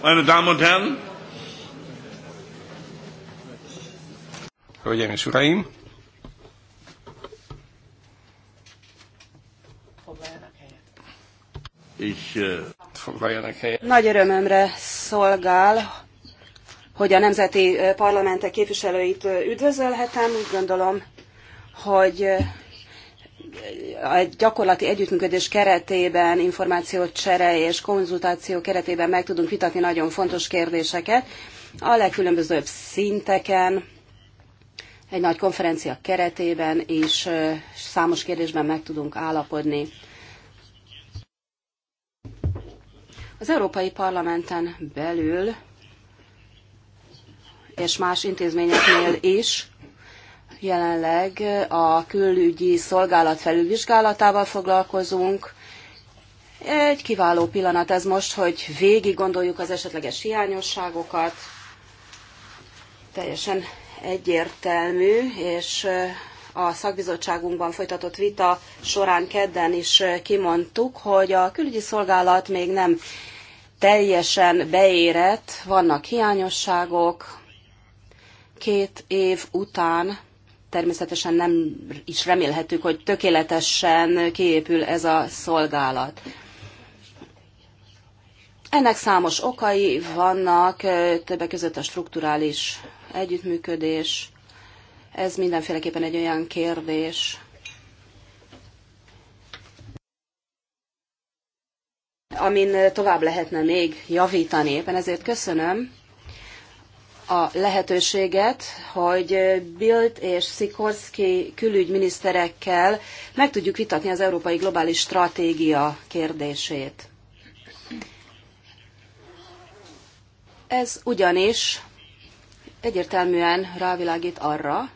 Meine Damen und Herren, Hölgyeim és Uraim! Ich, Foglaljanak helyet. Nagy örömömre szolgál, hogy a nemzeti parlamentek képviselőit üdvözölhetem. Úgy gondolom, hogy egy gyakorlati együttműködés keretében, információcsere és konzultáció keretében meg tudunk vitatni nagyon fontos kérdéseket a legkülönbözőbb szinteken, egy nagy konferencia keretében is számos kérdésben meg tudunk állapodni. Az Európai Parlamenten belül és más intézményeknél is Jelenleg a külügyi szolgálat felülvizsgálatával foglalkozunk. Egy kiváló pillanat ez most, hogy végig gondoljuk az esetleges hiányosságokat. Teljesen egyértelmű, és eh, a szakbizottságunkban folytatott vita során kedden is eh, kimondtuk, hogy a külügyi szolgálat még nem teljesen beérett, vannak hiányosságok. Két év után természetesen nem is remélhetük, hogy tökéletesen kiépül ez a szolgálat. Ennek számos okai vannak, többek között a strukturális együttműködés. Ez mindenféleképpen egy olyan kérdés, amin tovább lehetne még javítani. Éppen ezért köszönöm a lehetőséget, hogy Bild és Szikorszki külügyminiszterekkel meg tudjuk vitatni az európai globális stratégia kérdését. Ez ugyanis egyértelműen rávilágít arra,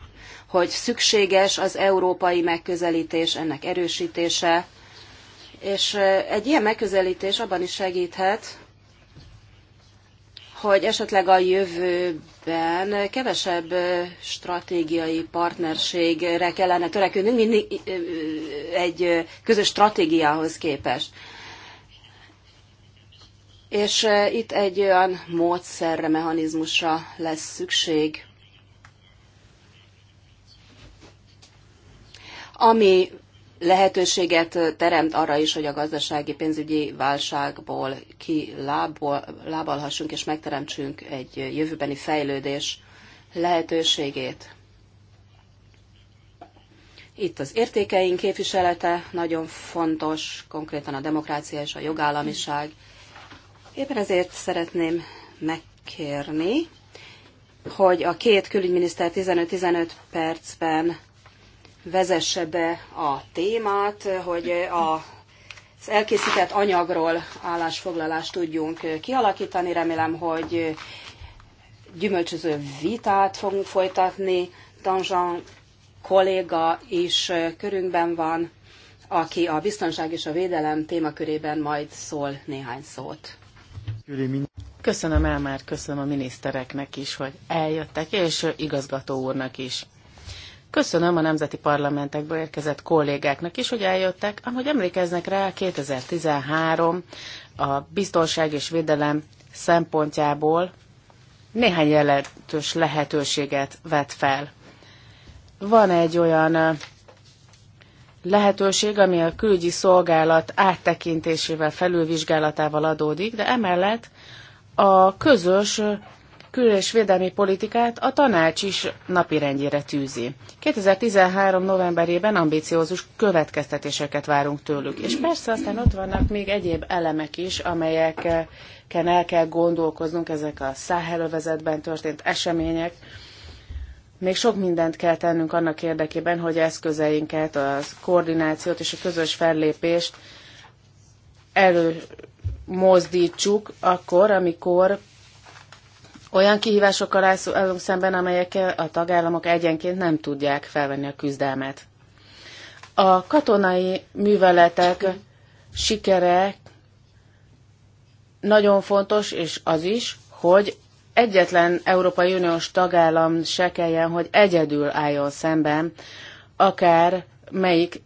hogy szükséges az európai megközelítés, ennek erősítése, és egy ilyen megközelítés abban is segíthet, hogy esetleg a jövőben kevesebb stratégiai partnerségre kellene törekülnünk, mint egy közös stratégiához képest. És itt egy olyan módszerre, mechanizmusra lesz szükség, ami lehetőséget teremt arra is, hogy a gazdasági pénzügyi válságból kilábalhassunk és megteremtsünk egy jövőbeni fejlődés lehetőségét. Itt az értékeink képviselete nagyon fontos, konkrétan a demokrácia és a jogállamiság. Éppen ezért szeretném megkérni, hogy a két külügyminiszter 15-15 percben vezesse be a témát, hogy a az elkészített anyagról állásfoglalást tudjunk kialakítani. Remélem, hogy gyümölcsöző vitát fogunk folytatni. Danzsan kolléga is körünkben van, aki a biztonság és a védelem témakörében majd szól néhány szót. Köszönöm el már, köszönöm a minisztereknek is, hogy eljöttek, és igazgató úrnak is. Köszönöm a nemzeti parlamentekből érkezett kollégáknak is, hogy eljöttek. Ahogy emlékeznek rá, 2013 a biztonság és védelem szempontjából néhány jelentős lehetőséget vet fel. Van egy olyan lehetőség, ami a külügyi szolgálat áttekintésével, felülvizsgálatával adódik, de emellett a közös kül- és védelmi politikát a tanács is napirendjére tűzi. 2013. novemberében ambiciózus következtetéseket várunk tőlük. És persze aztán ott vannak még egyéb elemek is, amelyeken el kell gondolkoznunk, ezek a száhelövezetben történt események. Még sok mindent kell tennünk annak érdekében, hogy eszközeinket, a koordinációt és a közös fellépést elő mozdítsuk akkor, amikor olyan kihívásokkal állunk szemben, amelyekkel a tagállamok egyenként nem tudják felvenni a küzdelmet. A katonai műveletek sikere nagyon fontos, és az is, hogy egyetlen Európai Uniós tagállam se kelljen, hogy egyedül álljon szemben, akár melyik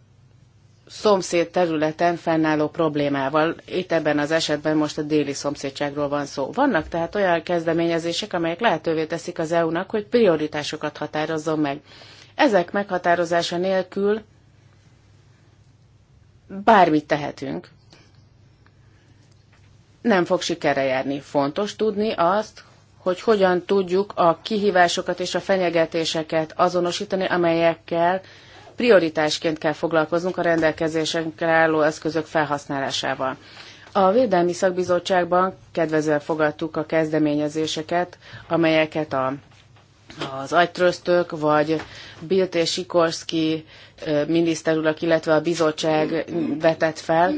szomszéd területen fennálló problémával. Itt ebben az esetben most a déli szomszédságról van szó. Vannak tehát olyan kezdeményezések, amelyek lehetővé teszik az EU-nak, hogy prioritásokat határozzon meg. Ezek meghatározása nélkül bármit tehetünk. Nem fog sikere járni. Fontos tudni azt, hogy hogyan tudjuk a kihívásokat és a fenyegetéseket azonosítani, amelyekkel prioritásként kell foglalkoznunk a rendelkezésünkre álló eszközök felhasználásával. A Védelmi Szakbizottságban kedvezően fogadtuk a kezdeményezéseket, amelyeket a, az agytröztök, vagy Bilt és Sikorszki urak, illetve a bizottság vetett fel,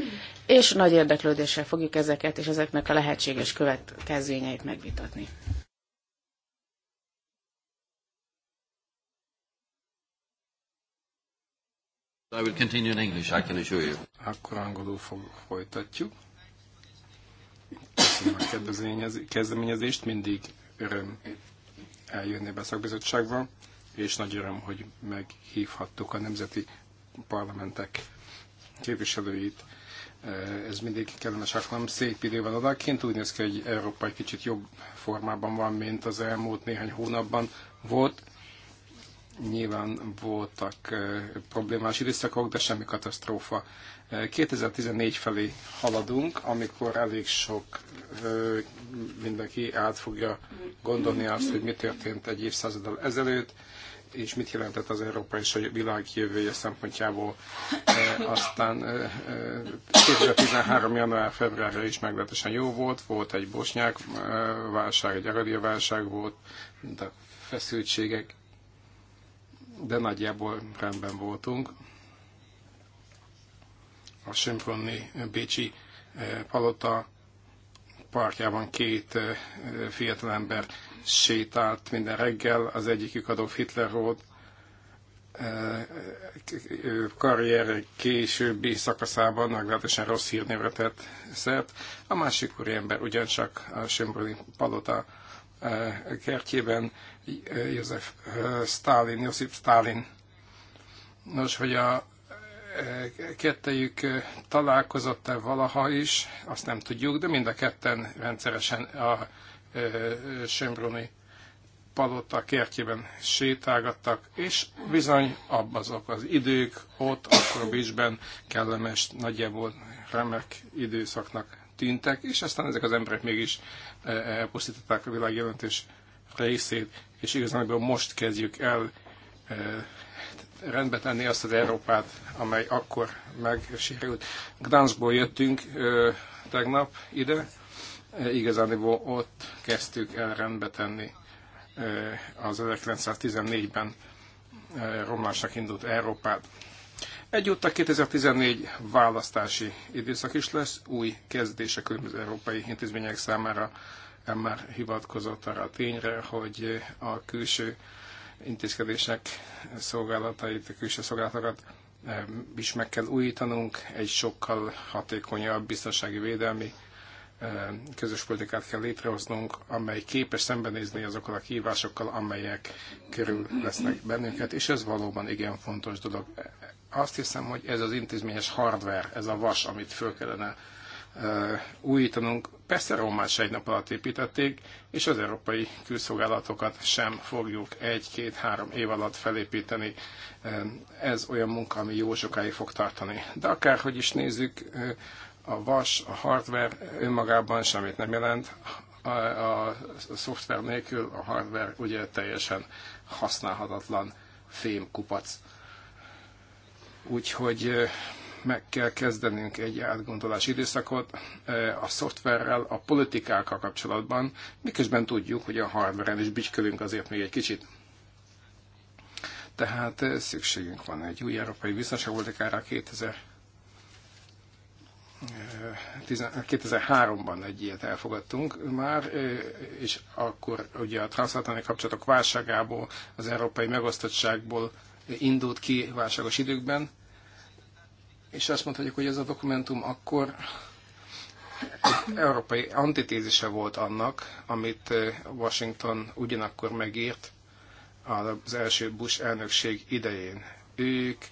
és nagy érdeklődéssel fogjuk ezeket és ezeknek a lehetséges következményeit megvitatni. I will continue in English, I can assure you. Akkor angolul fog, folytatjuk. Köszönöm a kezdeményezést, mindig öröm eljönni be a szakbizottságba, és nagy öröm, hogy meghívhattuk a nemzeti parlamentek képviselőit. Ez mindig kellemes alkalom, szép idő van odakint. Úgy néz ki, hogy Európa egy kicsit jobb formában van, mint az elmúlt néhány hónapban volt Nyilván voltak problémás időszakok, de semmi katasztrófa. 2014 felé haladunk, amikor elég sok mindenki át fogja gondolni azt, hogy mi történt egy évszázaddal ezelőtt, és mit jelentett az Európa és a világ jövője szempontjából. E, aztán e, 2013. január-februárra is meglehetősen jó volt, volt egy bosnyák válság, egy aradia válság volt, de feszültségek de nagyjából rendben voltunk. A Sümpronni Bécsi eh, palota parkjában két eh, fiatalember sétált minden reggel, az egyikük Adolf Hitler volt, eh, karrier későbbi szakaszában meglehetősen rossz hírnévre tett szert. A másik úriember ugyancsak a Sömbröli palota kertjében József Stalin, Josip Stalin. Nos, hogy a kettejük találkozott-e valaha is, azt nem tudjuk, de mind a ketten rendszeresen a Sömbroni palota kertjében sétálgattak, és bizony abban azok az idők ott, akkor a bizsben kellemes, nagyjából remek időszaknak tűntek, és aztán ezek az emberek mégis elpusztították a világ jelentős részét és igazából most kezdjük el rendbe tenni azt az Európát, amely akkor megsérült. Gdanskból jöttünk tegnap ide, igazából ott kezdtük el rendbe tenni az 1914-ben romlásnak indult Európát. Egyúttal 2014 választási időszak is lesz, új kezdések különböző európai intézmények számára már hivatkozott arra a tényre, hogy a külső intézkedések szolgálatait, a külső szolgálatokat is meg kell újítanunk, egy sokkal hatékonyabb biztonsági védelmi közös politikát kell létrehoznunk, amely képes szembenézni azokkal a kihívásokkal, amelyek körül lesznek bennünket, és ez valóban igen fontos dolog. Azt hiszem, hogy ez az intézményes hardware, ez a vas, amit föl kellene újítanunk. Persze Rómát se egy nap alatt építették, és az európai külszolgálatokat sem fogjuk egy-két-három év alatt felépíteni. Ez olyan munka, ami jó sokáig fog tartani. De akárhogy is nézzük, a vas, a hardware önmagában semmit nem jelent, a, a, a szoftver nélkül a hardware ugye teljesen használhatatlan fémkupac. Úgyhogy meg kell kezdenünk egy átgondolási időszakot eh, a szoftverrel, a politikákkal kapcsolatban, miközben tudjuk, hogy a hardveren is bicskölünk azért még egy kicsit. Tehát eh, szükségünk van egy új európai biztonságpolitikára 2000 2003-ban eh, egy ilyet elfogadtunk már, és akkor ugye a transzatlanti kapcsolatok válságából, az európai megosztottságból indult ki válságos időkben, és azt mondhatjuk, hogy ez a dokumentum akkor egy európai antitézise volt annak, amit Washington ugyanakkor megírt az első Bush elnökség idején. Ők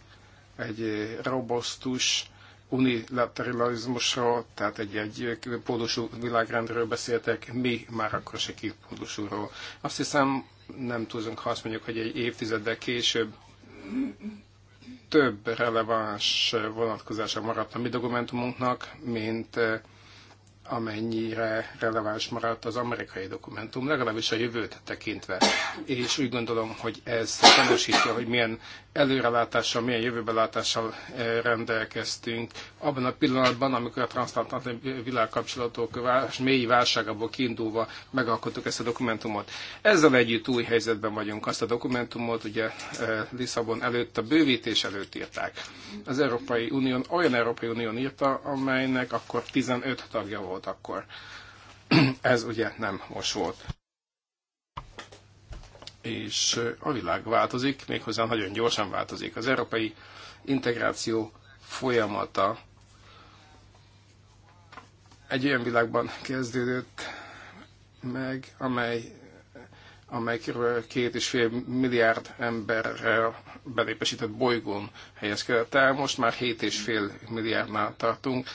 egy robosztus unilateralizmusról, tehát egy, egy pólusú világrendről beszéltek, mi már akkor se pólusúról. Azt hiszem, nem tudunk, ha azt mondjuk, hogy egy évtizeddel később több releváns vonatkozása maradt a mi dokumentumunknak, mint eh, amennyire releváns maradt az amerikai dokumentum, legalábbis a jövőt tekintve. És úgy gondolom, hogy ez tanúsítja, hogy milyen előrelátással, milyen jövőbelátással eh, rendelkeztünk abban a pillanatban, amikor a transzatlanti világkapcsolatok mély válságából kiindulva megalkottuk ezt a dokumentumot. Ezzel együtt új helyzetben vagyunk. Azt a dokumentumot ugye eh, Lisszabon előtt, a bővítés előtt írták. Az Európai Unió olyan Európai Unió írta, amelynek akkor 15 tagja volt akkor. Ez ugye nem most volt és a világ változik, méghozzá nagyon gyorsan változik. Az európai integráció folyamata egy olyan világban kezdődött meg, amely, amely kb. két és fél milliárd emberrel belépesített bolygón helyezkedett el. Most már 7,5 milliárdnál tartunk,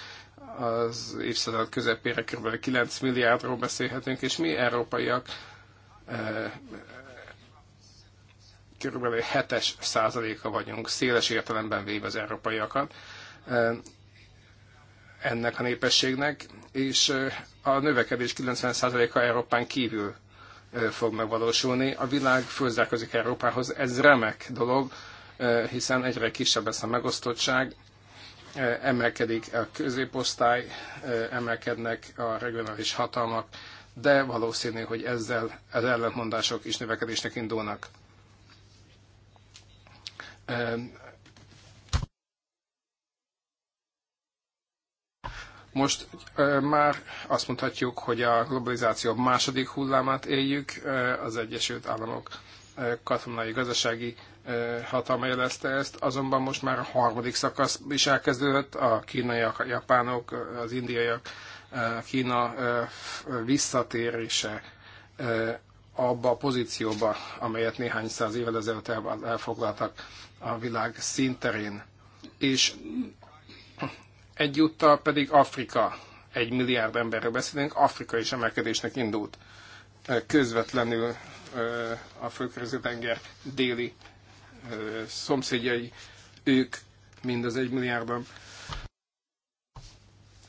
az évszázad közepére kb. 9 milliárdról beszélhetünk, és mi európaiak körülbelül 7-es százaléka vagyunk széles értelemben véve az európaiakat ennek a népességnek, és a növekedés 90 százaléka Európán kívül fog megvalósulni. A világ fölzárkozik Európához, ez remek dolog, hiszen egyre kisebb lesz a megosztottság, emelkedik a középosztály, emelkednek a regionális hatalmak, de valószínű, hogy ezzel az ellentmondások is növekedésnek indulnak. Most már azt mondhatjuk, hogy a globalizáció második hullámát éljük, az Egyesült Államok katonai gazdasági hatalma jelezte ezt, azonban most már a harmadik szakasz is elkezdődött, a kínaiak, a japánok, az indiaiak, a Kína visszatérése abba a pozícióba, amelyet néhány száz évvel ezelőtt elfoglaltak a világ színterén. És egyúttal pedig Afrika, egy milliárd emberről beszélünk, Afrika is emelkedésnek indult közvetlenül a földközi tenger déli szomszédjai, ők mind az egy milliárdban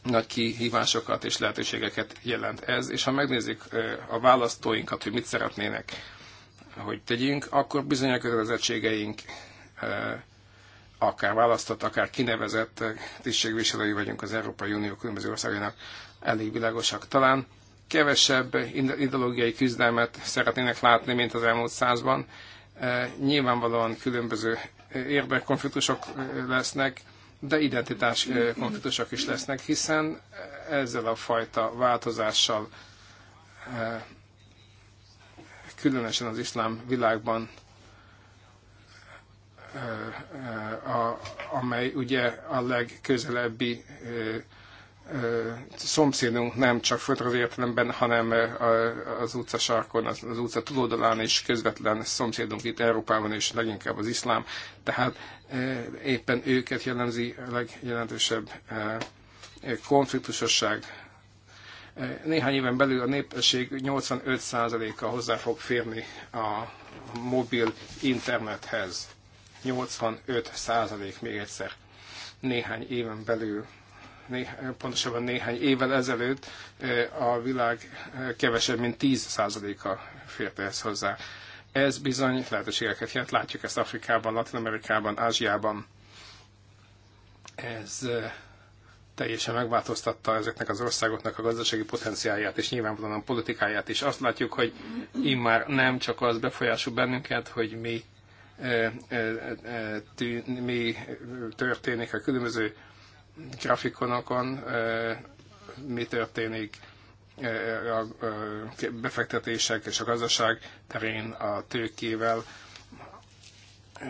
nagy kihívásokat és lehetőségeket jelent ez, és ha megnézzük a választóinkat, hogy mit szeretnének, hogy tegyünk, akkor bizony a kötelezettségeink Eh, akár választott, akár kinevezett eh, tisztségviselői vagyunk az Európai Unió különböző országainak, elég világosak talán. Kevesebb ideológiai küzdelmet szeretnének látni, mint az elmúlt százban. Eh, nyilvánvalóan különböző érdekkonfliktusok lesznek, de identitás konfliktusok is lesznek, hiszen ezzel a fajta változással különösen az iszlám világban a, amely ugye a legközelebbi szomszédunk nem csak földrajzi értelemben, hanem az utcasarkon, az, az utca túloldalán is közvetlen szomszédunk itt Európában, és leginkább az iszlám. Tehát éppen őket jellemzi a legjelentősebb konfliktusosság. Néhány éven belül a népesség 85%-a hozzá fog férni a mobil internethez 85 százalék még egyszer néhány éven belül, pontosabban néhány évvel ezelőtt eh, a világ eh, kevesebb, mint 10 százaléka férte ezt hozzá. Ez bizony lehetőségeket jelent, látjuk ezt Afrikában, Latin-Amerikában, Ázsiában. Ez eh, teljesen megváltoztatta ezeknek az országoknak a gazdasági potenciáját és nyilvánvalóan a politikáját is. Azt látjuk, hogy immár nem csak az befolyásul bennünket, hogy mi E, e, e, mi történik a különböző grafikonokon, mi történik a befektetések és a gazdaság terén a tőkével,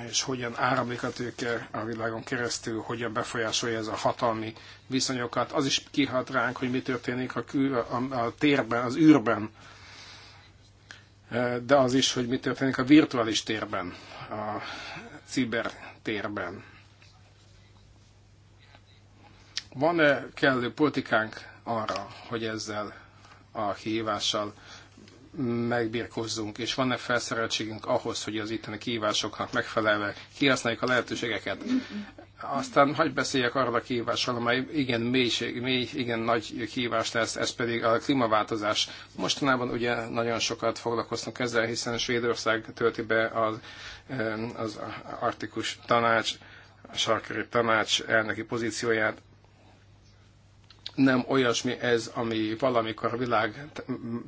és hogyan áramlik a tőke a világon keresztül, hogyan befolyásolja ez a hatalmi viszonyokat. Az is kihat ránk, hogy mi történik a, kül, a, a térben, az űrben, de az is, hogy mi történik a virtuális térben, a cibertérben. Van-e kellő politikánk arra, hogy ezzel a kihívással megbirkozzunk, és van-e felszereltségünk ahhoz, hogy az itteni kihívásoknak megfelelve kihasználjuk a lehetőségeket? Aztán hagyj beszéljek arról a kihívásról, amely igen mélység, mély, igen nagy kihívást lesz, ez pedig a klímaváltozás. Mostanában ugye nagyon sokat foglalkoztunk ezzel, hiszen Svédország tölti be az, az artikus Tanács, a Sarkeri Tanács elnöki pozícióját. Nem olyasmi ez, ami valamikor a világ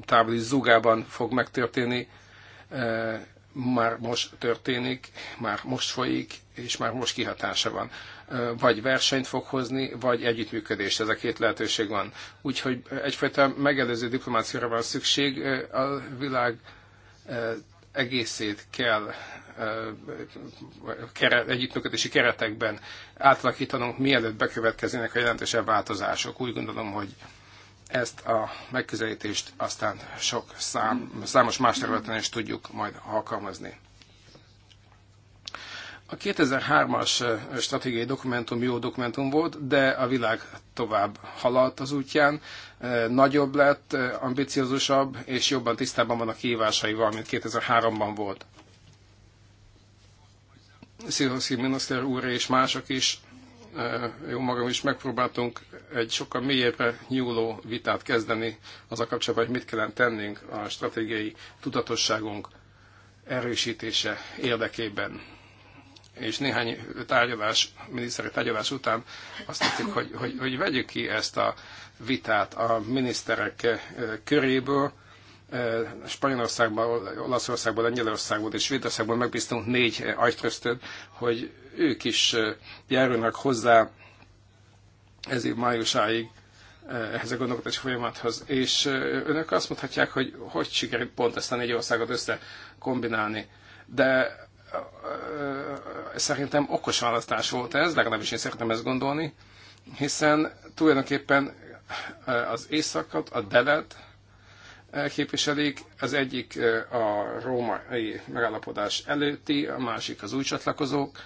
távoli zugában fog megtörténni, már most történik, már most folyik, és már most kihatása van. Vagy versenyt fog hozni, vagy együttműködést, ez a két lehetőség van. Úgyhogy egyfajta megelőző diplomáciára van szükség, a világ egészét kell keret, együttműködési keretekben átlakítanunk, mielőtt bekövetkeznének a jelentősebb változások. Úgy gondolom, hogy ezt a megközelítést aztán sok szám, számos más területen is tudjuk majd alkalmazni. A 2003-as stratégiai dokumentum jó dokumentum volt, de a világ tovább haladt az útján, nagyobb lett, ambiciózusabb, és jobban tisztában van a kihívásaival, mint 2003-ban volt. Szilhoszki miniszter úr és mások is jó magam is megpróbáltunk egy sokkal mélyebbre nyúló vitát kezdeni az a kapcsolatban, hogy mit kellene tennünk a stratégiai tudatosságunk erősítése érdekében. És néhány tárgyalás, miniszteri tárgyalás után azt hittük, hogy, hogy, hogy vegyük ki ezt a vitát a miniszterek köréből, Eh, Spanyolországban, Olaszországban, Lengyelországban és Svédországban megbíztunk négy eh, agytröztöt, hogy ők is eh, járulnak hozzá ez év májusáig ehhez a gondolkodási folyamathoz. És önök azt mondhatják, hogy hogy sikerült pont ezt a négy országot össze kombinálni, De szerintem okos választás volt ez, legalábbis én szeretem ezt gondolni, hiszen tulajdonképpen az északat, a delet, képviselik, az egyik a római megállapodás előtti, a másik az új csatlakozók,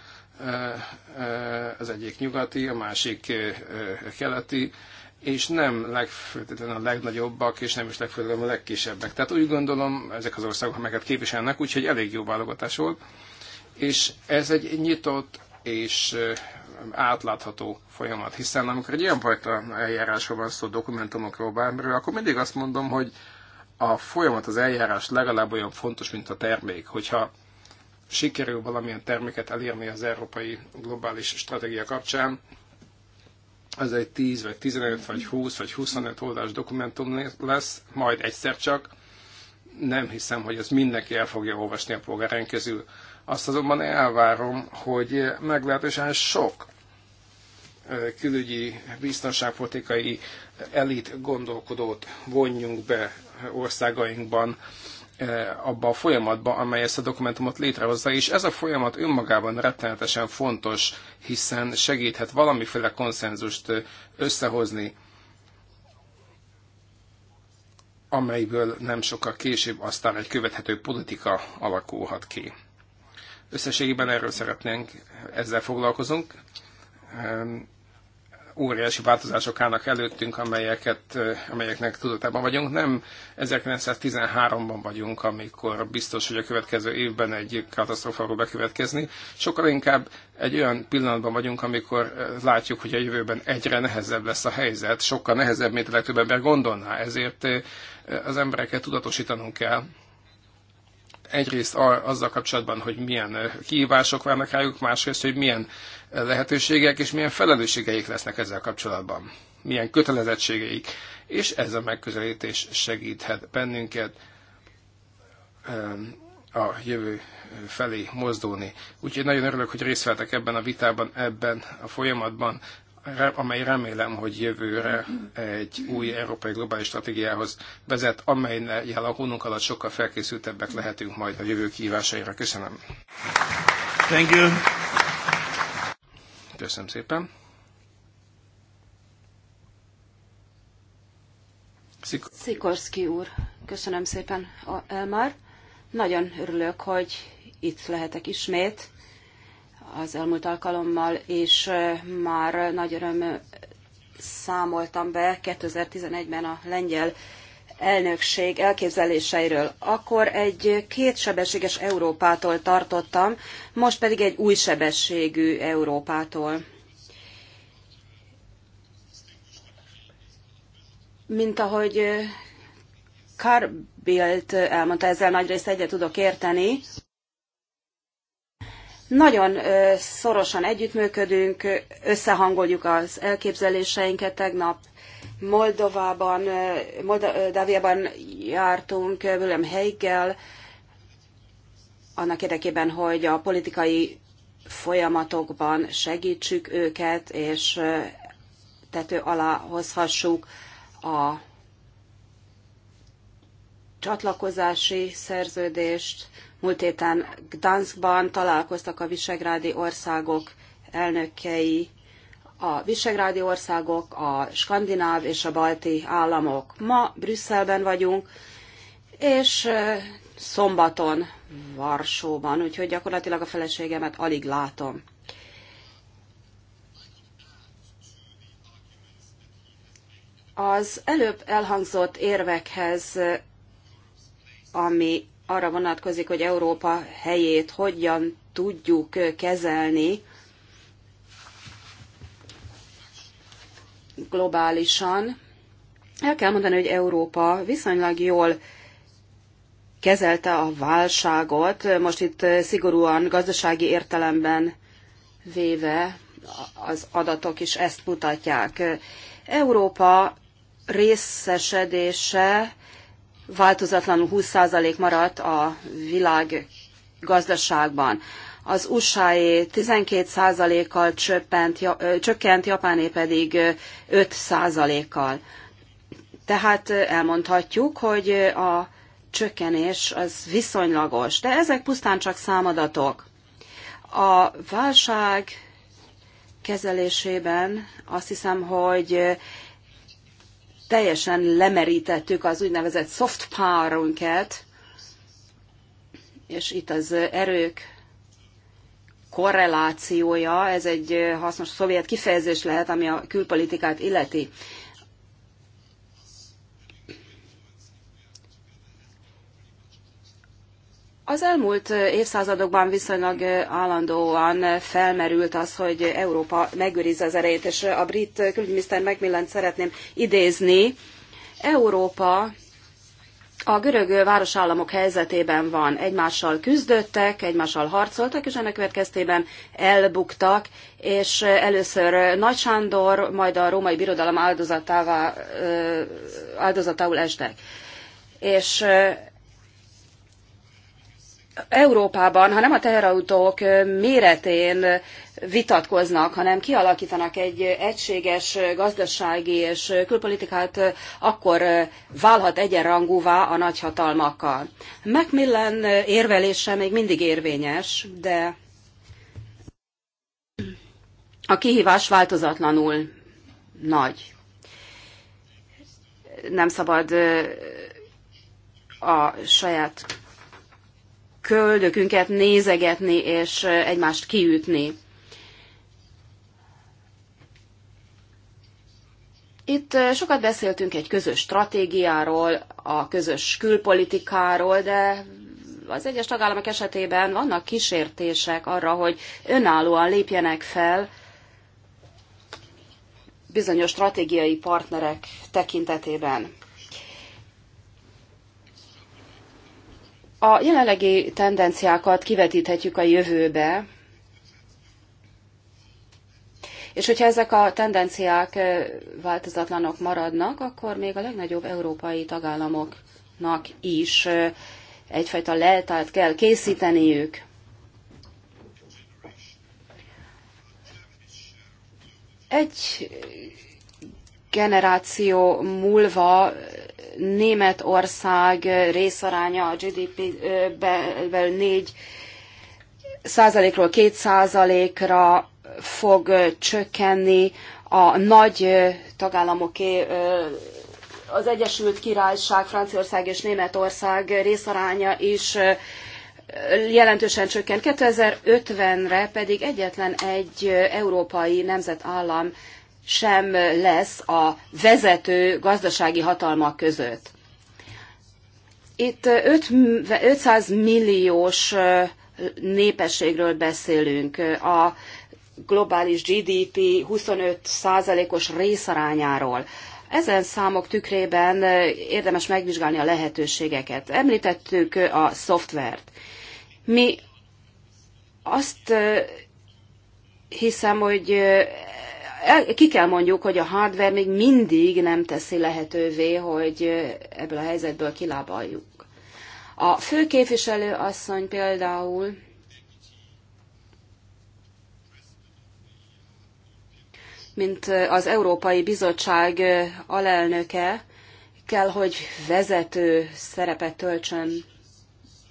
az egyik nyugati, a másik keleti, és nem legfőtétlenül a legnagyobbak, és nem is legfőleg a legkisebbek. Tehát úgy gondolom, ezek az országok, amelyeket képviselnek, úgyhogy elég jó válogatás volt, és ez egy nyitott és átlátható folyamat, hiszen amikor egy ilyen fajta eljárásról van szó, dokumentumokról, bármiről, akkor mindig azt mondom, hogy a folyamat, az eljárás legalább olyan fontos, mint a termék. Hogyha sikerül valamilyen terméket elérni az európai globális stratégia kapcsán, az egy 10 vagy 15 vagy 20 vagy 25 oldalas dokumentum lesz, majd egyszer csak. Nem hiszem, hogy ez mindenki el fogja olvasni a polgárán közül. Azt azonban elvárom, hogy meglehetősen sok külügyi, biztonságpolitikai elit gondolkodót vonjunk be országainkban eh, abba a folyamatba, amely ezt a dokumentumot létrehozza, és ez a folyamat önmagában rettenetesen fontos, hiszen segíthet valamiféle konszenzust eh, összehozni, amelyből nem sokkal később aztán egy követhető politika alakulhat ki. Összességében erről szeretnénk, ezzel foglalkozunk óriási változások állnak előttünk, amelyeket, amelyeknek tudatában vagyunk. Nem 1913-ban vagyunk, amikor biztos, hogy a következő évben egy katasztrófa fog bekövetkezni. Sokkal inkább egy olyan pillanatban vagyunk, amikor látjuk, hogy a jövőben egyre nehezebb lesz a helyzet, sokkal nehezebb, mint a legtöbb ember gondolná. Ezért az embereket tudatosítanunk kell egyrészt azzal kapcsolatban, hogy milyen kihívások várnak rájuk, másrészt, hogy milyen lehetőségek és milyen felelősségeik lesznek ezzel kapcsolatban, milyen kötelezettségeik, és ez a megközelítés segíthet bennünket a jövő felé mozdulni. Úgyhogy nagyon örülök, hogy részt vettek ebben a vitában, ebben a folyamatban amely remélem, hogy jövőre egy új európai globális stratégiához vezet, amelyel a hónunk alatt sokkal felkészültebbek lehetünk majd a jövő kihívásaira. Köszönöm. Thank you. Köszönöm szépen. Szikor... Szikorszki úr, köszönöm szépen, Elmar. Nagyon örülök, hogy itt lehetek ismét az elmúlt alkalommal és már nagy öröm számoltam be 2011-ben a lengyel elnökség elképzeléseiről. Akkor egy kétsebességes Európától tartottam, most pedig egy új sebességű Európától. Mint ahogy Carbilt elmondta, ezzel nagyrészt egyet tudok érteni. Nagyon szorosan együttműködünk, összehangoljuk az elképzeléseinket. Tegnap Moldovában, Moldáviában jártunk Willem Heiggel, annak érdekében, hogy a politikai folyamatokban segítsük őket, és tető alá hozhassuk a csatlakozási szerződést, Múlt héten Gdanskban találkoztak a visegrádi országok elnökei, a visegrádi országok, a skandináv és a balti államok. Ma Brüsszelben vagyunk, és szombaton Varsóban, úgyhogy gyakorlatilag a feleségemet alig látom. Az előbb elhangzott érvekhez, ami arra vonatkozik, hogy Európa helyét hogyan tudjuk kezelni globálisan. El kell mondani, hogy Európa viszonylag jól kezelte a válságot, most itt szigorúan gazdasági értelemben véve az adatok is ezt mutatják. Európa részesedése változatlanul 20% maradt a világ gazdaságban. Az USA-é 12%-kal csökkent, Japáné pedig 5%-kal. Tehát elmondhatjuk, hogy a csökkenés az viszonylagos, de ezek pusztán csak számadatok. A válság kezelésében azt hiszem, hogy teljesen lemerítettük az úgynevezett soft power és itt az erők korrelációja, ez egy hasznos szovjet kifejezés lehet, ami a külpolitikát illeti. Az elmúlt évszázadokban viszonylag állandóan felmerült az, hogy Európa megőrizze az erejét, és a brit külügyminiszter megmillent szeretném idézni. Európa a görög városállamok helyzetében van. Egymással küzdöttek, egymással harcoltak, és ennek következtében elbuktak, és először Nagy Sándor, majd a római birodalom áldozatául estek. És Európában, ha nem a teherautók méretén vitatkoznak, hanem kialakítanak egy egységes gazdasági és külpolitikát, akkor válhat egyenrangúvá a nagyhatalmakkal. Macmillan érvelése még mindig érvényes, de a kihívás változatlanul nagy. Nem szabad a saját köldökünket nézegetni és egymást kiütni. Itt sokat beszéltünk egy közös stratégiáról, a közös külpolitikáról, de az egyes tagállamok esetében vannak kísértések arra, hogy önállóan lépjenek fel bizonyos stratégiai partnerek tekintetében. a jelenlegi tendenciákat kivetíthetjük a jövőbe, és hogyha ezek a tendenciák változatlanok maradnak, akkor még a legnagyobb európai tagállamoknak is egyfajta leltárt kell készíteniük. Egy generáció múlva Németország részaránya a GDP-ben 4 százalékról 2 százalékra fog csökkenni, a nagy tagállamoké az Egyesült Királyság, Franciaország és Németország részaránya is jelentősen csökken. 2050-re pedig egyetlen egy európai nemzetállam sem lesz a vezető gazdasági hatalmak között. Itt 500 milliós népességről beszélünk. A globális GDP 25%-os részarányáról. Ezen számok tükrében érdemes megvizsgálni a lehetőségeket. Említettük a szoftvert. Mi azt hiszem, hogy ki kell mondjuk, hogy a hardware még mindig nem teszi lehetővé, hogy ebből a helyzetből kilábaljuk. A főképviselő asszony például mint az Európai Bizottság alelnöke kell, hogy vezető szerepet töltsön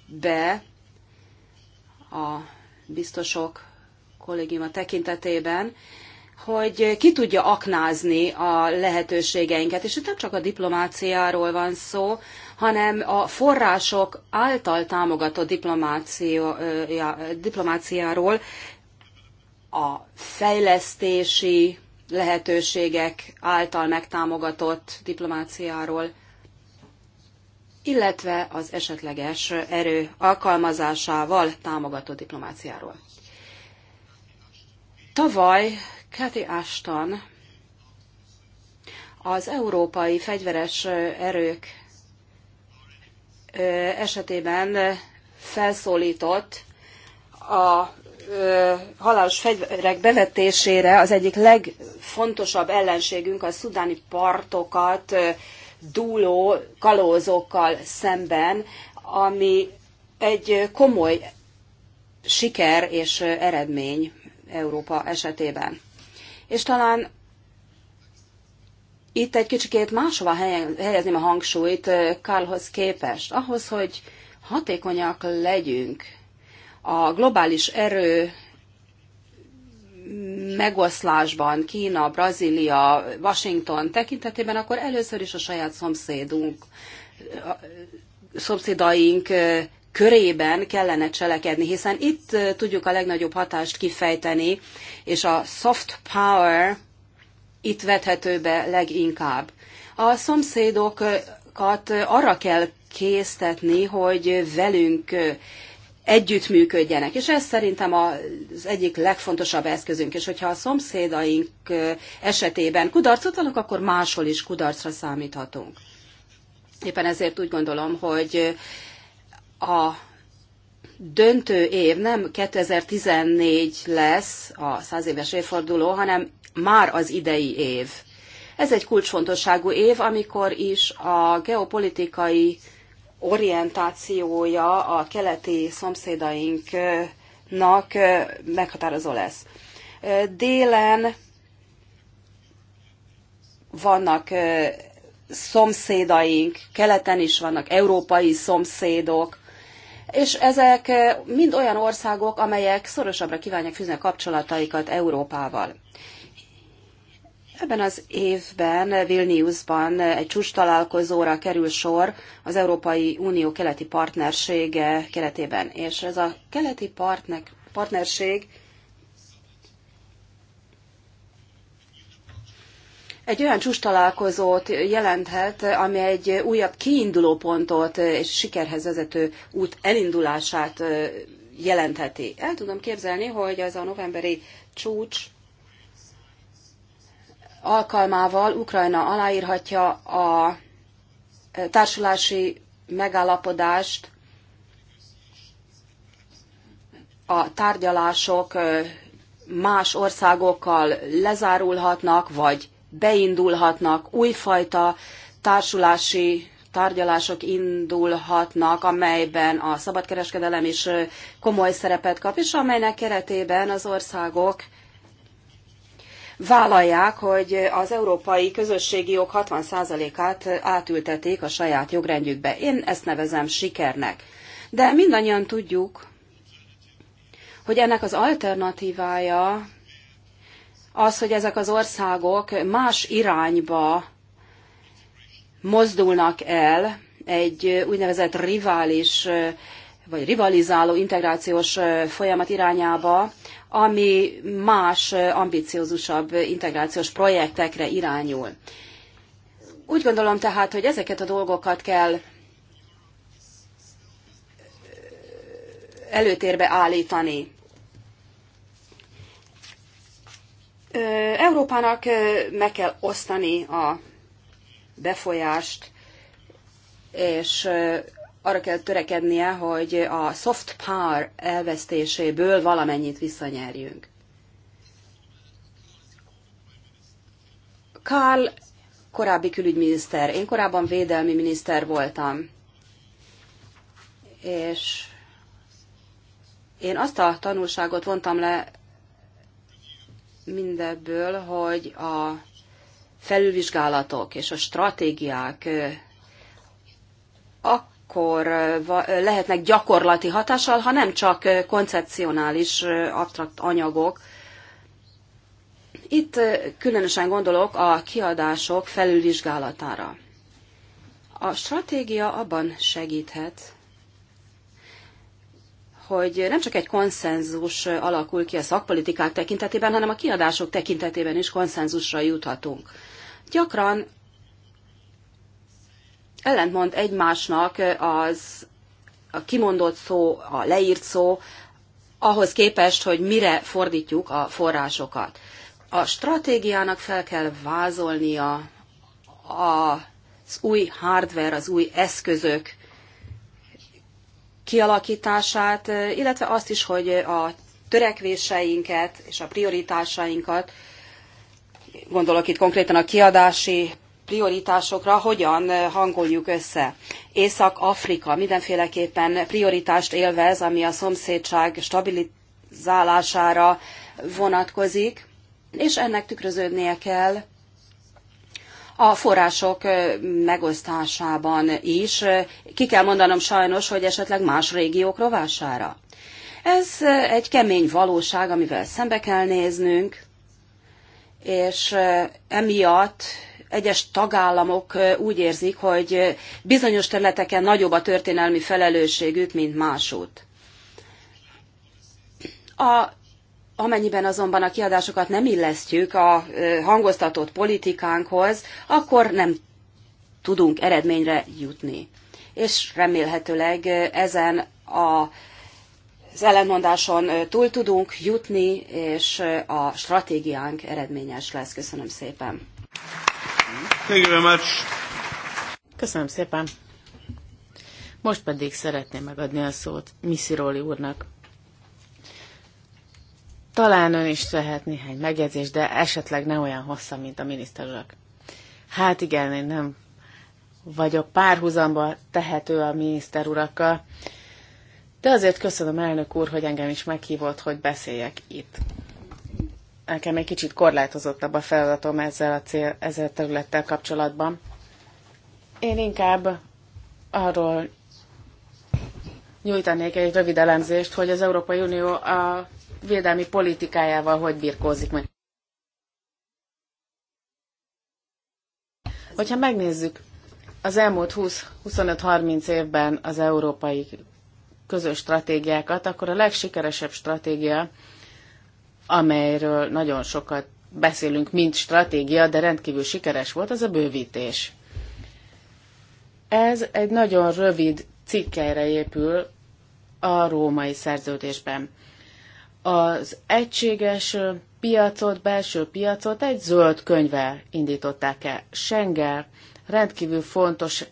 be a biztosok kollégiuma tekintetében, hogy ki tudja aknázni a lehetőségeinket. És itt nem csak a diplomáciáról van szó, hanem a források által támogatott diplomáciáról, a fejlesztési lehetőségek által megtámogatott diplomáciáról, illetve az esetleges erő alkalmazásával támogatott diplomáciáról. Tavaly Kathy Ashton az európai fegyveres erők esetében felszólított a halálos fegyverek bevetésére az egyik legfontosabb ellenségünk a szudáni partokat dúló kalózokkal szemben, ami egy komoly siker és eredmény Európa esetében és talán itt egy kicsikét máshova helyezném a hangsúlyt eh, Karlhoz képest. Ahhoz, hogy hatékonyak legyünk a globális erő megoszlásban Kína, Brazília, Washington tekintetében, akkor először is a saját szomszédunk, a szomszédaink eh, körében kellene cselekedni, hiszen itt eh, tudjuk a legnagyobb hatást kifejteni, és a soft power itt vethető be leginkább. A szomszédokat arra kell késztetni, hogy velünk együttműködjenek. És ez szerintem az egyik legfontosabb eszközünk. És hogyha a szomszédaink esetében kudarcot vannak, akkor máshol is kudarcra számíthatunk. Éppen ezért úgy gondolom, hogy a döntő év nem 2014 lesz a száz éves évforduló, hanem már az idei év. Ez egy kulcsfontosságú év, amikor is a geopolitikai orientációja a keleti szomszédainknak meghatározó lesz. Délen vannak szomszédaink, keleten is vannak európai szomszédok, és ezek eh, mind olyan országok, amelyek szorosabbra kívánják fűzni a kapcsolataikat Európával. Ebben az évben Vilniusban egy csúcs találkozóra kerül sor az Európai Unió keleti partnersége keretében, és ez a keleti partnek, partnerség egy olyan csústalálkozót jelenthet, ami egy újabb kiindulópontot és sikerhez vezető út elindulását jelentheti. El tudom képzelni, hogy ez a novemberi csúcs alkalmával Ukrajna aláírhatja a társulási megállapodást a tárgyalások más országokkal lezárulhatnak, vagy beindulhatnak, újfajta társulási tárgyalások indulhatnak, amelyben a szabadkereskedelem is komoly szerepet kap, és amelynek keretében az országok vállalják, hogy az európai közösségi jog 60%-át átültetik a saját jogrendjükbe. Én ezt nevezem sikernek. De mindannyian tudjuk, hogy ennek az alternatívája az, hogy ezek az országok más irányba mozdulnak el egy úgynevezett rivális vagy rivalizáló integrációs folyamat irányába, ami más, ambiciózusabb integrációs projektekre irányul. Úgy gondolom tehát, hogy ezeket a dolgokat kell előtérbe állítani. Európának meg kell osztani a befolyást, és arra kell törekednie, hogy a soft power elvesztéséből valamennyit visszanyerjünk. Karl korábbi külügyminiszter, én korábban védelmi miniszter voltam, és én azt a tanulságot vontam le mindebből, hogy a felülvizsgálatok és a stratégiák akkor lehetnek gyakorlati hatással, ha nem csak koncepcionális abstrakt anyagok. Itt különösen gondolok a kiadások felülvizsgálatára. A stratégia abban segíthet, hogy nem csak egy konszenzus alakul ki a szakpolitikák tekintetében, hanem a kiadások tekintetében is konszenzusra juthatunk. Gyakran ellentmond egymásnak az a kimondott szó, a leírt szó, ahhoz képest, hogy mire fordítjuk a forrásokat. A stratégiának fel kell vázolnia az új hardware, az új eszközök kialakítását, illetve azt is, hogy a törekvéseinket és a prioritásainkat, gondolok itt konkrétan a kiadási prioritásokra hogyan hangoljuk össze. Észak-Afrika mindenféleképpen prioritást élvez, ami a szomszédság stabilizálására vonatkozik, és ennek tükröződnie kell a források megosztásában is. Ki kell mondanom sajnos, hogy esetleg más régiók rovására. Ez egy kemény valóság, amivel szembe kell néznünk, és emiatt egyes tagállamok úgy érzik, hogy bizonyos területeken nagyobb a történelmi felelősségük, mint másút. A Amennyiben azonban a kiadásokat nem illesztjük a hangoztatott politikánkhoz, akkor nem tudunk eredményre jutni. És remélhetőleg ezen a az ellenmondáson túl tudunk jutni, és a stratégiánk eredményes lesz. Köszönöm szépen. Thank you very much. Köszönöm szépen. Most pedig szeretném megadni a szót Missiroli úrnak. Talán ön is tehet néhány megjegyzést, de esetleg nem olyan hosszabb, mint a miniszter urak. Hát igen, én nem vagyok párhuzamba tehető a miniszter urakkal, de azért köszönöm elnök úr, hogy engem is meghívott, hogy beszéljek itt. Nekem egy kicsit korlátozottabb a feladatom ezzel a, cél, ezzel a területtel kapcsolatban. Én inkább arról nyújtanék egy rövid elemzést, hogy az Európai Unió a védelmi politikájával hogy birkózik meg. Hogyha megnézzük az elmúlt 20-25-30 évben az európai közös stratégiákat, akkor a legsikeresebb stratégia, amelyről nagyon sokat beszélünk, mint stratégia, de rendkívül sikeres volt, az a bővítés. Ez egy nagyon rövid cikkelyre épül a római szerződésben az egységes piacot, belső piacot egy zöld könyvvel indították el. Schengen rendkívül fontos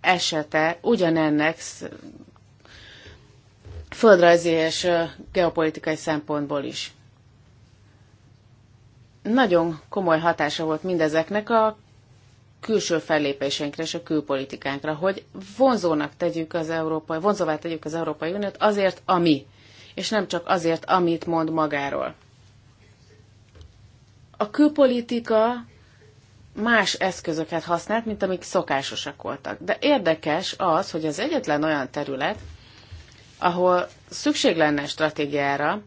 esete ugyanennek földrajzi és geopolitikai szempontból is. Nagyon komoly hatása volt mindezeknek a külső fellépéseinkre és a külpolitikánkra, hogy vonzónak tegyük az Európai, vonzóvá tegyük az Európai Uniót azért, ami és nem csak azért, amit mond magáról. A külpolitika más eszközöket használt, mint amik szokásosak voltak. De érdekes az, hogy az egyetlen olyan terület, ahol szükség lenne stratégiára,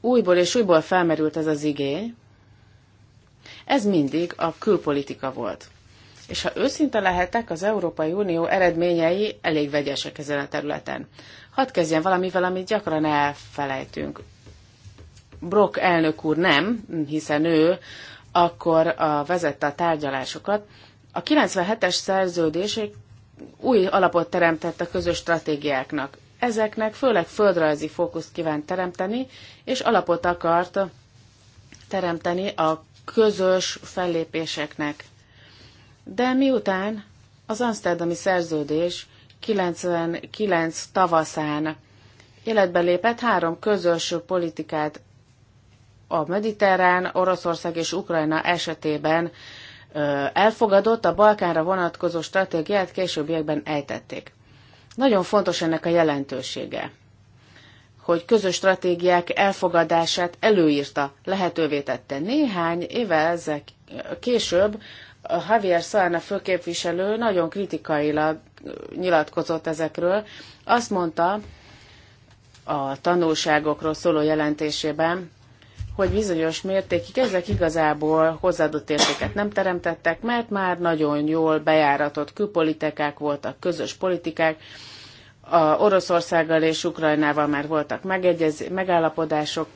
újból és újból felmerült ez az igény, ez mindig a külpolitika volt. És ha őszinte lehetek, az Európai Unió eredményei elég vegyesek ezen a területen. Hadd kezdjen valamivel, amit gyakran elfelejtünk. Brock elnök úr nem, hiszen ő akkor a, vezette a tárgyalásokat. A 97-es szerződés egy új alapot teremtett a közös stratégiáknak. Ezeknek főleg földrajzi fókuszt kívánt teremteni, és alapot akart teremteni a közös fellépéseknek. De miután az Amsterdami szerződés 99 tavaszán életbe lépett három közös politikát a Mediterrán, Oroszország és Ukrajna esetében elfogadott, a Balkánra vonatkozó stratégiát későbbiekben ejtették. Nagyon fontos ennek a jelentősége, hogy közös stratégiák elfogadását előírta, lehetővé tette. Néhány éve ezek később Javier Szalna főképviselő nagyon kritikailag nyilatkozott ezekről. Azt mondta a tanulságokról szóló jelentésében, hogy bizonyos mértékig ezek igazából hozzáadott értéket nem teremtettek, mert már nagyon jól bejáratott külpolitikák voltak, közös politikák, a Oroszországgal és Ukrajnával már voltak megegyez, megállapodások,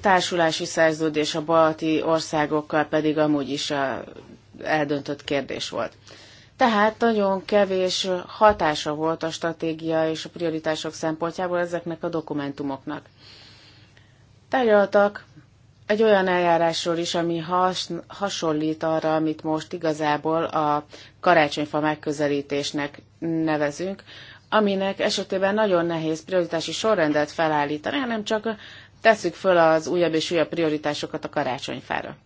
társulási szerződés a balti országokkal pedig amúgy is a eldöntött kérdés volt. Tehát nagyon kevés hatása volt a stratégia és a prioritások szempontjából ezeknek a dokumentumoknak. Tárgyaltak egy olyan eljárásról is, ami has, hasonlít arra, amit most igazából a karácsonyfa megközelítésnek nevezünk, aminek esetében nagyon nehéz prioritási sorrendet felállítani, hanem csak tesszük föl az újabb és újabb prioritásokat a karácsonyfára.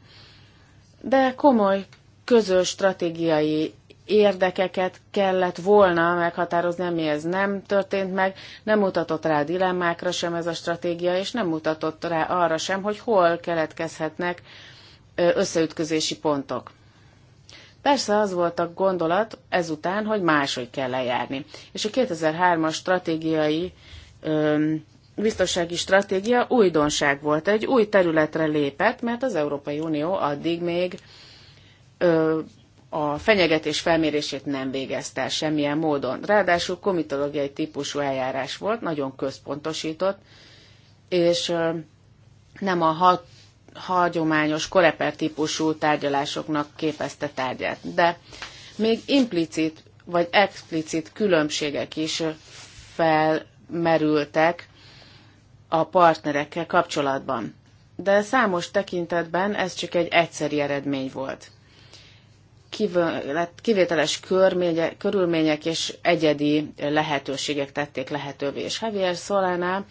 De komoly közös stratégiai érdekeket kellett volna meghatározni, ami ez nem történt meg, nem mutatott rá dilemmákra sem ez a stratégia, és nem mutatott rá arra sem, hogy hol keletkezhetnek összeütközési pontok. Persze az volt a gondolat ezután, hogy máshogy kell lejárni. És a 2003-as stratégiai öm, biztonsági stratégia újdonság volt, egy új területre lépett, mert az Európai Unió addig még a fenyegetés felmérését nem végezte el semmilyen módon. Ráadásul komitológiai típusú eljárás volt, nagyon központosított, és nem a hat, hagyományos koreper típusú tárgyalásoknak képezte tárgyát. De még implicit vagy explicit különbségek is felmerültek a partnerekkel kapcsolatban. De számos tekintetben ez csak egy egyszeri eredmény volt kivételes körülmények és egyedi lehetőségek tették lehetővé. És Javier Solana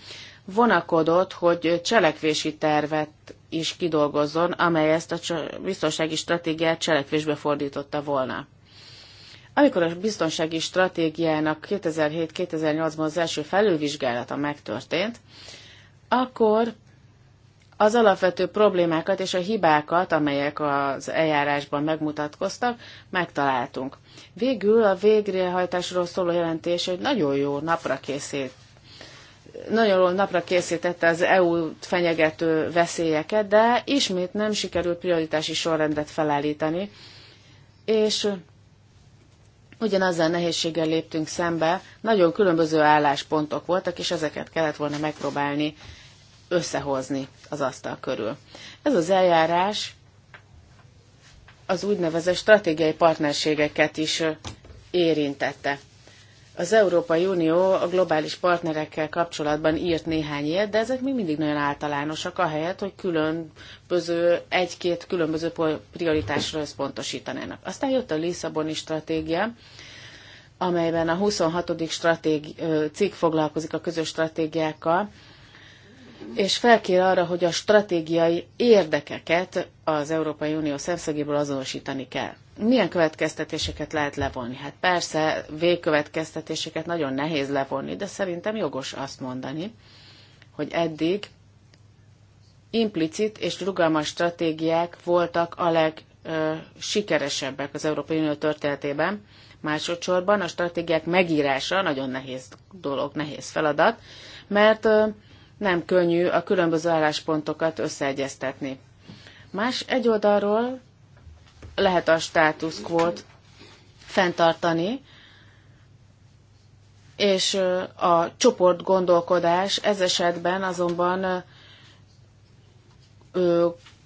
vonakodott, hogy cselekvési tervet is kidolgozzon, amely ezt a biztonsági stratégiát cselekvésbe fordította volna. Amikor a biztonsági stratégiának 2007-2008-ban az első felülvizsgálata megtörtént, akkor az alapvető problémákat és a hibákat, amelyek az eljárásban megmutatkoztak, megtaláltunk. Végül a végrehajtásról szóló jelentés egy nagyon jó napra készít nagyon jól napra készítette az EU fenyegető veszélyeket, de ismét nem sikerült prioritási sorrendet felállítani, és ugyanazzal nehézséggel léptünk szembe, nagyon különböző álláspontok voltak, és ezeket kellett volna megpróbálni összehozni az asztal körül. Ez az eljárás az úgynevezett stratégiai partnerségeket is érintette. Az Európai Unió a globális partnerekkel kapcsolatban írt néhány ilyet, de ezek még mindig nagyon általánosak, ahelyett, hogy különböző, egy-két különböző prioritásra összpontosítanának. Aztán jött a Lisszaboni stratégia, amelyben a 26. Stratégi, cikk foglalkozik a közös stratégiákkal, és felkér arra, hogy a stratégiai érdekeket az Európai Unió szemszögéből azonosítani kell. Milyen következtetéseket lehet levonni? Hát persze végkövetkeztetéseket nagyon nehéz levonni, de szerintem jogos azt mondani, hogy eddig implicit és rugalmas stratégiák voltak a legsikeresebbek az Európai Unió történetében. Másodszorban a stratégiák megírása nagyon nehéz dolog, nehéz feladat, mert nem könnyű a különböző álláspontokat összeegyeztetni. Más egy oldalról lehet a status quo fenntartani, és a csoport gondolkodás ez esetben azonban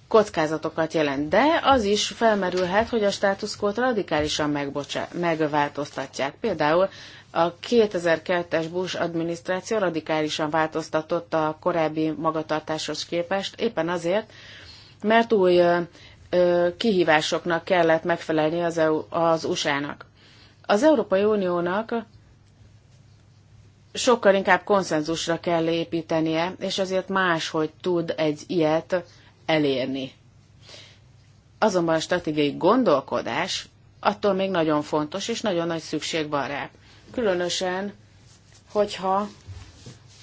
kockázatokat jelent. De az is felmerülhet, hogy a státuszkót radikálisan megbocsá- megváltoztatják. Például a 2002-es Bush adminisztráció radikálisan változtatott a korábbi magatartáshoz képest, éppen azért, mert új kihívásoknak kellett megfelelni az, EU, az USA-nak. Az Európai Uniónak sokkal inkább konszenzusra kell építenie, és azért máshogy tud egy ilyet elérni. Azonban a stratégiai gondolkodás attól még nagyon fontos, és nagyon nagy szükség van rá. Különösen, hogyha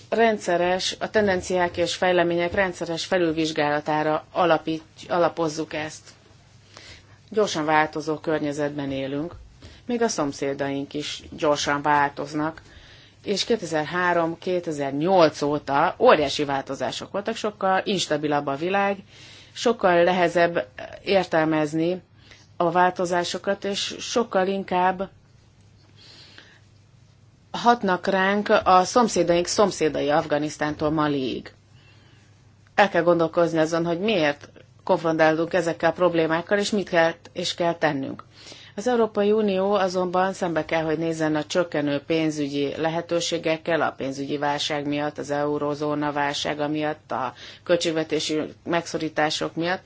rendszeres, a tendenciák és fejlemények rendszeres felülvizsgálatára alapít, alapozzuk ezt. Gyorsan változó környezetben élünk, még a szomszédaink is gyorsan változnak, és 2003-2008 óta óriási változások voltak, sokkal instabilabb a világ, sokkal nehezebb értelmezni a változásokat, és sokkal inkább hatnak ránk a szomszédaink szomszédai Afganisztántól Maliig. El kell gondolkozni azon, hogy miért konfrontálunk ezekkel a problémákkal, és mit kell és kell tennünk. Az Európai Unió azonban szembe kell, hogy nézzen a csökkenő pénzügyi lehetőségekkel, a pénzügyi válság miatt, az eurózóna válsága miatt, a költségvetési megszorítások miatt,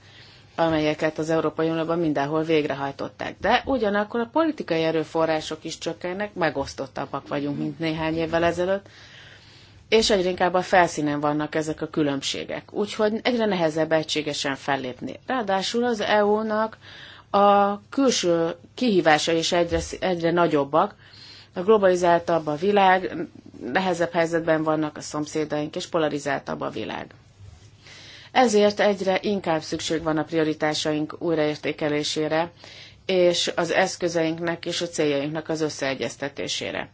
amelyeket az Európai Unióban mindenhol végrehajtották. De ugyanakkor a politikai erőforrások is csökkennek, megosztottabbak vagyunk, mint néhány évvel ezelőtt, és egyre inkább a felszínen vannak ezek a különbségek. Úgyhogy egyre nehezebb egységesen fellépni. Ráadásul az EU-nak a külső kihívása is egyre, egyre nagyobbak, a globalizáltabb a világ, nehezebb helyzetben vannak a szomszédaink, és polarizáltabb a világ. Ezért egyre inkább szükség van a prioritásaink újraértékelésére, és az eszközeinknek és a céljainknak az összeegyeztetésére.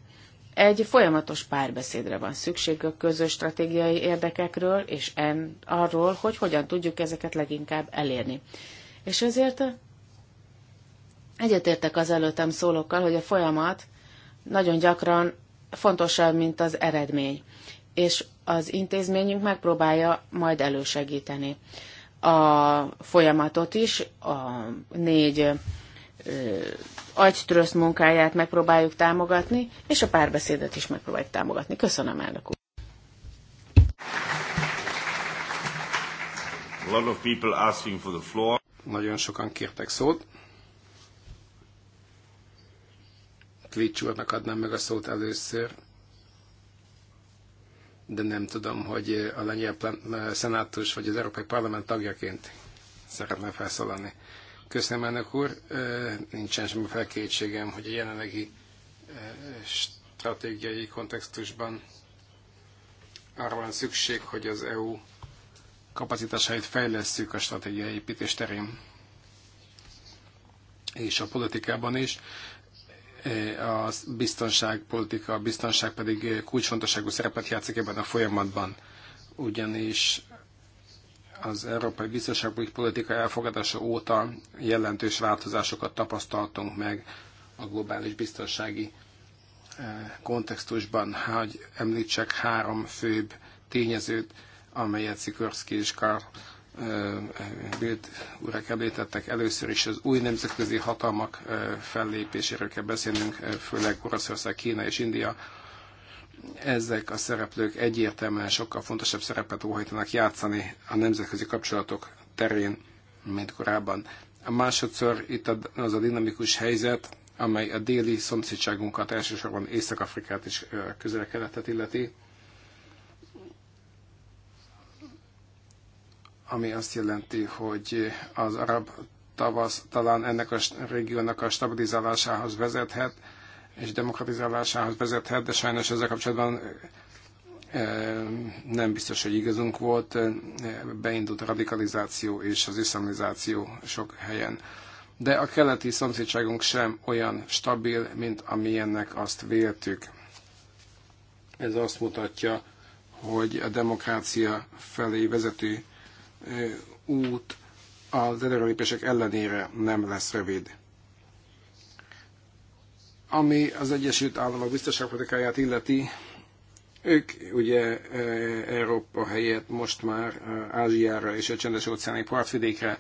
Egy folyamatos párbeszédre van szükség a közös stratégiai érdekekről, és en, arról, hogy hogyan tudjuk ezeket leginkább elérni. És ezért egyetértek az előttem szólókkal, hogy a folyamat nagyon gyakran fontosabb, mint az eredmény és az intézményünk megpróbálja majd elősegíteni a folyamatot is, a négy agytrösz munkáját megpróbáljuk támogatni, és a párbeszédet is megpróbáljuk támogatni. Köszönöm, elnök úr! A lot of people asking for the floor. Nagyon sokan kértek szót. Klitsch úrnak adnám meg a szót először de nem tudom, hogy a lengyel szenátus vagy az Európai Parlament tagjaként szeretne felszólalni. Köszönöm, elnök úr. Nincsen semmi felkétségem, hogy a jelenlegi stratégiai kontextusban arra van szükség, hogy az EU kapacitásait fejlesszük a stratégiai építés terén és a politikában is a biztonságpolitika, a biztonság pedig kulcsfontosságú szerepet játszik ebben a folyamatban, ugyanis az európai biztonságpolitika elfogadása óta jelentős változásokat tapasztaltunk meg a globális biztonsági kontextusban, hogy említsek három főbb tényezőt, amelyet Szikorszki és Karl Bild urak említettek, először is az új nemzetközi hatalmak fellépéséről kell beszélnünk, főleg Oroszország, Kína és India. Ezek a szereplők egyértelműen sokkal fontosabb szerepet óhajtanak játszani a nemzetközi kapcsolatok terén, mint korábban. A másodszor itt az a dinamikus helyzet, amely a déli szomszédságunkat, elsősorban Észak-Afrikát és közel-keletet illeti, ami azt jelenti, hogy az arab tavasz talán ennek a régiónak a stabilizálásához vezethet, és demokratizálásához vezethet, de sajnos ezzel kapcsolatban nem biztos, hogy igazunk volt, beindult a radikalizáció és az iszlamizáció sok helyen. De a keleti szomszédságunk sem olyan stabil, mint amilyennek azt véltük. Ez azt mutatja, hogy a demokrácia felé vezető út az előrelépések ellenére nem lesz rövid. Ami az Egyesült Államok biztonságpolitikáját illeti, ők ugye Európa helyett most már Ázsiára és a csendes óceáni partvidékre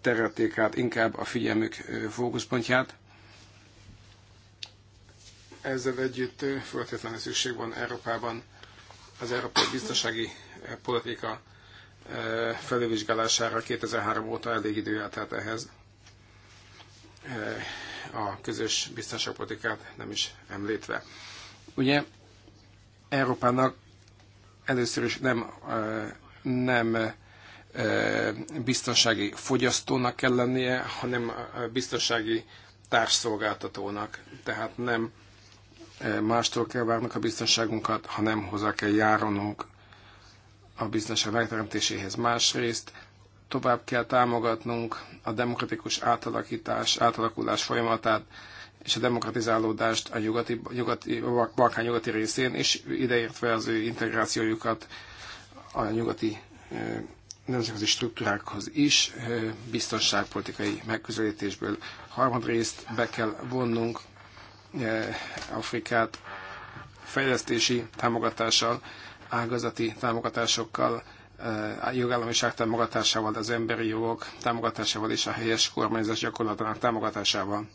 terették át inkább a figyelmük fókuszpontját. Ezzel együtt feltétlenül szükség van Európában az európai biztonsági politika felülvizsgálására 2003 óta elég idő eltelt ehhez. A közös biztonságpolitikát nem is említve. Ugye Európának először is nem, nem biztonsági fogyasztónak kell lennie, hanem biztonsági társszolgáltatónak. Tehát nem mástól kell várnunk a biztonságunkat, hanem hozzá kell járnunk a biztonság megteremtéséhez. Másrészt tovább kell támogatnunk a demokratikus átalakítás, átalakulás folyamatát és a demokratizálódást a nyugati, nyugati, Balkán nyugati részén, és ideértve az ő integrációjukat a nyugati nemzetközi struktúrákhoz is biztonságpolitikai megközelítésből. Harmadrészt be kell vonnunk Afrikát fejlesztési támogatással, ágazati támogatásokkal, a eh, jogállamiság támogatásával, az emberi jogok támogatásával és a helyes kormányzás gyakorlatának támogatásával.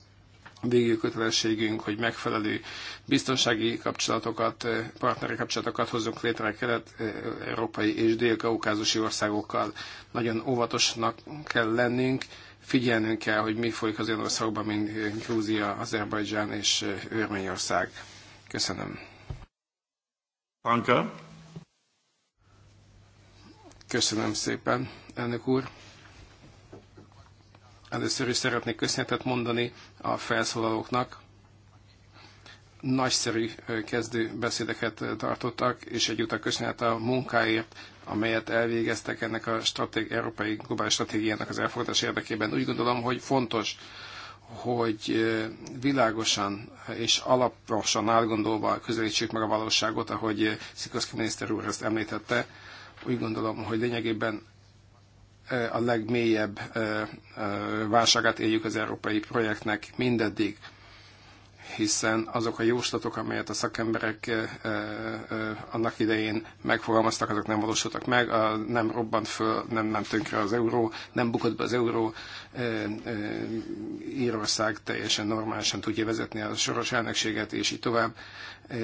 Végül kötelességünk, hogy megfelelő biztonsági kapcsolatokat, eh, partneri kapcsolatokat hozzunk létre kelet-európai eh, és dél-kaukázusi országokkal. Nagyon óvatosnak kell lennünk, figyelnünk kell, hogy mi folyik az olyan országokban, mint Grúzia, Azerbajdzsán és Örményország. Köszönöm. Anka. Köszönöm szépen, elnök úr. Először is szeretnék köszönetet mondani a felszólalóknak. Nagyszerű kezdő beszédeket tartottak, és egyúttal köszönet a munkáért, amelyet elvégeztek ennek a stratég, európai globális stratégiának az elfogadás érdekében. Úgy gondolom, hogy fontos, hogy világosan és alaposan átgondolva közelítsük meg a valóságot, ahogy Szikorszki miniszter úr ezt említette, úgy gondolom, hogy lényegében a legmélyebb válságát éljük az európai projektnek mindeddig hiszen azok a jóslatok, amelyet a szakemberek eh, eh, eh, annak idején megfogalmaztak, azok nem valósultak meg, a, nem robbant föl, nem ment tönkre az euró, nem bukott be az euró, Írország teljesen normálisan tudja vezetni a soros elnökséget, és így tovább.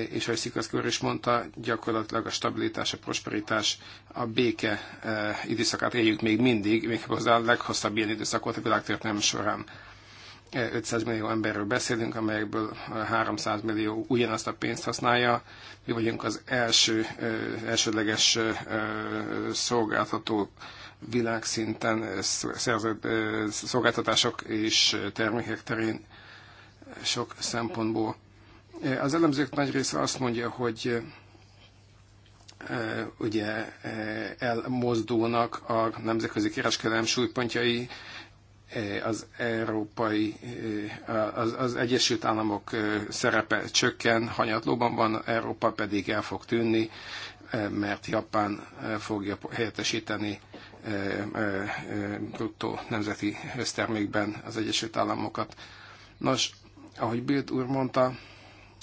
És ahogy Szikaszkör is mondta, gyakorlatilag a stabilitás, a prosperitás, a béke időszakát éljük még mindig, még hozzá a leghosszabb ilyen időszakot a világtörténelem során 500 millió emberről beszélünk, amelyekből 300 millió ugyanazt a pénzt használja. Mi vagyunk az első, elsődleges szolgáltató világszinten szerzett szolgáltatások és termékek terén sok szempontból. Az elemzők nagy része azt mondja, hogy ugye elmozdulnak a nemzetközi kereskedelem súlypontjai az európai, az, az Egyesült Államok szerepe csökken, hanyatlóban van, Európa pedig el fog tűnni, mert Japán fogja helyettesíteni bruttó nemzeti össztermékben az Egyesült Államokat. Nos, ahogy Bild úr mondta,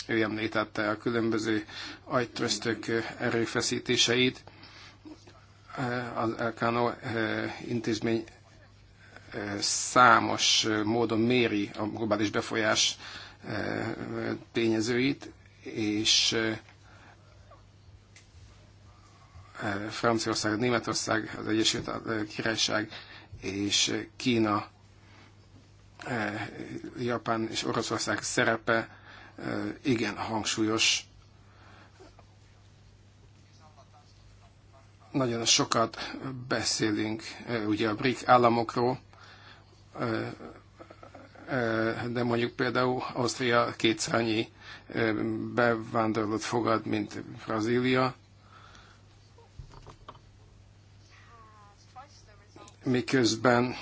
ő említette a különböző agytröztök erőfeszítéseit, az Elkano intézmény számos módon méri a globális befolyás eh, tényezőit, és eh, Franciaország, Németország, az Egyesült eh, Királyság és Kína, Japán és Oroszország szerepe igen hangsúlyos. Nagyon sokat beszélünk ugye a BRIC államokról, de mondjuk például Ausztria kétszányi bevándorlót fogad, mint Brazília, miközben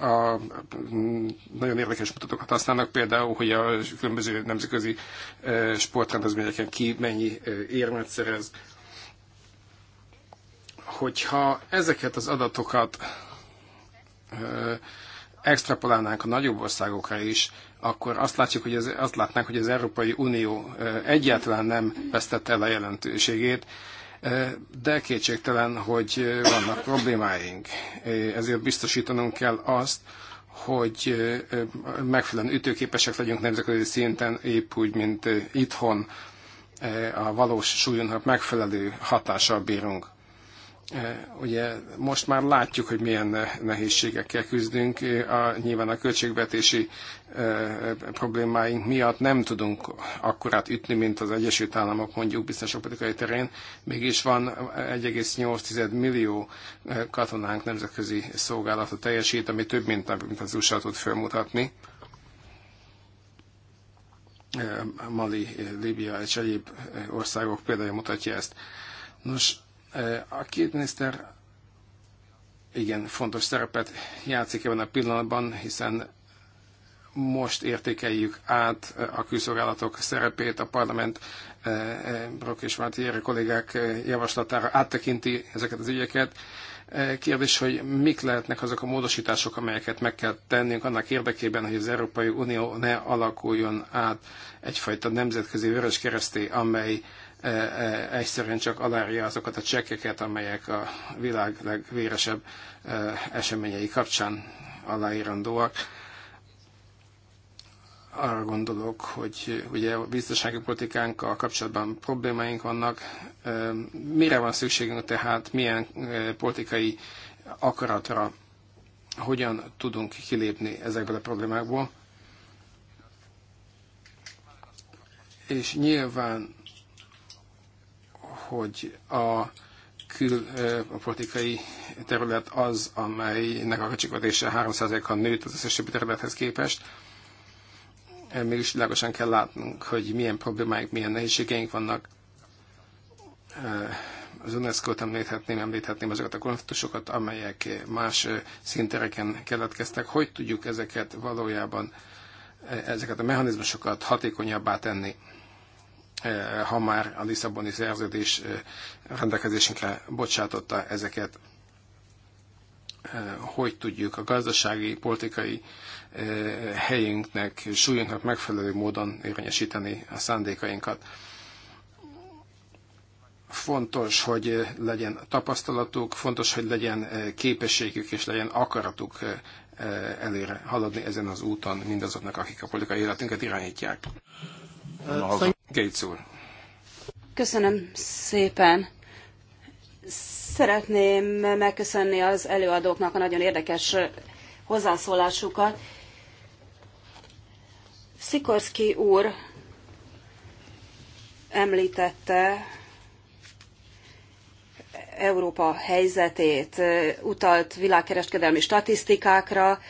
a, nagyon érdekes mutatókat használnak, például, hogy a különböző nemzetközi sportrendezményeken ki mennyi érmet szerez. Hogyha ezeket az adatokat extrapolálnánk a nagyobb országokra is, akkor azt, látjuk, hogy az, azt látnánk, hogy az Európai Unió egyáltalán nem vesztette el a jelentőségét, de kétségtelen, hogy vannak problémáink. Ezért biztosítanunk kell azt, hogy megfelelően ütőképesek legyünk nemzetközi szinten, épp úgy, mint itthon a valós súlyunknak megfelelő hatással bírunk. Ugye most már látjuk, hogy milyen nehézségekkel küzdünk. A, nyilván a költségvetési problémáink miatt nem tudunk akkorát ütni, mint az Egyesült Államok mondjuk biztonságpolitikai terén. Mégis van 1,8 millió katonánk nemzetközi szolgálata teljesít, ami több, mint, mint az USA tud felmutatni. Mali, Líbia és egyéb országok példája mutatja ezt. Nos, a két miniszter igen fontos szerepet játszik ebben a pillanatban, hiszen most értékeljük át a külszolgálatok szerepét, a parlament Brock és Valtieri kollégák javaslatára áttekinti ezeket az ügyeket. Kérdés, hogy mik lehetnek azok a módosítások, amelyeket meg kell tennünk annak érdekében, hogy az Európai Unió ne alakuljon át egyfajta nemzetközi vörös kereszté, amely E, e, egyszerűen csak alárja azokat a csekkeket, amelyek a világ legvéresebb e, eseményei kapcsán aláírandóak. Arra gondolok, hogy ugye a biztonsági politikánkkal kapcsolatban problémáink vannak. Mire van szükségünk tehát, milyen politikai akaratra, hogyan tudunk kilépni ezekből a problémákból? És nyilván hogy a külpolitikai terület az, amelynek a költségvetése 3%-a nőtt az összes többi területhez képest. Mégis világosan kell látnunk, hogy milyen problémáink, milyen nehézségeink vannak. Az UNESCO-t említhetném, említhetném azokat a konfliktusokat, amelyek más szintereken keletkeztek. Hogy tudjuk ezeket valójában, ezeket a mechanizmusokat hatékonyabbá tenni? E, ha már a Lisszaboni szerződés e, rendelkezésünkre bocsátotta ezeket, e, hogy tudjuk a gazdasági, politikai helyünknek, súlyunknak megfelelő módon érvényesíteni a szándékainkat. Fontos, hogy legyen tapasztalatuk, fontos, hogy legyen képességük és legyen akaratuk előre haladni ezen az úton mindazoknak, akik a politikai életünket irányítják. Gates úr. Köszönöm szépen. Szeretném megköszönni az előadóknak a nagyon érdekes hozzászólásukat. Szikorszki úr említette Európa helyzetét, utalt világkereskedelmi statisztikákra,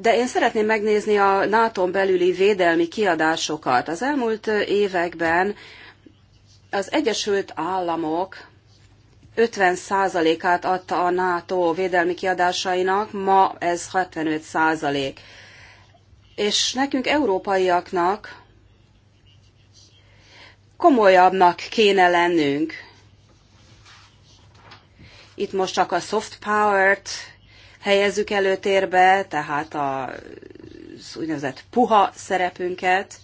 de én szeretném megnézni a nato belüli védelmi kiadásokat. Az elmúlt években az Egyesült Államok 50%-át adta a NATO védelmi kiadásainak, ma ez 65%. És nekünk, európaiaknak komolyabbnak kéne lennünk. Itt most csak a soft power-t helyezzük előtérbe, tehát a úgynevezett puha szerepünket,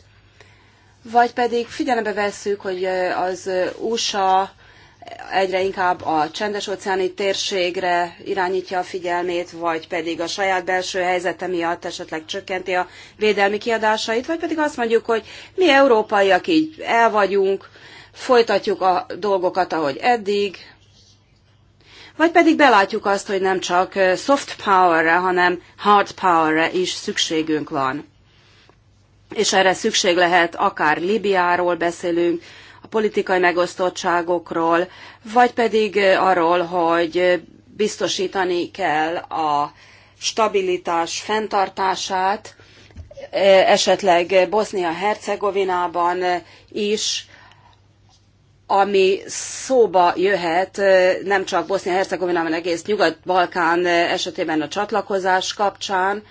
vagy pedig figyelembe vesszük, hogy az USA egyre inkább a csendes-óceáni térségre irányítja a figyelmét, vagy pedig a saját belső helyzete miatt esetleg csökkenti a védelmi kiadásait, vagy pedig azt mondjuk, hogy mi európaiak így el vagyunk, folytatjuk a dolgokat, ahogy eddig, vagy pedig belátjuk azt, hogy nem csak soft powerre, hanem hard powerre is szükségünk van. És erre szükség lehet akár Libiáról beszélünk, a politikai megosztottságokról, vagy pedig arról, hogy biztosítani kell a stabilitás fenntartását, esetleg Bosznia-Hercegovinában is, ami szóba jöhet nem csak Bosznia-Hercegovina, hanem egész Nyugat-Balkán esetében a csatlakozás kapcsán.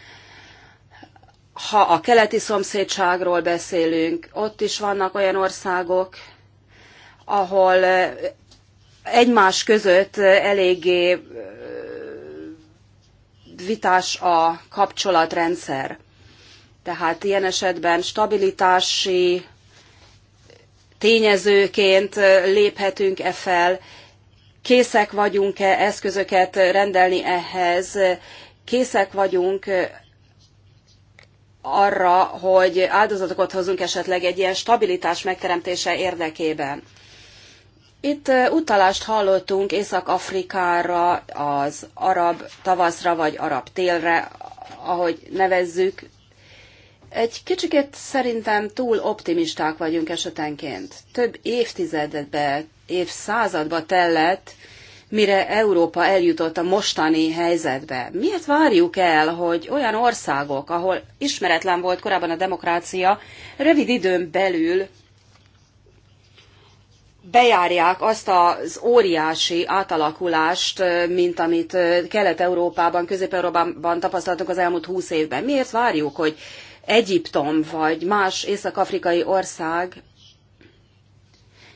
Ha a keleti szomszédságról beszélünk, ott is vannak olyan országok, ahol egymás között eléggé vitás a kapcsolatrendszer. Tehát ilyen esetben stabilitási tényezőként léphetünk-e fel, készek vagyunk-e eszközöket rendelni ehhez, készek vagyunk arra, hogy áldozatokat hozunk esetleg egy ilyen stabilitás megteremtése érdekében. Itt utalást hallottunk Észak-Afrikára, az arab tavaszra vagy arab télre, ahogy nevezzük. Egy kicsikét szerintem túl optimisták vagyunk esetenként. Több évtizedbe, évszázadba tellett, mire Európa eljutott a mostani helyzetbe. Miért várjuk el, hogy olyan országok, ahol ismeretlen volt korábban a demokrácia, rövid időn belül bejárják azt az óriási átalakulást, mint amit Kelet-Európában, Közép-Európában tapasztaltunk az elmúlt húsz évben. Miért várjuk, hogy Egyiptom vagy más észak-afrikai ország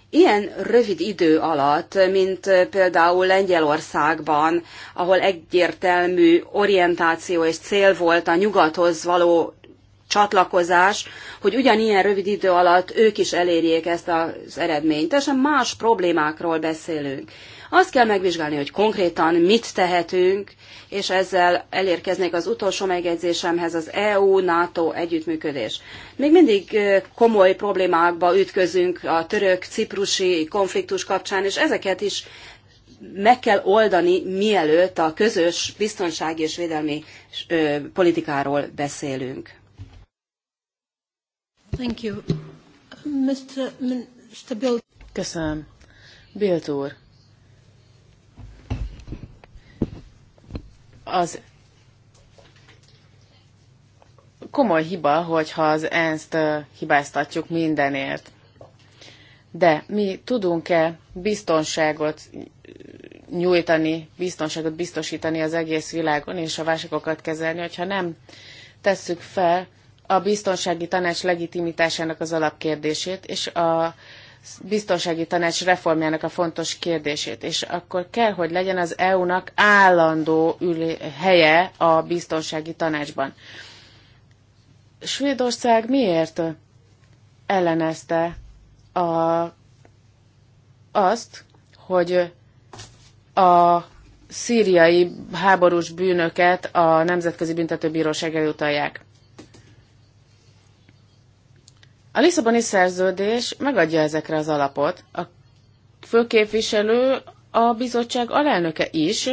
ilyen rövid idő alatt, mint például Lengyelországban, ahol egyértelmű orientáció és cél volt a nyugathoz való csatlakozás, hogy ugyanilyen rövid idő alatt ők is elérjék ezt az eredményt. Teljesen más problémákról beszélünk. Azt kell megvizsgálni, hogy konkrétan mit tehetünk, és ezzel elérkeznék az utolsó megjegyzésemhez, az EU-NATO együttműködés. Még mindig komoly problémákba ütközünk a török-ciprusi konfliktus kapcsán, és ezeket is meg kell oldani, mielőtt a közös biztonsági és védelmi politikáról beszélünk. Thank you. Mr. Mr. Bill. Köszönöm. Bill úr, az komoly hiba, hogyha az ENSZ-t hibáztatjuk mindenért. De mi tudunk-e biztonságot nyújtani, biztonságot biztosítani az egész világon, és a válságokat kezelni, hogyha nem tesszük fel a biztonsági tanács legitimitásának az alapkérdését, és a biztonsági tanács reformjának a fontos kérdését, és akkor kell, hogy legyen az EU-nak állandó ülé, helye a biztonsági tanácsban. Svédország miért ellenezte a, azt, hogy a szíriai háborús bűnöket a Nemzetközi Büntetőbíróság elutalják? A Lisszaboni szerződés megadja ezekre az alapot. A főképviselő, a bizottság alelnöke is,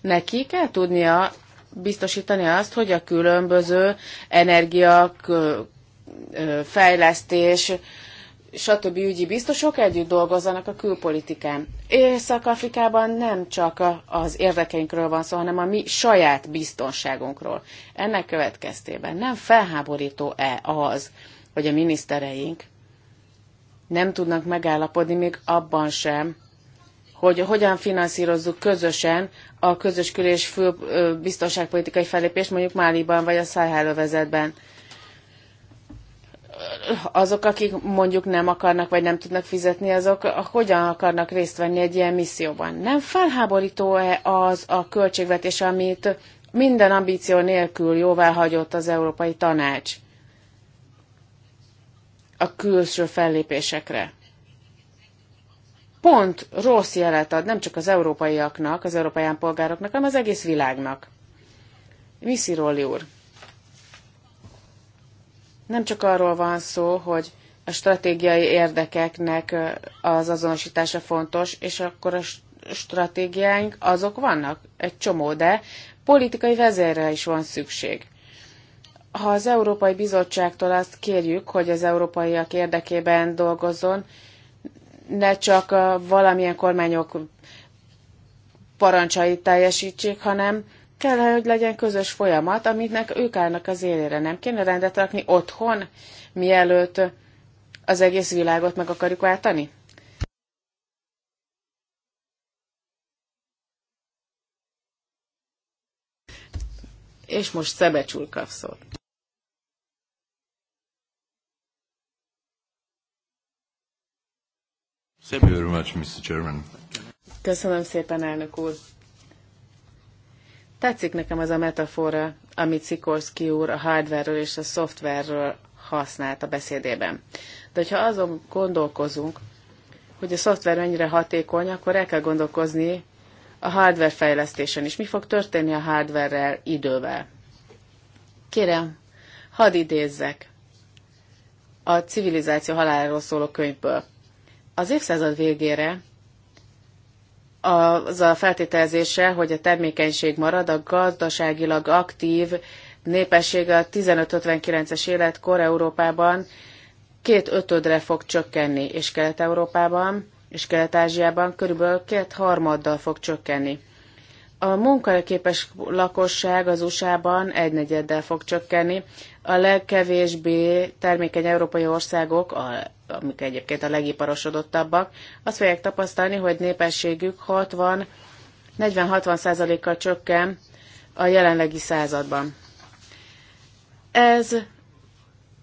neki kell tudnia biztosítani azt, hogy a különböző energiak, fejlesztés, stb. ügyi biztosok együtt dolgozzanak a külpolitikán. Észak-Afrikában nem csak az érdekeinkről van szó, hanem a mi saját biztonságunkról. Ennek következtében nem felháborító-e az, vagy a minisztereink nem tudnak megállapodni még abban sem, hogy hogyan finanszírozzuk közösen a közös külés és fő biztonságpolitikai fellépést mondjuk Máliban vagy a Szájhálóvezetben. Azok, akik mondjuk nem akarnak vagy nem tudnak fizetni, azok hogyan akarnak részt venni egy ilyen misszióban? Nem felháborító-e az a költségvetés, amit minden ambíció nélkül jóvá hagyott az Európai Tanács? a külső fellépésekre. Pont rossz jelet ad nem csak az európaiaknak, az európai polgároknak, hanem az egész világnak. Viszi Róli úr. Nem csak arról van szó, hogy a stratégiai érdekeknek az azonosítása fontos, és akkor a stratégiáink azok vannak, egy csomó, de politikai vezérre is van szükség. Ha az Európai Bizottságtól azt kérjük, hogy az európaiak érdekében dolgozzon, ne csak valamilyen kormányok parancsait teljesítsék, hanem kell, hogy legyen közös folyamat, aminek ők állnak az élére. Nem kéne rendet rakni otthon, mielőtt az egész világot meg akarjuk váltani? És most Szebecsul kap szót. Thank you very much, Mr. Chairman. Köszönöm szépen, elnök úr. Tetszik nekem az a metafora, amit Szikorszki úr a hardware és a szoftverről használt a beszédében. De ha azon gondolkozunk, hogy a szoftver mennyire hatékony, akkor el kell gondolkozni a hardware fejlesztésen is. Mi fog történni a hardware idővel? Kérem, hadd idézzek a civilizáció haláláról szóló könyvből. Az évszázad végére az a feltételezése, hogy a termékenység marad, a gazdaságilag aktív népessége a 15-59-es életkor Európában két ötödre fog csökkenni, és Kelet-Európában és Kelet-Ázsiában körülbelül két harmaddal fog csökkenni. A munkaképes lakosság az USA-ban egynegyeddel fog csökkenni. A legkevésbé termékeny európai országok, a, amik egyébként a legiparosodottabbak, azt fogják tapasztalni, hogy népességük 60 40-60 kal csökken a jelenlegi században. Ez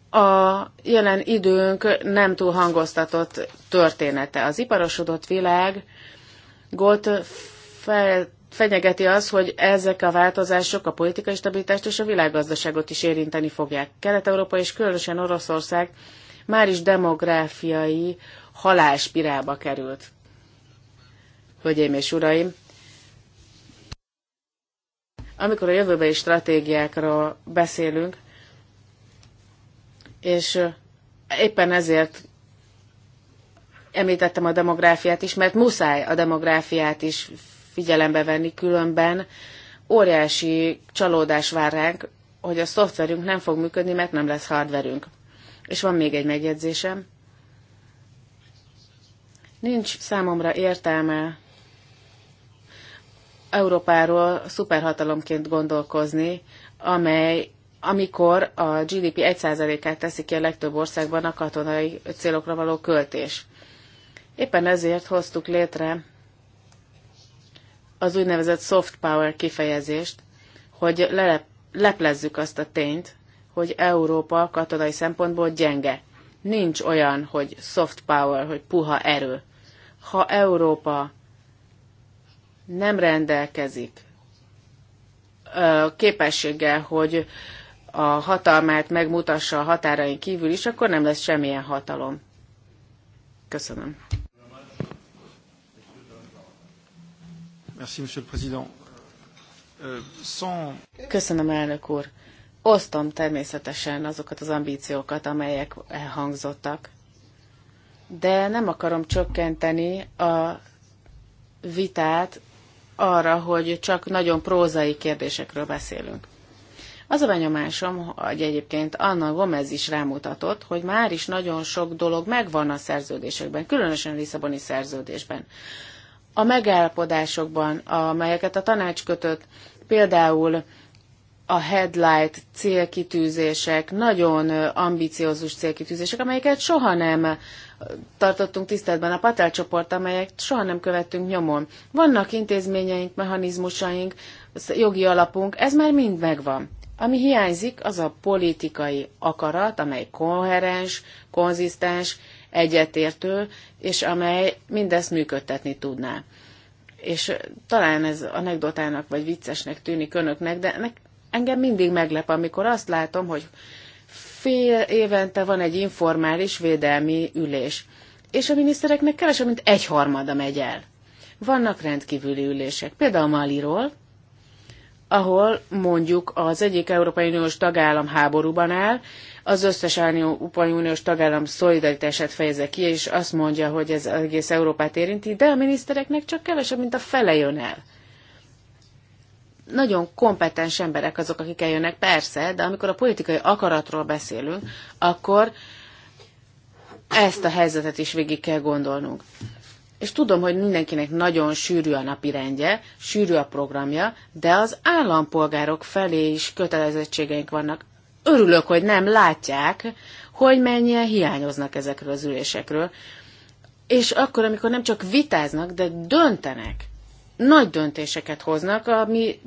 a jelen időnk nem túl hangoztatott története. Az iparosodott világot fel fenyegeti az, hogy ezek a változások a politikai stabilitást és a világgazdaságot is érinteni fogják. Kelet-Európa és különösen Oroszország már is demográfiai halálspirálba került. Hölgyeim és uraim, amikor a jövőbeli stratégiákról beszélünk, és éppen ezért említettem a demográfiát is, mert muszáj a demográfiát is figyelembe venni, különben óriási csalódás vár ránk, hogy a szoftverünk nem fog működni, mert nem lesz hardverünk. És van még egy megjegyzésem. Nincs számomra értelme Európáról szuperhatalomként gondolkozni, amely amikor a GDP 1%-át teszi ki a legtöbb országban a katonai célokra való költés. Éppen ezért hoztuk létre az úgynevezett soft power kifejezést, hogy lelep, leplezzük azt a tényt, hogy Európa katonai szempontból gyenge. Nincs olyan, hogy soft power, hogy puha erő. Ha Európa nem rendelkezik képességgel, hogy a hatalmát megmutassa a határain kívül is, akkor nem lesz semmilyen hatalom. Köszönöm. Euh, Köszönöm, elnök úr. Osztom természetesen azokat az ambíciókat, amelyek elhangzottak, de nem akarom csökkenteni a vitát arra, hogy csak nagyon prózai kérdésekről beszélünk. Az a benyomásom, hogy egyébként Anna Gomez is rámutatott, hogy már is nagyon sok dolog megvan a szerződésekben, különösen a Lisszaboni szerződésben a megállapodásokban, amelyeket a tanács kötött, például a headlight célkitűzések, nagyon ambiciózus célkitűzések, amelyeket soha nem tartottunk tiszteletben, a Patel csoport, amelyeket soha nem követtünk nyomon. Vannak intézményeink, mechanizmusaink, jogi alapunk, ez már mind megvan. Ami hiányzik, az a politikai akarat, amely koherens, konzisztens egyetértő, és amely mindezt működtetni tudná. És talán ez anekdotának vagy viccesnek tűnik önöknek, de engem mindig meglep, amikor azt látom, hogy fél évente van egy informális védelmi ülés, és a minisztereknek kevesebb, mint egy harmada megy el. Vannak rendkívüli ülések, például Maliról, ahol mondjuk az egyik Európai Uniós tagállam háborúban áll, az összes Európai Uniós tagállam szolidaritását fejezi ki, és azt mondja, hogy ez egész Európát érinti, de a minisztereknek csak kevesebb, mint a fele jön el. Nagyon kompetens emberek azok, akik eljönnek, persze, de amikor a politikai akaratról beszélünk, akkor ezt a helyzetet is végig kell gondolnunk. És tudom, hogy mindenkinek nagyon sűrű a napi rendje, sűrű a programja, de az állampolgárok felé is kötelezettségeink vannak örülök, hogy nem látják, hogy mennyien hiányoznak ezekről az ülésekről. És akkor, amikor nem csak vitáznak, de döntenek, nagy döntéseket hoznak, ami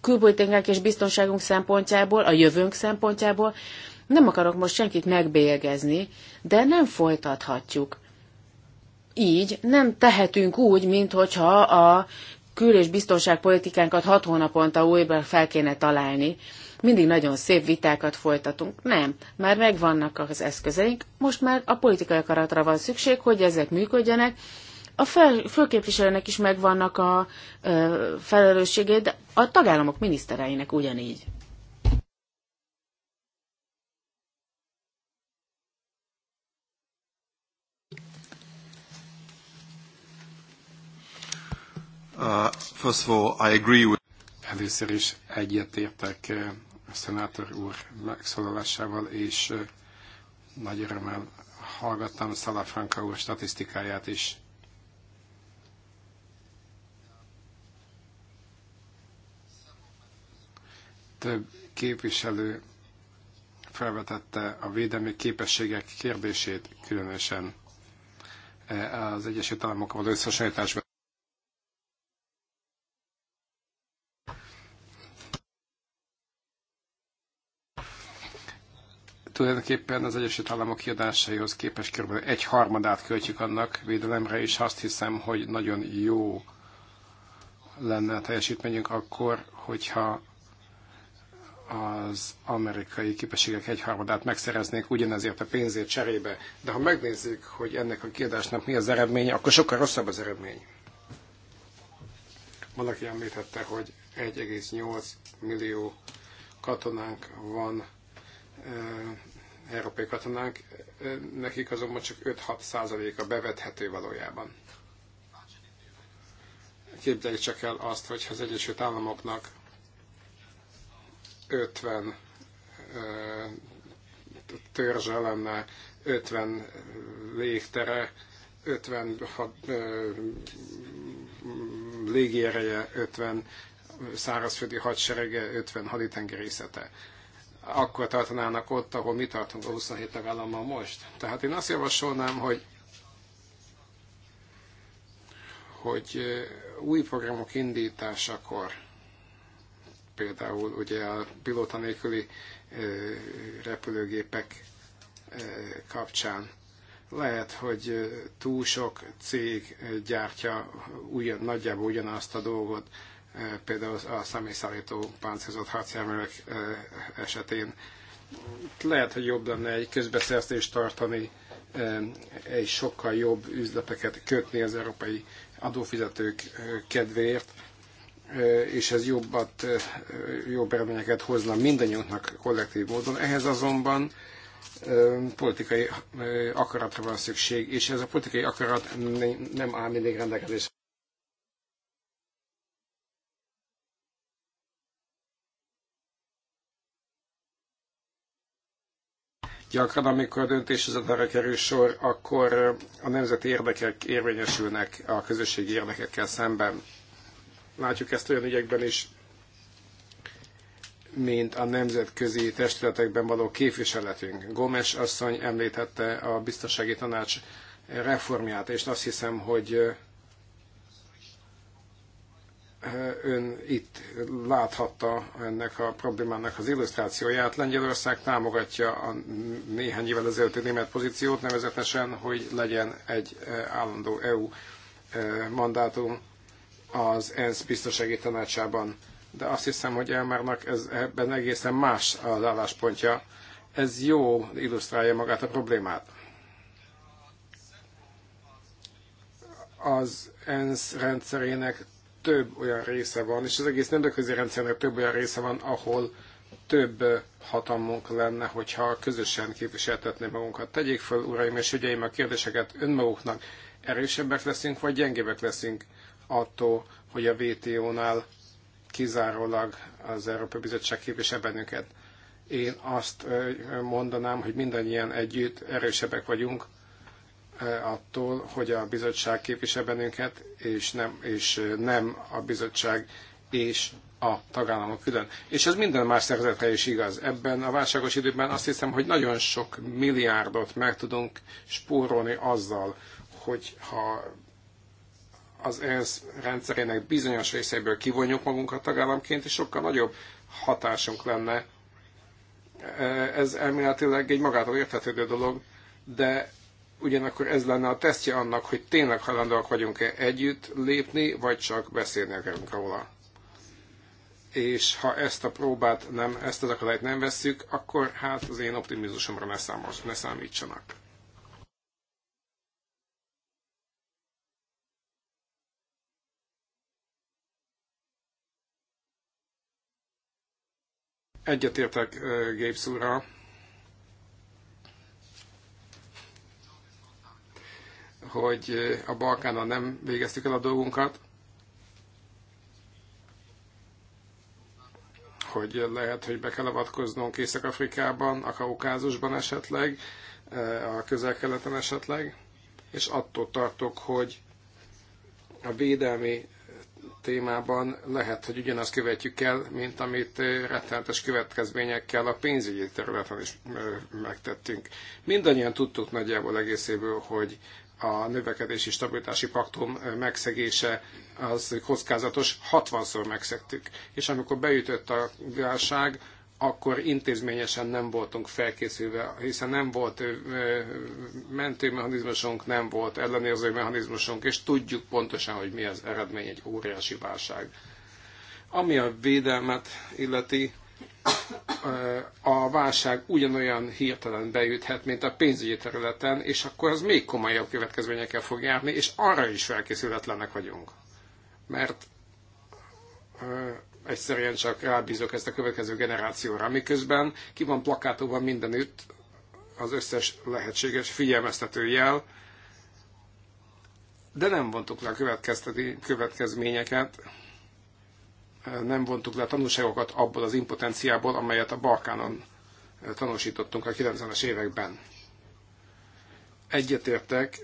külpolitikánk és biztonságunk szempontjából, a jövőnk szempontjából, nem akarok most senkit megbélyegezni, de nem folytathatjuk. Így nem tehetünk úgy, mint a kül- és biztonságpolitikánkat hat hónaponta újra fel kéne találni, mindig nagyon szép vitákat folytatunk. Nem, már megvannak az eszközeink, most már a politikai akaratra van szükség, hogy ezek működjenek. A fel, főképviselőnek is megvannak a ö, felelősségét, de a tagállamok minisztereinek ugyanígy. Uh, first of all, I agree with... Először is egyetértek a szenátor úr megszólalásával, és nagy örömmel hallgattam Szalafranka úr statisztikáját is. Több képviselő felvetette a védelmi képességek kérdését különösen az Egyesült Államokkal összehasonlításban. Tulajdonképpen az Egyesült Államok kiadásaihoz képest kb. egy harmadát költjük annak védelemre, és azt hiszem, hogy nagyon jó lenne a teljesítményünk akkor, hogyha az amerikai képességek egyharmadát megszereznék ugyanezért a pénzért cserébe. De ha megnézzük, hogy ennek a kiadásnak mi az eredménye, akkor sokkal rosszabb az eredmény. Valaki említette, hogy 1,8 millió katonánk van eh, európai katonánk, nekik azonban csak 5-6 százaléka bevethető valójában. Képzeljük csak el azt, hogy az Egyesült Államoknak 50 törzse lenne, 50 légtere, 50 légiereje, 50 szárazföldi hadserege, 50 haditengerészete akkor tartanának ott, ahol mi tartunk a 27 tagállammal most. Tehát én azt javasolnám, hogy hogy új programok indításakor, például ugye a pilóta nélküli repülőgépek kapcsán, lehet, hogy túl sok cég gyártja ugyan, nagyjából ugyanazt a dolgot, például a személyszállító páncélzott harcjárművek esetén. Lehet, hogy jobb lenne egy közbeszerzést tartani, egy sokkal jobb üzleteket kötni az európai adófizetők kedvéért, és ez jobbat, jobb eredményeket hozna mindannyiunknak kollektív módon. Ehhez azonban politikai akaratra van szükség, és ez a politikai akarat nem áll mindig rendelkezésre. Gyakran, amikor a döntéshozatára kerül sor, akkor a nemzeti érdekek érvényesülnek a közösségi érdekekkel szemben. Látjuk ezt olyan ügyekben is, mint a nemzetközi testületekben való képviseletünk. Gomes asszony említette a biztonsági tanács reformját, és azt hiszem, hogy Eh, ön itt láthatta ennek a problémának az illusztrációját. Lengyelország támogatja a néhány évvel ezelőtti német pozíciót, nevezetesen, hogy legyen egy eh, állandó EU eh, mandátum az ENSZ biztonsági tanácsában. De azt hiszem, hogy Elmárnak ez, ebben egészen más az álláspontja. Ez jó illusztrálja magát a problémát. az ENSZ rendszerének több olyan része van, és az egész nemzetközi rendszernek több olyan része van, ahol több hatalmunk lenne, hogyha közösen képviseltetné magunkat. Tegyék fel, uraim és ügyeim, a kérdéseket önmaguknak. Erősebbek leszünk, vagy gyengébbek leszünk attól, hogy a WTO-nál kizárólag az Európai Bizottság képvisel bennünket. Én azt mondanám, hogy mindannyian együtt erősebbek vagyunk, E, attól, hogy a bizottság képvisel bennünket, és nem, és e, nem a bizottság és a tagállamok külön. És ez minden más szervezetre is igaz. Ebben a válságos időben azt hiszem, hogy nagyon sok milliárdot meg tudunk spórolni azzal, hogy ha az ENSZ rendszerének bizonyos részeiből kivonjuk magunkat tagállamként, és sokkal nagyobb hatásunk lenne. E, ez elméletileg egy magától értetődő dolog, de ugyanakkor ez lenne a tesztje annak, hogy tényleg halandóak vagyunk-e együtt lépni, vagy csak beszélni akarunk róla. És ha ezt a próbát nem, ezt az akadályt nem vesszük, akkor hát az én optimizmusomra ne, számos, ne számítsanak. Egyetértek Gépsz úrral, hogy a Balkánon nem végeztük el a dolgunkat, hogy lehet, hogy be kell avatkoznunk Észak-Afrikában, a Kaukázusban esetleg, a közel-keleten esetleg, és attól tartok, hogy a védelmi témában lehet, hogy ugyanazt követjük el, mint amit rettenetes következményekkel a pénzügyi területen is megtettünk. Mindannyian tudtuk nagyjából egészéből, hogy a növekedési stabilitási paktum megszegése az kockázatos, 60-szor megszegtük. És amikor beütött a válság, akkor intézményesen nem voltunk felkészülve, hiszen nem volt mentőmechanizmusunk, nem volt ellenőrző mechanizmusunk, és tudjuk pontosan, hogy mi az eredmény egy óriási válság. Ami a védelmet illeti, a válság ugyanolyan hirtelen beüthet, mint a pénzügyi területen, és akkor az még komolyabb következményekkel fog járni, és arra is felkészületlenek vagyunk. Mert egyszerűen csak rábízok ezt a következő generációra, miközben ki van plakátóva mindenütt az összes lehetséges figyelmeztető jel, de nem vontuk le a következményeket, nem vontuk le a tanulságokat abból az impotenciából, amelyet a Balkánon tanúsítottunk a 90-es években. Egyetértek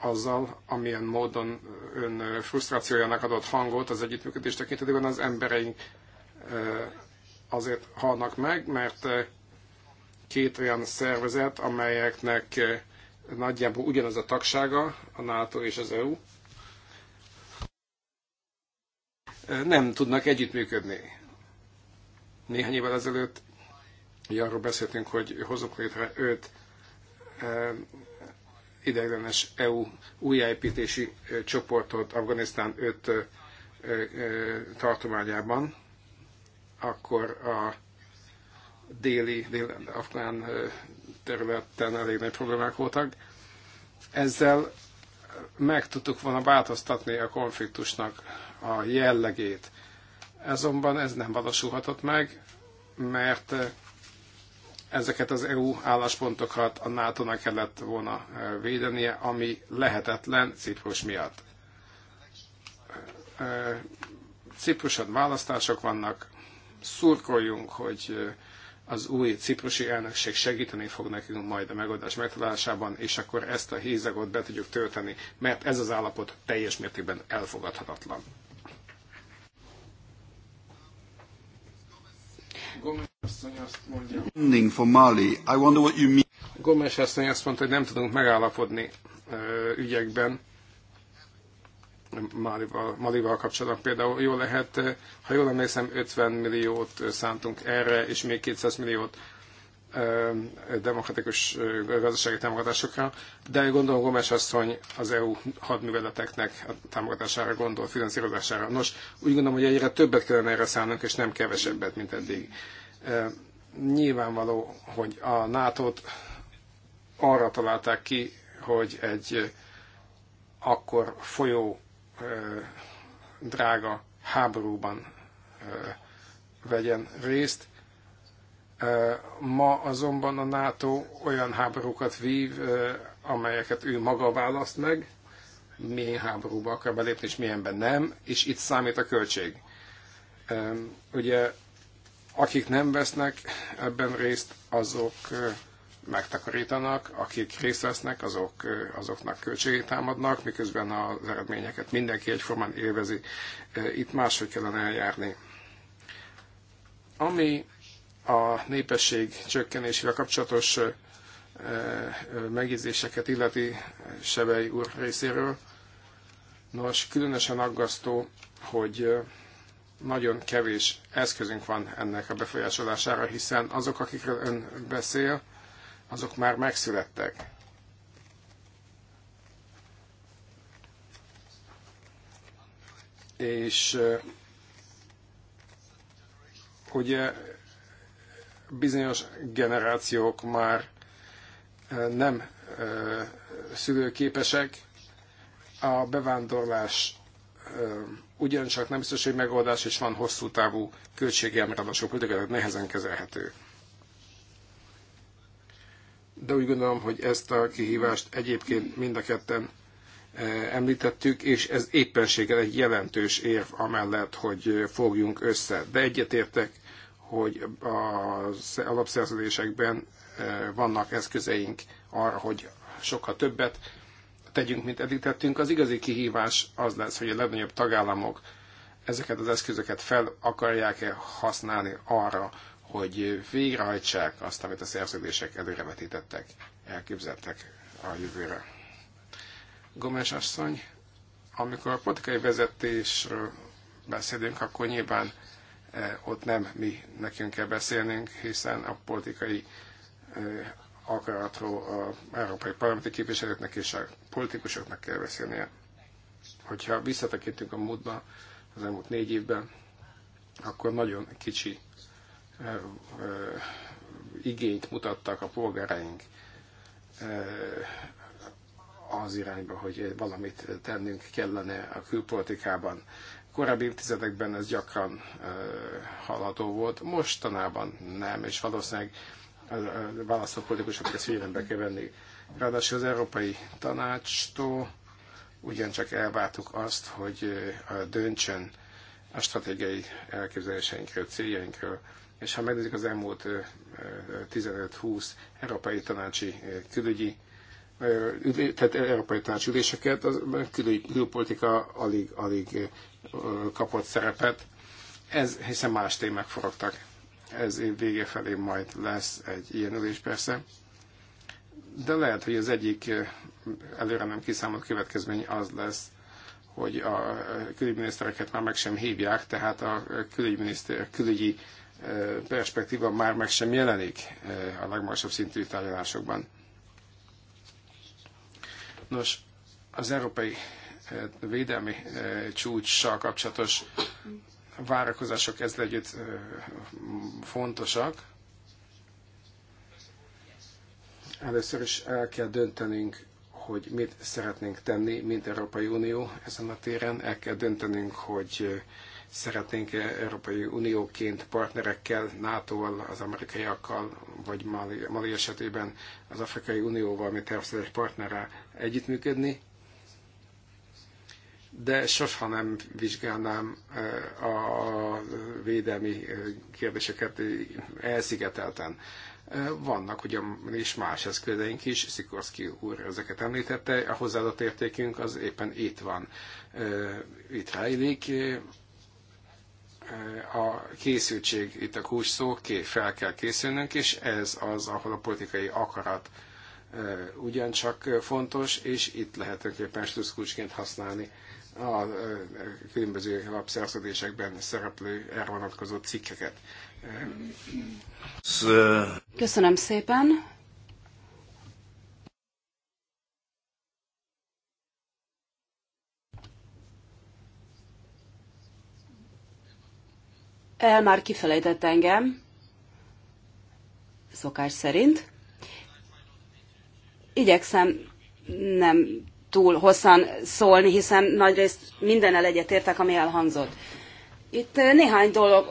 azzal, amilyen módon ön frusztrációjának adott hangot az együttműködés tekintetében az embereink azért halnak meg, mert két olyan szervezet, amelyeknek nagyjából ugyanaz a tagsága, a NATO és az EU, nem tudnak együttműködni. Néhány évvel ezelőtt arról beszéltünk, hogy hozunk létre öt ideiglenes EU újjáépítési csoportot Afganisztán 5 tartományában, akkor a déli, déli afgán területen elég nagy problémák voltak. Ezzel meg tudtuk volna változtatni a konfliktusnak a jellegét. Azonban ez nem valósulhatott meg, mert ezeket az EU álláspontokat a NATO-nak kellett volna e, védenie, ami lehetetlen Ciprus miatt. E, Cipruson választások vannak, szurkoljunk, hogy e, az új ciprusi elnökség segíteni fog nekünk majd a megoldás megtalálásában, és akkor ezt a hézagot be tudjuk tölteni, mert ez az állapot teljes mértékben elfogadhatatlan. Gomez, Ending for Mali. I wonder what you mean. Gomes asszony azt mondta, hogy nem tudunk megállapodni ügyekben. Malival, Malival kapcsolatban például jó lehet, ha jól emlékszem, 50 milliót szántunk erre, és még 200 milliót demokratikus gazdasági támogatásokra, de gondolom Gomes asszony az EU hadműveleteknek a támogatására gondol, finanszírozására. Nos, úgy gondolom, hogy egyre többet kellene erre szánnunk, és nem kevesebbet, mint eddig. Nyilvánvaló, hogy a nato arra találták ki, hogy egy akkor folyó drága háborúban vegyen részt. Ma azonban a NATO olyan háborúkat vív, amelyeket ő maga választ meg, milyen háborúba akar belépni, és milyenben nem, és itt számít a költség. Ugye akik nem vesznek ebben részt, azok megtakarítanak, akik részt vesznek, azok, azoknak költségét támadnak, miközben az eredményeket mindenki egyformán élvezi. Itt máshogy kellene eljárni. Ami a népesség csökkenésével kapcsolatos megjegyzéseket illeti Sebei úr részéről. Nos, különösen aggasztó, hogy nagyon kevés eszközünk van ennek a befolyásolására, hiszen azok, akikről ön beszél, azok már megszülettek. És ugye bizonyos generációk már nem szülőképesek, a bevándorlás ugyancsak nem biztos, hogy megoldás, és van hosszú távú költsége, mert ráadásul politikailag nehezen kezelhető. De úgy gondolom, hogy ezt a kihívást egyébként mind a ketten eh, említettük, és ez éppenséggel egy jelentős érv amellett, hogy fogjunk össze. De egyetértek, hogy az alapszerződésekben eh, vannak eszközeink arra, hogy sokkal többet tegyünk, mint eddig tettünk. Az igazi kihívás az lesz, hogy a legnagyobb tagállamok ezeket az eszközöket fel akarják-e használni arra, hogy végrehajtsák azt, amit a szerződések előrevetítettek, elképzeltek a jövőre. Gomes asszony, amikor a politikai vezetésről beszélünk, akkor nyilván eh, ott nem mi nekünk kell beszélnünk, hiszen a politikai eh, akaratról az európai parlamenti képviselőknek és a politikusoknak kell beszélnie. Hogyha visszatekintünk a múltba, az elmúlt négy évben, akkor nagyon kicsi ö, ö, igényt mutattak a polgáraink ö, az irányba, hogy valamit tennünk kellene a külpolitikában. Korábbi évtizedekben ez gyakran ö, hallható volt, mostanában nem, és valószínűleg választott politikusok ezt figyelembe kell venni. Ráadásul az Európai Tanácstól ugyancsak elvártuk azt, hogy eh, döntsön a stratégiai elképzeléseinkről, céljainkről, és ha megnézzük az elmúlt 15-20 eh, eh, Európai Tanácsi külügyi tehát európai üléseket, az kül, külpolitika alig, alig kapott szerepet. Ez hiszen más témák forogtak ez év vége felé majd lesz egy ilyen ülés persze. De lehet, hogy az egyik eh, előre nem kiszámolt következmény az lesz, hogy a eh, külügyminisztereket már meg sem hívják, tehát a eh, külügyminiszter, külügyi perspektíva már meg sem jelenik a legmagasabb szintű tárgyalásokban. Nos, az európai védelmi csúcssal kapcsolatos várakozások ezzel együtt fontosak. Először is el kell döntenünk, hogy mit szeretnénk tenni, mint Európai Unió ezen a téren. El kell döntenünk, hogy szeretnénk -e Európai Unióként partnerekkel, NATO-val, az amerikaiakkal, vagy Mali, Mali esetében az Afrikai Unióval, mint természetes partnerrel együttműködni, de soha nem vizsgálnám eh, a védelmi eh, kérdéseket eh, elszigetelten. Vannak ugyanis más eszközeink is, Szikorszki úr ezeket említette, a hozzáadott értékünk az éppen itt van, itt rejlik. A készültség, itt a kulcs szó, fel kell készülnünk, és ez az, ahol a politikai akarat ugyancsak fontos, és itt lehetőképpen stuszkulcsként használni a különböző alapszerződésekben szereplő erre vonatkozó cikkeket. Köszönöm szépen. El már kifelejtett engem, szokás szerint. Igyekszem nem túl hosszan szólni, hiszen nagyrészt mindennel egyetértek, ami elhangzott. Itt eh, néhány dolog,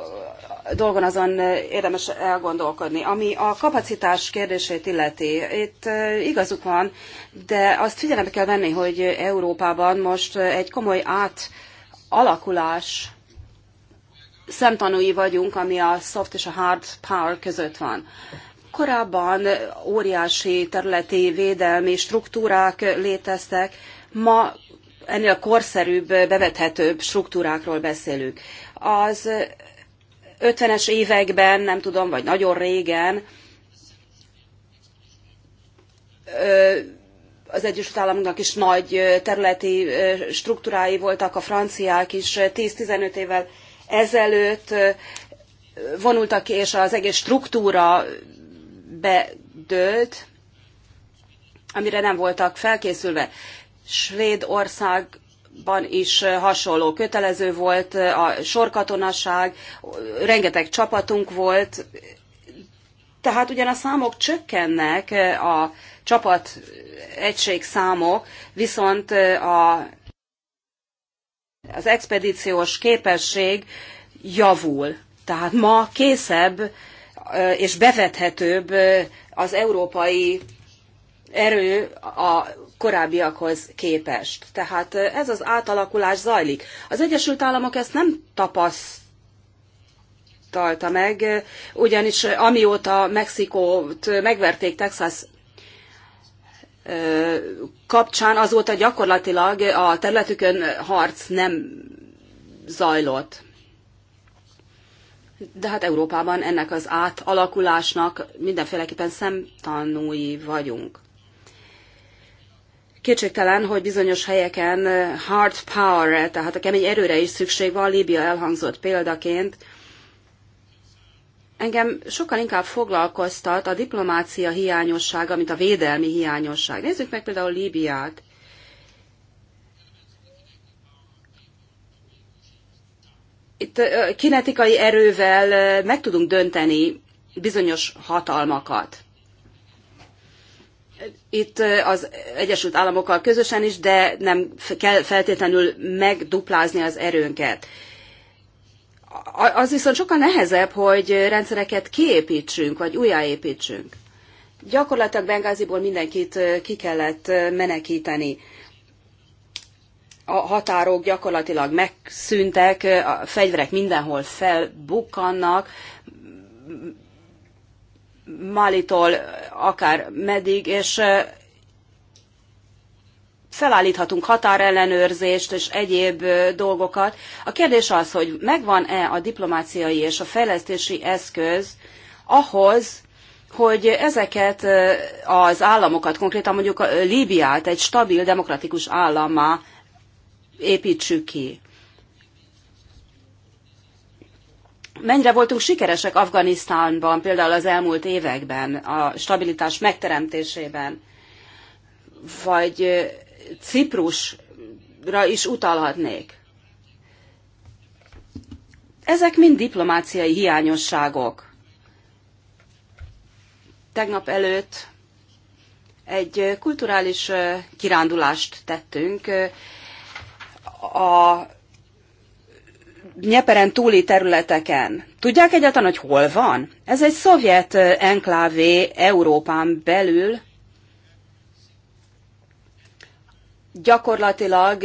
dolgon azon eh, érdemes elgondolkodni. Ami a kapacitás kérdését illeti, itt eh, igazuk van, de azt figyelembe kell venni, hogy Európában most egy komoly átalakulás szemtanúi vagyunk, ami a soft és a hard power között van. Korábban óriási területi védelmi struktúrák léteztek, ma ennél korszerűbb, bevethetőbb struktúrákról beszélünk. Az 50-es években, nem tudom, vagy nagyon régen, az Egyesült Államoknak is nagy területi struktúrái voltak, a franciák is 10-15 évvel ezelőtt vonultak ki, és az egész struktúra bedőlt, amire nem voltak felkészülve. Svédországban is hasonló kötelező volt a sorkatonaság, rengeteg csapatunk volt, tehát ugyan a számok csökkennek, a csapat egység számok, viszont a, az expedíciós képesség javul. Tehát ma készebb és bevethetőbb az európai erő a korábbiakhoz képest. Tehát ez az átalakulás zajlik. Az Egyesült Államok ezt nem tapasztalta meg, ugyanis amióta Mexikót megverték Texas kapcsán, azóta gyakorlatilag a területükön harc nem zajlott de hát Európában ennek az átalakulásnak mindenféleképpen szemtanúi vagyunk. Kétségtelen, hogy bizonyos helyeken hard power tehát a kemény erőre is szükség van, Líbia elhangzott példaként. Engem sokkal inkább foglalkoztat a diplomácia hiányossága, mint a védelmi hiányosság. Nézzük meg például Líbiát. itt kinetikai erővel meg tudunk dönteni bizonyos hatalmakat. Itt az Egyesült Államokkal közösen is, de nem kell feltétlenül megduplázni az erőnket. Az viszont sokkal nehezebb, hogy rendszereket kiépítsünk, vagy újjáépítsünk. Gyakorlatilag Bengáziból mindenkit ki kellett menekíteni a határok gyakorlatilag megszűntek, a fegyverek mindenhol felbukkannak, Málitól akár meddig, és felállíthatunk határellenőrzést és egyéb dolgokat. A kérdés az, hogy megvan-e a diplomáciai és a fejlesztési eszköz ahhoz, hogy ezeket az államokat, konkrétan mondjuk Líbiát egy stabil, demokratikus állammá építsük ki. Mennyire voltunk sikeresek Afganisztánban, például az elmúlt években, a stabilitás megteremtésében, vagy Ciprusra is utalhatnék. Ezek mind diplomáciai hiányosságok. Tegnap előtt egy kulturális kirándulást tettünk a Nyeperen túli területeken. Tudják egyáltalán, hogy hol van? Ez egy szovjet enklávé Európán belül. Gyakorlatilag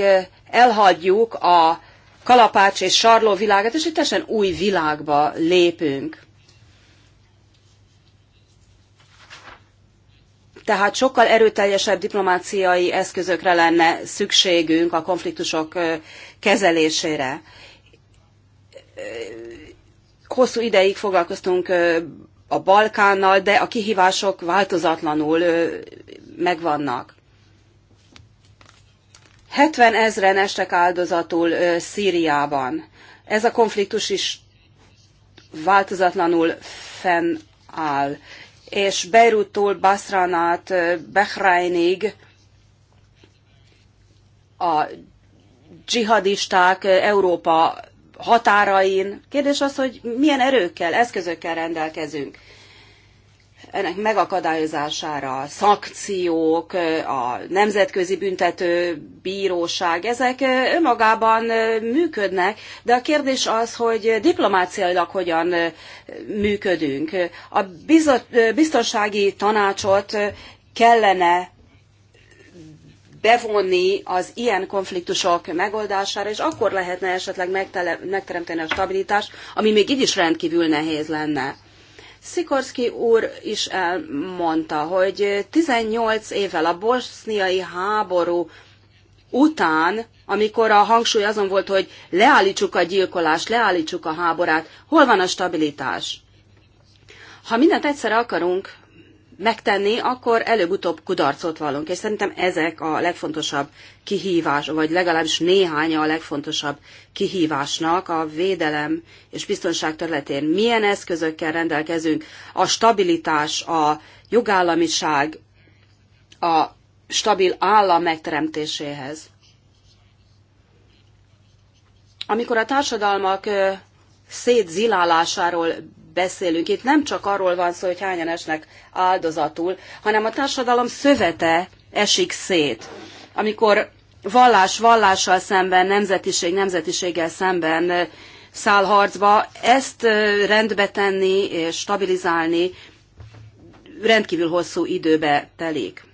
elhagyjuk a kalapács és sarló világát, és egy teljesen új világba lépünk. Tehát sokkal erőteljesebb diplomáciai eszközökre lenne szükségünk a konfliktusok kezelésére. Hosszú ideig foglalkoztunk a Balkánnal, de a kihívások változatlanul megvannak. 70 ezren estek áldozatul Szíriában. Ez a konfliktus is változatlanul fennáll és Beiruttól Basranát, behrainig a dzsihadisták Európa határain. Kérdés az, hogy milyen erőkkel, eszközökkel rendelkezünk ennek megakadályozására, szankciók, a nemzetközi büntető bíróság, ezek önmagában működnek, de a kérdés az, hogy diplomáciailag hogyan működünk. A biztonsági tanácsot kellene bevonni az ilyen konfliktusok megoldására, és akkor lehetne esetleg megteremteni a stabilitást, ami még így is rendkívül nehéz lenne. Szikorszki úr is elmondta, hogy 18 évvel a boszniai háború után, amikor a hangsúly azon volt, hogy leállítsuk a gyilkolást, leállítsuk a háborát, hol van a stabilitás? Ha mindent egyszerre akarunk megtenni, akkor előbb-utóbb kudarcot vallunk. És szerintem ezek a legfontosabb kihívás, vagy legalábbis néhánya a legfontosabb kihívásnak a védelem és biztonság területén. Milyen eszközökkel rendelkezünk? A stabilitás, a jogállamiság, a stabil állam megteremtéséhez. Amikor a társadalmak szétzilálásáról beszélünk. Itt nem csak arról van szó, hogy hányan esnek áldozatul, hanem a társadalom szövete esik szét. Amikor vallás vallással szemben, nemzetiség nemzetiséggel szemben száll harcba, ezt rendbe tenni és stabilizálni rendkívül hosszú időbe telik.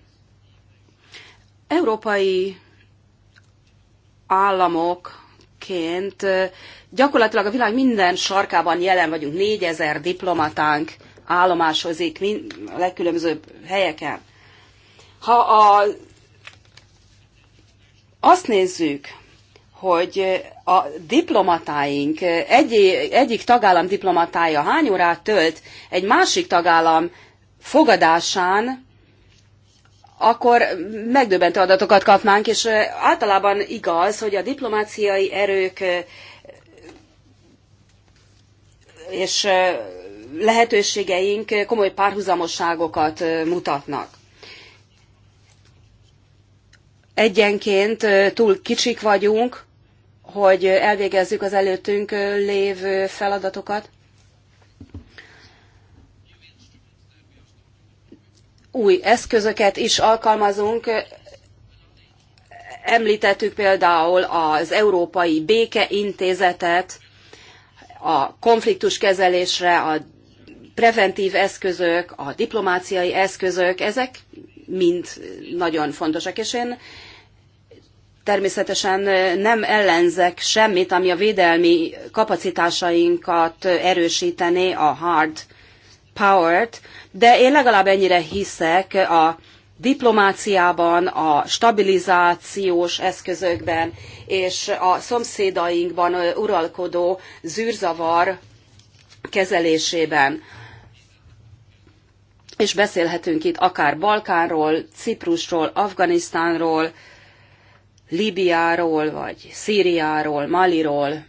Európai államok diplomatáként gyakorlatilag a világ minden sarkában jelen vagyunk, négyezer diplomatánk állomásozik a legkülönbözőbb helyeken. Ha a, azt nézzük, hogy a diplomatáink, egy, egyik tagállam diplomatája hány órát tölt egy másik tagállam fogadásán, akkor megdöbbentő adatokat kapnánk, és általában igaz, hogy a diplomáciai erők és lehetőségeink komoly párhuzamosságokat mutatnak. Egyenként túl kicsik vagyunk, hogy elvégezzük az előttünk lévő feladatokat. új eszközöket is alkalmazunk. Említettük például az Európai Békeintézetet, a konfliktuskezelésre, a preventív eszközök, a diplomáciai eszközök, ezek mind nagyon fontosak, és én természetesen nem ellenzek semmit, ami a védelmi kapacitásainkat erősítené a hard Powert, de én legalább ennyire hiszek a diplomáciában, a stabilizációs eszközökben és a szomszédainkban uralkodó zűrzavar kezelésében. És beszélhetünk itt akár Balkánról, Ciprusról, Afganisztánról, Líbiáról, vagy Szíriáról, Maliról.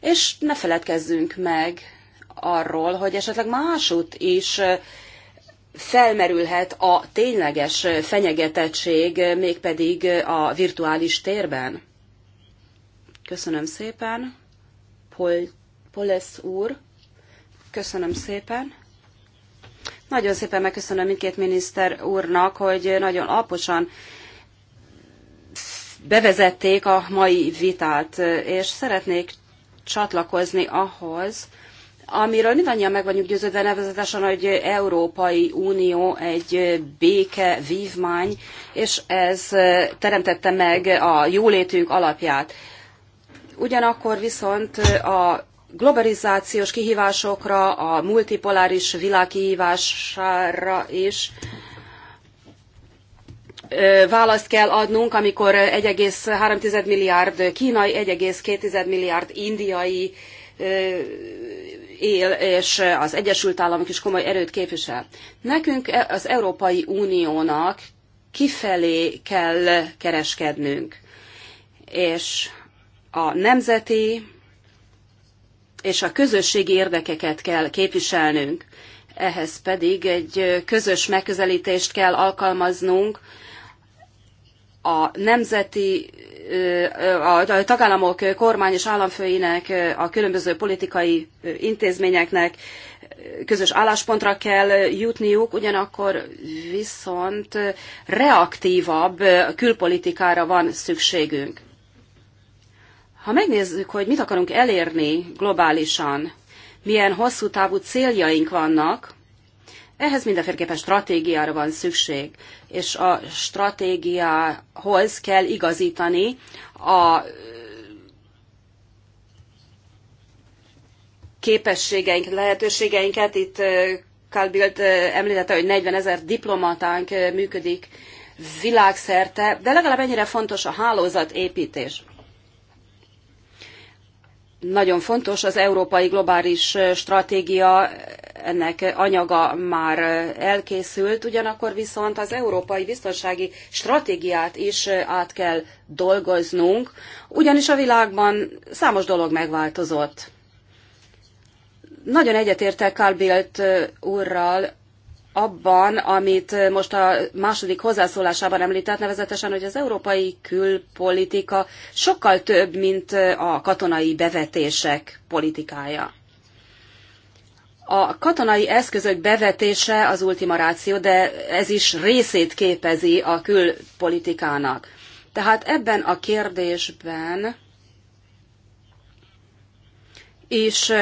És ne feledkezzünk meg arról, hogy esetleg másút is felmerülhet a tényleges fenyegetettség, mégpedig a virtuális térben? Köszönöm szépen. Pol, Polesz úr, köszönöm szépen. Nagyon szépen megköszönöm mindkét miniszter úrnak, hogy nagyon alaposan bevezették a mai vitát, és szeretnék csatlakozni ahhoz, amiről mindannyian meg vagyunk győződve nevezetesen, hogy Európai Unió egy béke vívmány, és ez teremtette meg a jólétünk alapját. Ugyanakkor viszont a globalizációs kihívásokra, a multipoláris világ kihívására is választ kell adnunk, amikor 1,3 milliárd kínai, 1,2 milliárd indiai él, és az Egyesült Államok is komoly erőt képvisel. Nekünk e- az Európai Uniónak kifelé kell kereskednünk, és a nemzeti és a közösségi érdekeket kell képviselnünk. Ehhez pedig egy közös megközelítést kell alkalmaznunk, a nemzeti a tagállamok kormány és államfőinek, a különböző politikai intézményeknek közös álláspontra kell jutniuk, ugyanakkor viszont reaktívabb külpolitikára van szükségünk. Ha megnézzük, hogy mit akarunk elérni globálisan, milyen hosszú távú céljaink vannak, ehhez mindenféleképpen stratégiára van szükség, és a stratégiához kell igazítani a képességeinket, lehetőségeinket. Itt Bildt említette, hogy 40 ezer diplomatánk működik világszerte, de legalább ennyire fontos a hálózatépítés nagyon fontos, az európai globális stratégia ennek anyaga már elkészült, ugyanakkor viszont az európai biztonsági stratégiát is át kell dolgoznunk, ugyanis a világban számos dolog megváltozott. Nagyon egyetértek Carl Bildt úrral abban, amit most a második hozzászólásában említett, nevezetesen, hogy az európai külpolitika sokkal több, mint a katonai bevetések politikája. A katonai eszközök bevetése az ultima ráció, de ez is részét képezi a külpolitikának. Tehát ebben a kérdésben is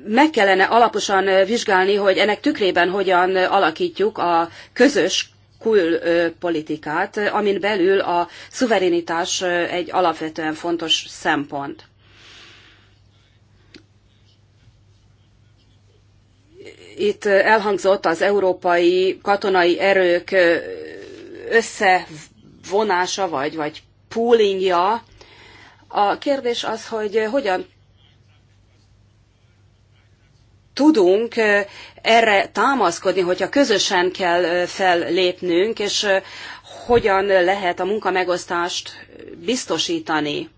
meg kellene alaposan vizsgálni, hogy ennek tükrében hogyan alakítjuk a közös külpolitikát, amin belül a szuverenitás egy alapvetően fontos szempont. Itt elhangzott az európai katonai erők összevonása vagy, vagy poolingja. A kérdés az, hogy hogyan tudunk erre támaszkodni, hogyha közösen kell fellépnünk, és hogyan lehet a munkamegosztást biztosítani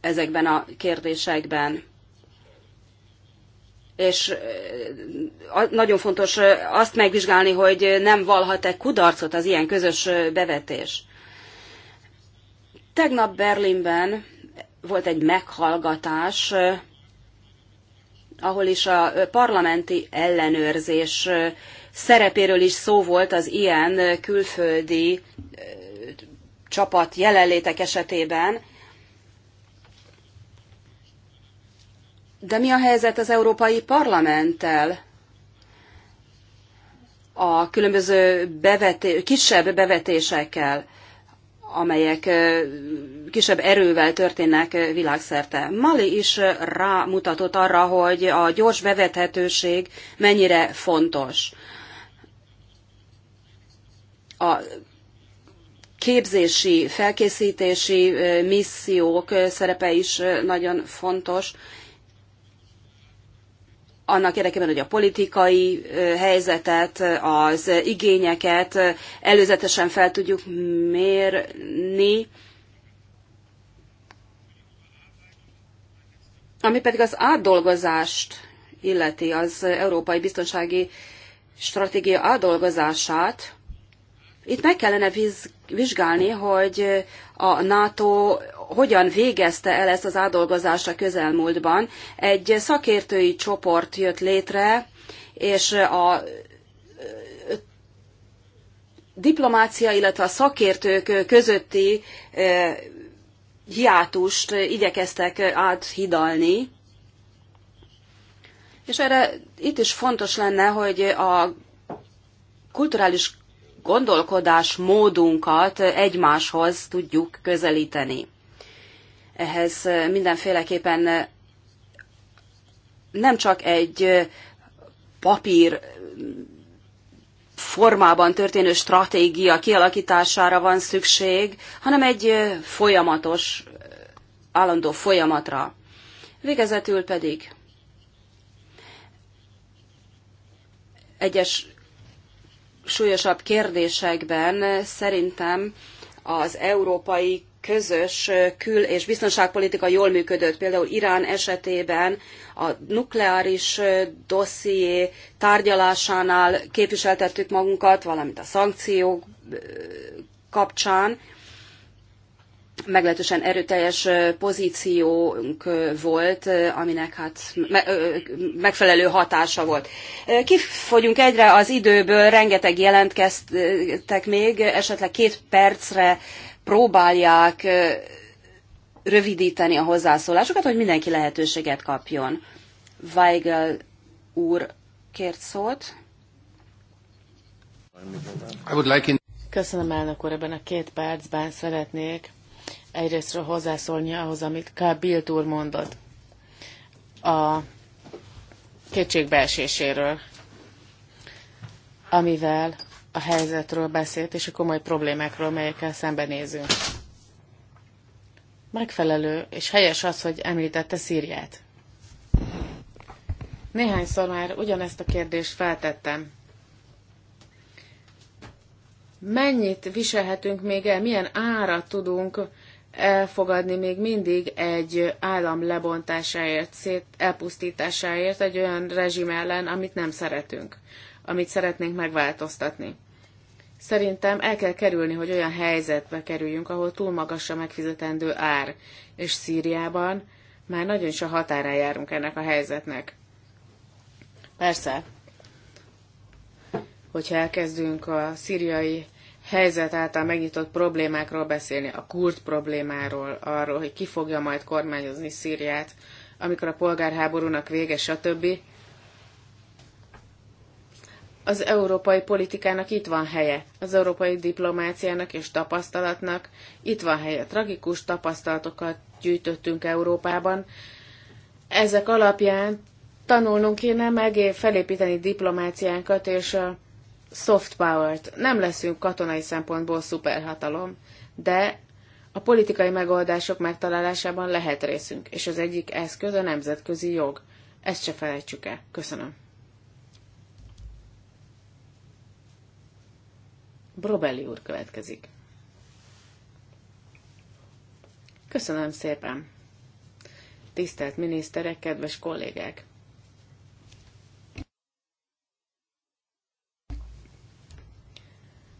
ezekben a kérdésekben. És nagyon fontos azt megvizsgálni, hogy nem valhat-e kudarcot az ilyen közös bevetés. Tegnap Berlinben volt egy meghallgatás ahol is a parlamenti ellenőrzés szerepéről is szó volt az ilyen külföldi csapat jelenlétek esetében. De mi a helyzet az Európai Parlamenttel? A különböző beveté- kisebb bevetésekkel? amelyek kisebb erővel történnek világszerte. Mali is rámutatott arra, hogy a gyors bevethetőség mennyire fontos. A képzési, felkészítési missziók szerepe is nagyon fontos, annak érdekében, hogy a politikai helyzetet, az igényeket előzetesen fel tudjuk mérni, Ami pedig az átdolgozást illeti, az európai biztonsági stratégia átdolgozását, itt meg kellene vizsgálni, hogy a NATO hogyan végezte el ezt az átdolgozást a közelmúltban. Egy szakértői csoport jött létre, és a diplomácia, illetve a szakértők közötti hiátust igyekeztek áthidalni. És erre itt is fontos lenne, hogy a kulturális gondolkodás módunkat egymáshoz tudjuk közelíteni ehhez mindenféleképpen nem csak egy papír formában történő stratégia kialakítására van szükség, hanem egy folyamatos, állandó folyamatra. Végezetül pedig egyes súlyosabb kérdésekben szerintem az európai közös kül- és biztonságpolitika jól működött. Például Irán esetében a nukleáris dosszié tárgyalásánál képviseltettük magunkat, valamint a szankciók kapcsán meglehetősen erőteljes pozíciónk volt, aminek hát megfelelő hatása volt. Kifogyunk egyre az időből, rengeteg jelentkeztek még, esetleg két percre próbálják rövidíteni a hozzászólásokat, hogy mindenki lehetőséget kapjon. Weigel úr kért szót. Köszönöm elnök úr, ebben a két percben szeretnék egyrésztről hozzászólni ahhoz, amit K. úr mondott a kétségbeeséséről, amivel a helyzetről beszélt, és a komoly problémákról, melyekkel szembenézünk. Megfelelő és helyes az, hogy említette Szíriát. Néhányszor már ugyanezt a kérdést feltettem. Mennyit viselhetünk még el, milyen árat tudunk elfogadni még mindig egy állam lebontásáért, szét, elpusztításáért, egy olyan rezsim ellen, amit nem szeretünk, amit szeretnénk megváltoztatni. Szerintem el kell kerülni, hogy olyan helyzetbe kerüljünk, ahol túl magas a megfizetendő ár, és Szíriában már nagyon is a határán járunk ennek a helyzetnek. Persze, hogyha elkezdünk a szíriai helyzet által megnyitott problémákról beszélni, a kurd problémáról, arról, hogy ki fogja majd kormányozni Szíriát, amikor a polgárháborúnak vége, stb., az európai politikának itt van helye, az európai diplomáciának és tapasztalatnak itt van helye. Tragikus tapasztalatokat gyűjtöttünk Európában. Ezek alapján tanulnunk kéne meg felépíteni diplomáciánkat és a soft power-t. Nem leszünk katonai szempontból szuperhatalom, de a politikai megoldások megtalálásában lehet részünk, és az egyik eszköz a nemzetközi jog. Ezt se felejtsük el. Köszönöm. Brobeli úr következik. Köszönöm szépen! Tisztelt miniszterek, kedves kollégák!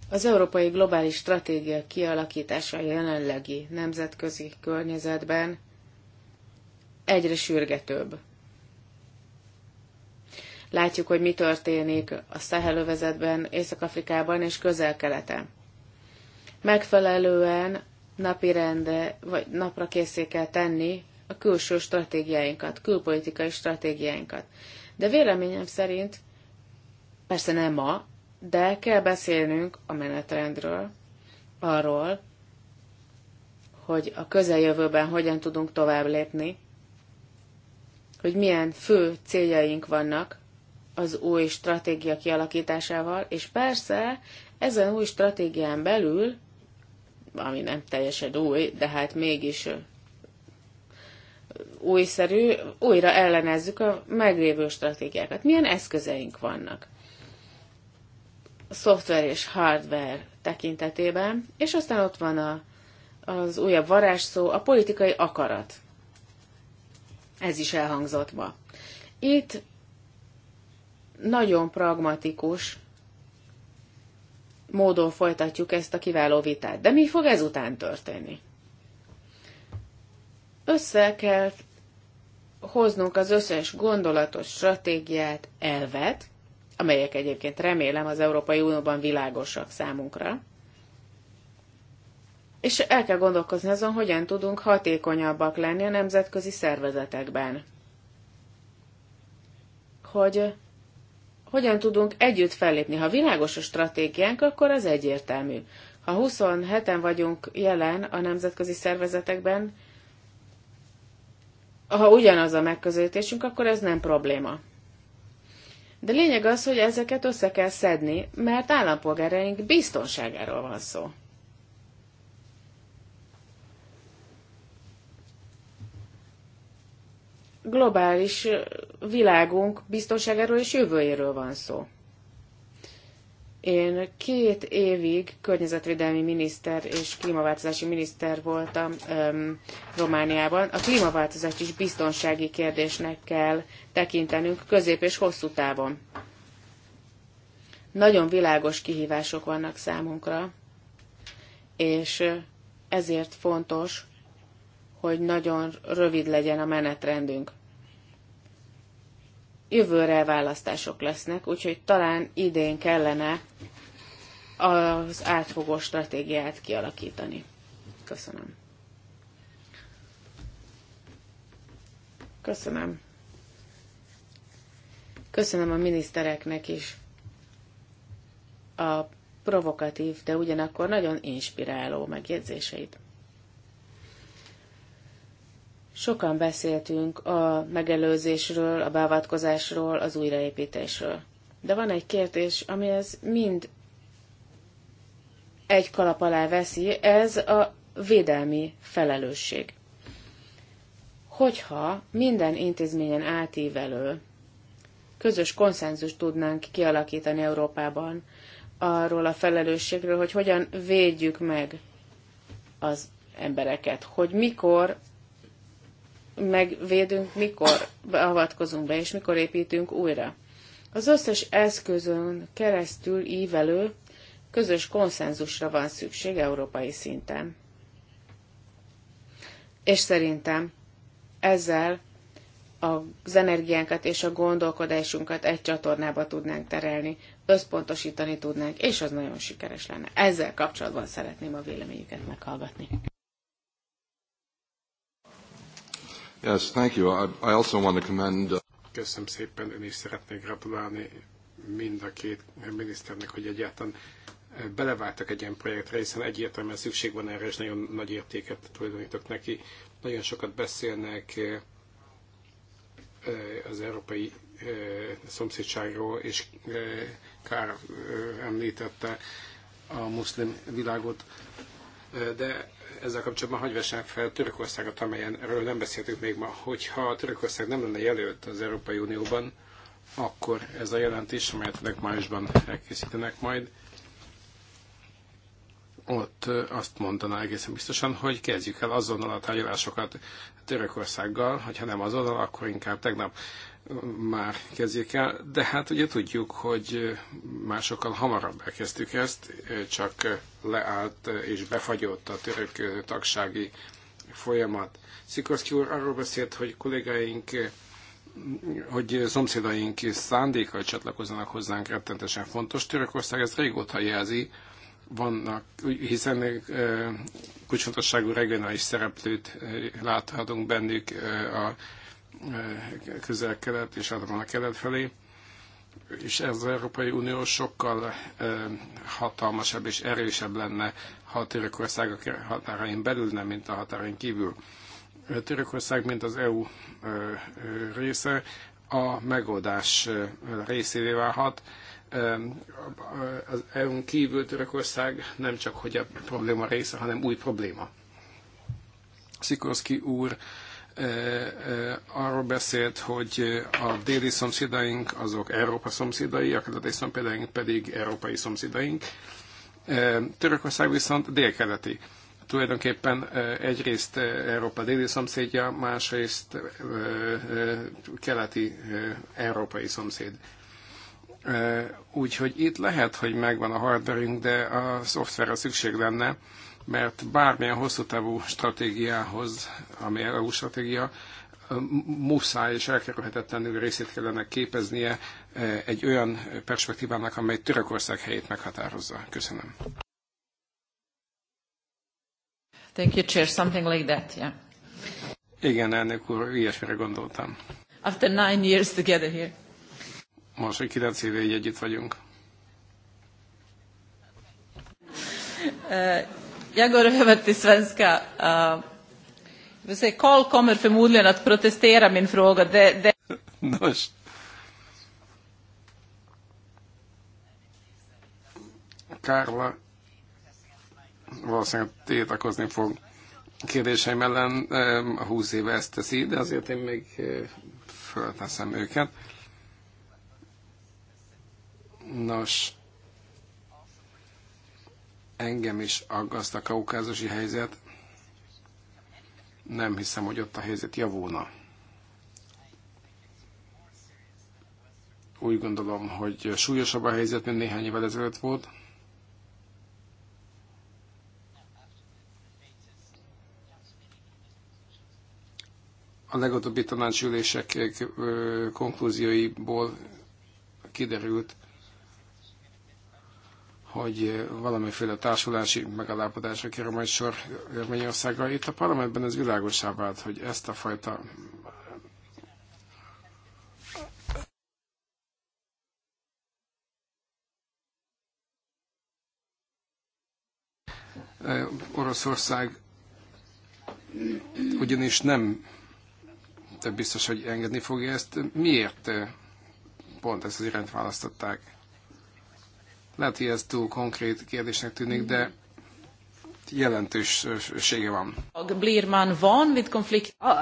Az európai globális stratégia kialakítása jelenlegi nemzetközi környezetben egyre sürgetőbb. Látjuk, hogy mi történik a Szahelövezetben, Észak-Afrikában és közel-keleten. Megfelelően napirendre vagy napra készé kell tenni a külső stratégiáinkat, külpolitikai stratégiáinkat. De véleményem szerint, persze nem ma, de kell beszélnünk a menetrendről, arról, hogy a közeljövőben hogyan tudunk tovább lépni, hogy milyen fő céljaink vannak, az új stratégia kialakításával, és persze ezen új stratégián belül, ami nem teljesen új, de hát mégis újszerű, újra ellenezzük a meglévő stratégiákat. Milyen eszközeink vannak? A szoftver és hardware tekintetében, és aztán ott van a, az újabb varázsszó, a politikai akarat. Ez is elhangzott ma. Itt nagyon pragmatikus módon folytatjuk ezt a kiváló vitát. De mi fog ezután történni? Össze kell hoznunk az összes gondolatos stratégiát, elvet, amelyek egyébként remélem az Európai Unióban világosak számunkra, és el kell gondolkozni azon, hogyan tudunk hatékonyabbak lenni a nemzetközi szervezetekben. Hogy hogyan tudunk együtt fellépni. Ha világos a stratégiánk, akkor az egyértelmű. Ha 27-en vagyunk jelen a nemzetközi szervezetekben, ha ugyanaz a megközelítésünk, akkor ez nem probléma. De lényeg az, hogy ezeket össze kell szedni, mert állampolgáraink biztonságáról van szó. globális világunk biztonságáról és jövőjéről van szó. Én két évig környezetvédelmi miniszter és klímaváltozási miniszter voltam öm, Romániában. A klímaváltozást is biztonsági kérdésnek kell tekintenünk közép és hosszú távon. Nagyon világos kihívások vannak számunkra, és ezért fontos, hogy nagyon rövid legyen a menetrendünk. Jövőre választások lesznek, úgyhogy talán idén kellene az átfogó stratégiát kialakítani. Köszönöm. Köszönöm. Köszönöm a minisztereknek is a provokatív, de ugyanakkor nagyon inspiráló megjegyzéseit. Sokan beszéltünk a megelőzésről, a beavatkozásról, az újraépítésről. De van egy kérdés, ami ez mind egy kalap alá veszi, ez a védelmi felelősség. Hogyha minden intézményen átívelő közös konszenzus tudnánk kialakítani Európában arról a felelősségről, hogy hogyan védjük meg az embereket, hogy mikor megvédünk, mikor beavatkozunk be, és mikor építünk újra. Az összes eszközön keresztül ívelő közös konszenzusra van szükség európai szinten. És szerintem ezzel az energiánkat és a gondolkodásunkat egy csatornába tudnánk terelni, összpontosítani tudnánk, és az nagyon sikeres lenne. Ezzel kapcsolatban szeretném a véleményüket meghallgatni. Yes, thank you. I, also want to commend... Uh, Köszönöm szépen, ön is szeretnék gratulálni mind a két miniszternek, hogy egyáltalán eh, belevágtak egy ilyen projektre, hiszen egyértelműen szükség van erre, és nagyon nagy értéket tulajdonítok neki. Nagyon sokat beszélnek eh, eh, az európai szomszédságról, és Kár említette a muszlim világot, de ezzel kapcsolatban hagyj vessem fel Törökországot, amelyen erről nem beszéltük még ma. Hogyha Törökország nem lenne jelölt az Európai Unióban, akkor ez a jelentés, amelyet önök májusban elkészítenek majd, ott azt mondaná egészen biztosan, hogy kezdjük el azonnal a tárgyalásokat Törökországgal, hogyha nem azonnal, akkor inkább tegnap már kezdjék el, de hát ugye tudjuk, hogy másokkal hamarabb elkezdtük ezt, csak leállt és befagyott a török tagsági folyamat. Szikorszki úr arról beszélt, hogy kollégáink, hogy szomszédaink szándékkal csatlakozzanak hozzánk rettentesen fontos. Törökország ezt régóta jelzi, vannak, hiszen eh, kulcsfontosságú regionális szereplőt eh, láthatunk bennük eh, a Eh, közel-kelet és általában a kelet felé, és ez az Európai Unió sokkal eh, hatalmasabb és erősebb lenne, ha a Törökország a határain belül nem, mint a határain kívül. A eh, Törökország, mint az EU része, a megoldás részévé válhat. Az EU-n kívül Törökország nem csak hogy a probléma része, hanem új probléma. Szikorszki úr arról beszélt, hogy a déli szomszédaink azok Európa szomszédai, a keleti szomszédaink pedig európai szomszédaink. Törökország viszont délkeleti. Tulajdonképpen egyrészt Európa déli szomszédja, másrészt keleti európai szomszéd. Úgyhogy itt lehet, hogy megvan a hardverünk, de a szoftverre szükség lenne, mert bármilyen hosszú távú stratégiához, ami EU stratégia, muszáj és elkerülhetetlenül részét kellene képeznie eh, egy olyan perspektívának, amely Törökország helyét meghatározza. Köszönöm. Thank you, Chair. Something like that, yeah. Igen, elnök úr, ilyesmire gondoltam. After nine years together here. Most, hogy kilenc éve így együtt vagyunk. Uh, Jag går över till svenska. Uh, Carl kommer förmodligen att protestera min fråga. Det, det... Nos. Kárla valószínűleg tiltakozni fog kérdéseim ellen. Um, húsz éve ezt teszi, de azért én még uh, fölteszem őket. Nos, Engem is aggaszt a kaukázusi helyzet. Nem hiszem, hogy ott a helyzet javulna. Úgy gondolom, hogy súlyosabb a helyzet, mint néhány évvel ezelőtt volt. a legutóbbi tanácsülések konklúzióiból kiderült, hogy eh, valamiféle társulási megalapodásra kerül majd sor Örményországgal. Itt a parlamentben ez világosá vált, hogy ezt a fajta eh, Oroszország ugyanis nem de biztos, hogy engedni fogja ezt. Miért eh, pont ezt az irányt választották? Lehet, hogy ez túl konkrét kérdésnek tűnik, de jelentősége van. Blirman van, mit konflikt? A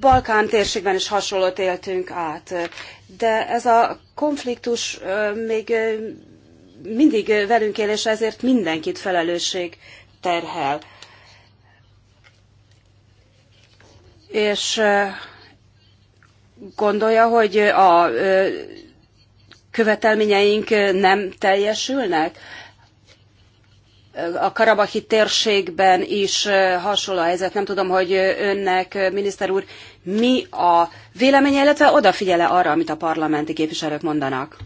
Balkán térségben is hasonlót éltünk át, de ez a konfliktus még mindig velünk él, és ezért mindenkit felelősség terhel. És gondolja, hogy a követelményeink nem teljesülnek? A karabahi térségben is hasonló a helyzet. Nem tudom, hogy önnek, miniszter úr, mi a véleménye, illetve odafigyele arra, amit a parlamenti képviselők mondanak.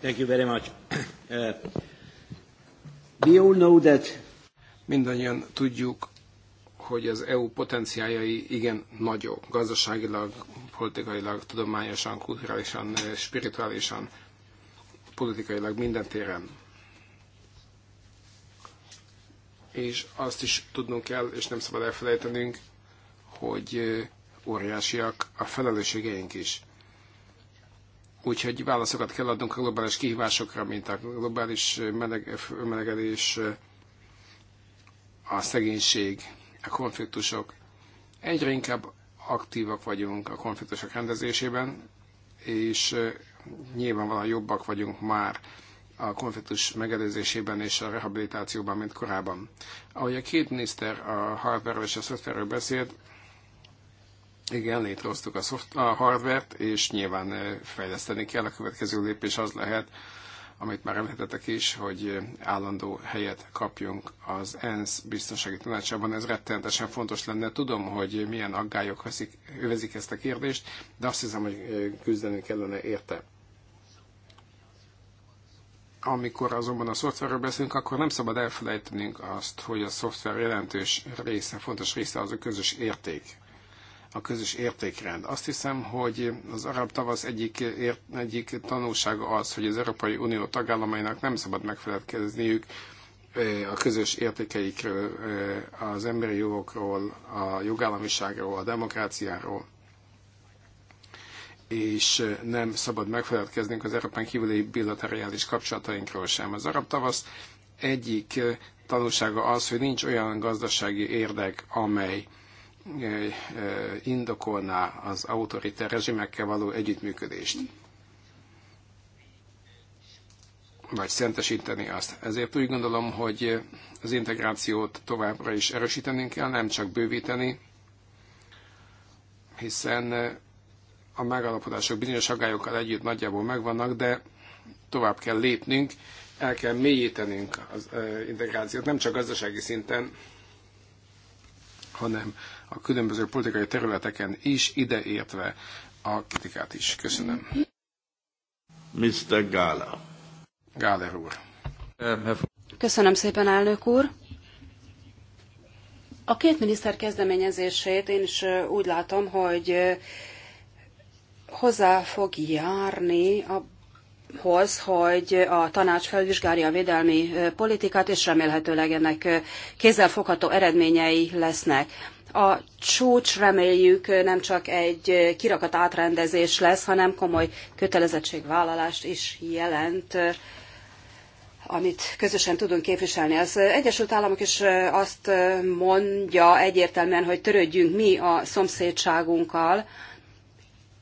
Thank you very much. Uh, we all know that mindannyian tudjuk, hogy az EU potenciájai igen nagyok, gazdaságilag, politikailag, tudományosan, kulturálisan, eh, spirituálisan, politikailag minden téren. És azt is tudnunk kell, és nem szabad elfelejtenünk, hogy eh, óriásiak a felelősségeink is. Úgyhogy válaszokat kell adnunk a globális kihívásokra, mint a globális meleg, melegedés, eh, a szegénység, a konfliktusok. Egyre inkább aktívak vagyunk a konfliktusok rendezésében, és nyilvánvalóan jobbak vagyunk már a konfliktus megelőzésében és a rehabilitációban, mint korábban. Ahogy a két miniszter a hardware és a software beszélt, igen, létrehoztuk a, soft, a hardware-t, és nyilván fejleszteni kell. A következő lépés az lehet, amit már említettek is, hogy állandó helyet kapjunk az ENSZ biztonsági tanácsában. Ez rettenetesen fontos lenne. Tudom, hogy milyen aggályok veszik, övezik ezt a kérdést, de azt hiszem, hogy eh, küzdeni kellene érte. Amikor azonban a szoftverről beszélünk, akkor nem szabad elfelejtenünk azt, hogy a szoftver jelentős része, fontos része az a közös érték a közös értékrend. Azt hiszem, hogy az arab tavasz egyik, ért, egyik tanulsága az, hogy az Európai Unió tagállamainak nem szabad megfeledkezniük a közös értékeikről, az emberi jogokról, a jogállamiságról, a demokráciáról és nem szabad megfeledkeznünk az Európán kívüli bilaterális kapcsolatainkról sem. Az arab tavasz egyik tanulsága az, hogy nincs olyan gazdasági érdek, amely indokolná az autoritár rezsimekkel való együttműködést, vagy szentesíteni azt. Ezért úgy gondolom, hogy az integrációt továbbra is erősíteni kell, nem csak bővíteni, hiszen a megállapodások bizonyos aggályokkal együtt nagyjából megvannak, de tovább kell lépnünk, el kell mélyítenünk az integrációt, nem csak gazdasági szinten, hanem a különböző politikai területeken is, ideértve a kritikát is. Köszönöm. Mr. Gala. Gáler úr. Köszönöm szépen, elnök úr. A két miniszter kezdeményezését én is úgy látom, hogy hozzá fog járni ahhoz, hogy a tanács felvizsgálja a védelmi politikát, és remélhetőleg ennek kézzelfogható eredményei lesznek a csúcs reméljük nem csak egy kirakat átrendezés lesz, hanem komoly kötelezettségvállalást is jelent, amit közösen tudunk képviselni. Az Egyesült Államok is azt mondja egyértelműen, hogy törődjünk mi a szomszédságunkkal,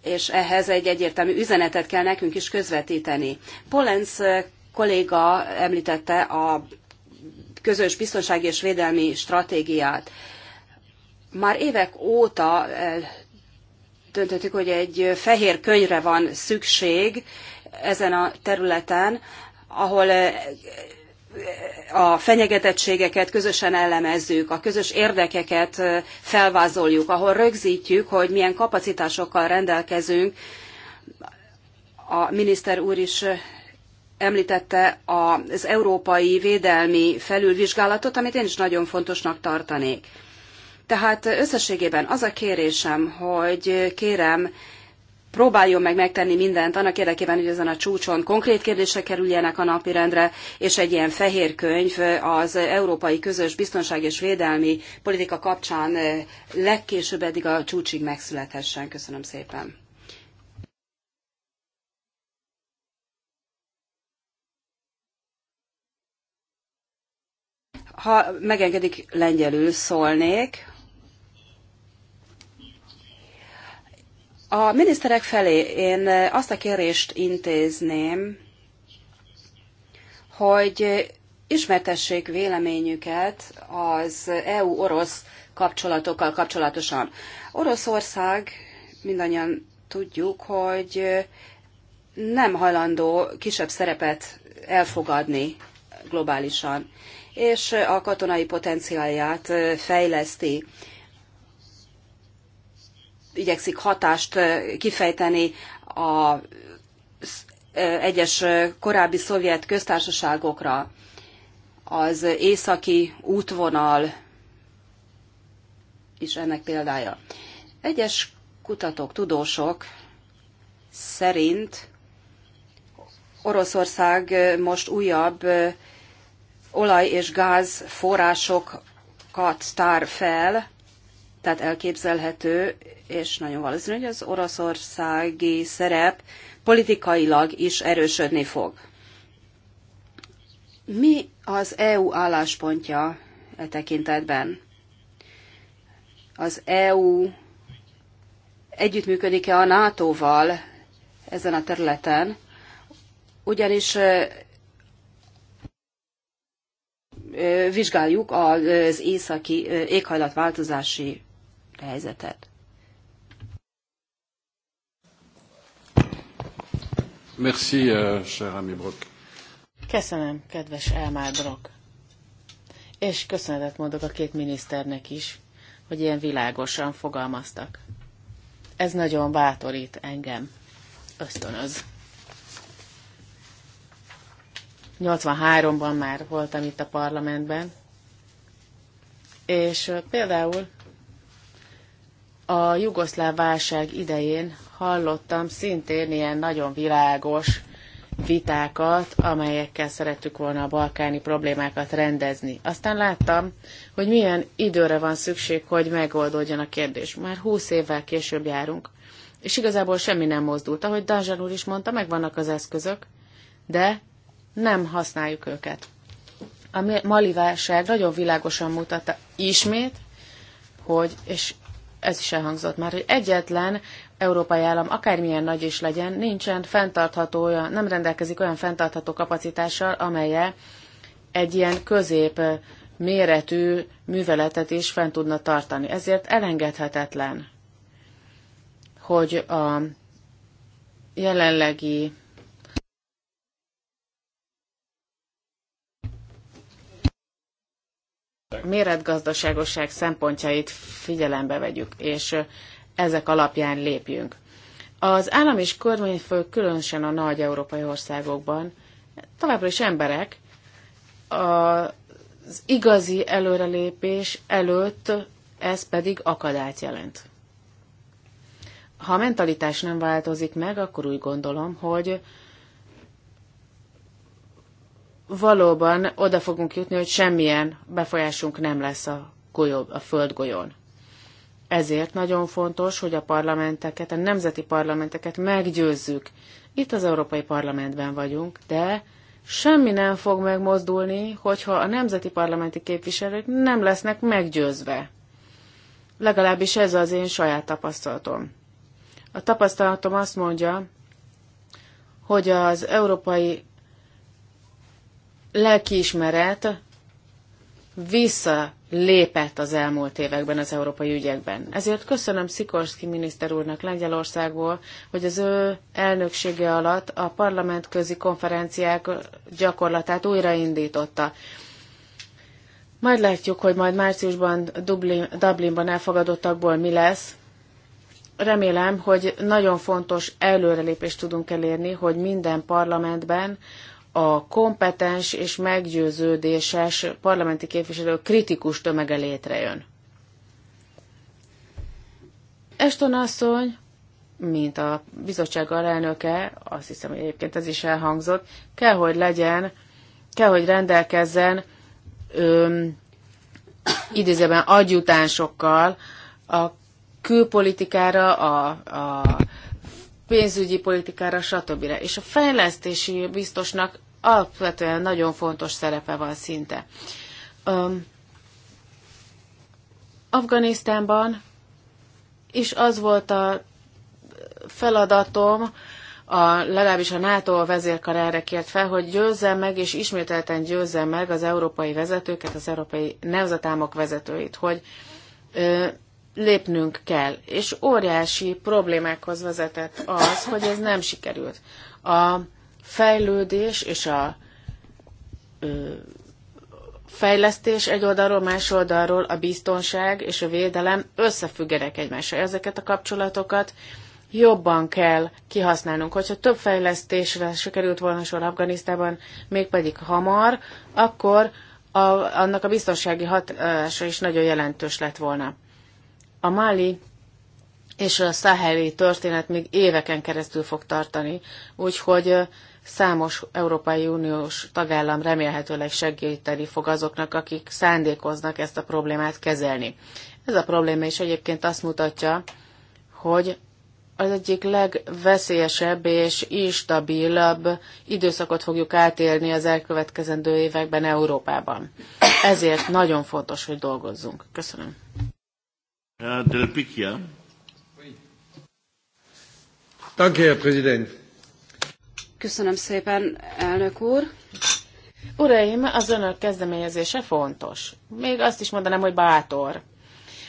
és ehhez egy egyértelmű üzenetet kell nekünk is közvetíteni. Polenz kolléga említette a közös biztonsági és védelmi stratégiát. Már évek óta eh, döntöttük, hogy egy fehér könyvre van szükség ezen a területen, ahol eh, eh, a fenyegetettségeket közösen elemezzük, a közös érdekeket felvázoljuk, ahol rögzítjük, hogy milyen kapacitásokkal rendelkezünk. A miniszter úr is említette az európai védelmi felülvizsgálatot, amit én is nagyon fontosnak tartanék. Tehát összességében az a kérésem, hogy kérem, próbáljon meg megtenni mindent annak érdekében, hogy ezen a csúcson konkrét kérdések kerüljenek a napirendre, és egy ilyen fehér könyv az európai közös biztonság és védelmi politika kapcsán eh, legkésőbb eddig a csúcsig megszülethessen. Köszönöm szépen. Ha megengedik, lengyelül szólnék. A miniszterek felé én azt a kérést intézném, hogy ismertessék véleményüket az EU-orosz kapcsolatokkal kapcsolatosan. Oroszország, mindannyian tudjuk, hogy nem hajlandó kisebb szerepet elfogadni globálisan, és a katonai potenciálját fejleszti igyekszik hatást kifejteni a egyes korábbi szovjet köztársaságokra. Az északi útvonal is ennek példája. Egyes kutatók, tudósok szerint Oroszország most újabb olaj- és gáz forrásokat tár fel, tehát elképzelhető, és nagyon valószínű, hogy az oroszországi szerep politikailag is erősödni fog. Mi az EU álláspontja e tekintetben? Az EU együttműködik-e a NATO-val ezen a területen? Ugyanis vizsgáljuk az északi éghajlatváltozási helyzetet. Merci, uh, cher ami Brock. Köszönöm, kedves Elmár Brock. És köszönetet mondok a két miniszternek is, hogy ilyen világosan fogalmaztak. Ez nagyon bátorít engem, ösztönöz. 83-ban már voltam itt a parlamentben, és például a jugoszláv válság idején hallottam szintén ilyen nagyon világos vitákat, amelyekkel szerettük volna a balkáni problémákat rendezni. Aztán láttam, hogy milyen időre van szükség, hogy megoldódjon a kérdés. Már húsz évvel később járunk, és igazából semmi nem mozdult. Ahogy Dazsan úr is mondta, megvannak az eszközök, de nem használjuk őket. A mali válság nagyon világosan mutatta ismét, hogy, és ez is elhangzott már, hogy egyetlen európai állam, akármilyen nagy is legyen, nincsen fenntartható, nem rendelkezik olyan fenntartható kapacitással, amellyel egy ilyen közép méretű műveletet is fent tudna tartani. Ezért elengedhetetlen, hogy a jelenlegi méretgazdaságosság szempontjait figyelembe vegyük, és ezek alapján lépjünk. Az állam és kormányfők, különösen a nagy európai országokban, továbbra is emberek, az igazi előrelépés előtt ez pedig akadályt jelent. Ha a mentalitás nem változik meg, akkor úgy gondolom, hogy valóban oda fogunk jutni, hogy semmilyen befolyásunk nem lesz a, golyó, a földgolyón. Ezért nagyon fontos, hogy a parlamenteket, a nemzeti parlamenteket meggyőzzük. Itt az Európai Parlamentben vagyunk, de semmi nem fog megmozdulni, hogyha a nemzeti parlamenti képviselők nem lesznek meggyőzve. Legalábbis ez az én saját tapasztalatom. A tapasztalatom azt mondja, hogy az Európai lelkiismeret visszalépett az elmúlt években az európai ügyekben. Ezért köszönöm Szikorszki miniszter úrnak Lengyelországból, hogy az ő elnöksége alatt a parlamentközi konferenciák gyakorlatát újraindította. Majd látjuk, hogy majd márciusban Dublin, Dublinban elfogadottakból mi lesz. Remélem, hogy nagyon fontos előrelépést tudunk elérni, hogy minden parlamentben a kompetens és meggyőződéses parlamenti képviselő kritikus tömege létrejön. Eston asszony, mint a bizottság alelnöke, azt hiszem, hogy egyébként ez is elhangzott, kell, hogy legyen, kell, hogy rendelkezzen idézőben adjutánsokkal a külpolitikára, a, a pénzügyi politikára, stb. És a fejlesztési biztosnak alapvetően nagyon fontos szerepe van szinte. Um, Afganisztánban is az volt a feladatom, a, legalábbis a NATO vezérkar erre kért fel, hogy győzzen meg, és ismételten győzzen meg az európai vezetőket, az európai nemzetámok vezetőit, hogy ö, lépnünk kell. És óriási problémákhoz vezetett az, hogy ez nem sikerült. A fejlődés és a ö, fejlesztés egy oldalról, más oldalról a biztonság és a védelem összefüggenek egymással. Ezeket a kapcsolatokat jobban kell kihasználnunk. Hogyha több fejlesztésre sikerült volna sor Afganisztában, mégpedig hamar, akkor a, annak a biztonsági hatása is nagyon jelentős lett volna. A Mali és a szaheli történet még éveken keresztül fog tartani, úgyhogy Számos Európai Uniós tagállam remélhetőleg segíteni fog azoknak, akik szándékoznak ezt a problémát kezelni. Ez a probléma is egyébként azt mutatja, hogy az egyik legveszélyesebb és instabilabb időszakot fogjuk átélni az elkövetkezendő években Európában. Ezért nagyon fontos, hogy dolgozzunk. Köszönöm. Danke, Herr Präsident. Köszönöm szépen, elnök úr. Uraim, az önök kezdeményezése fontos. Még azt is mondanám, hogy bátor.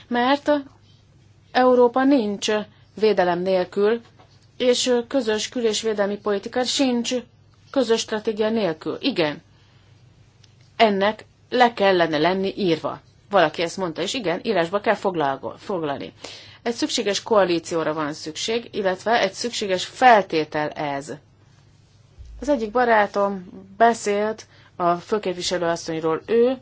Mert Európa nincs védelem nélkül, és közös kül- és védelmi politika sincs közös stratégia nélkül. Igen, ennek le kellene lenni írva. Valaki ezt mondta, és igen, írásba kell foglalni. Egy szükséges koalícióra van szükség, illetve egy szükséges feltétel ez az egyik barátom beszélt a főképviselő asszonyról. Ő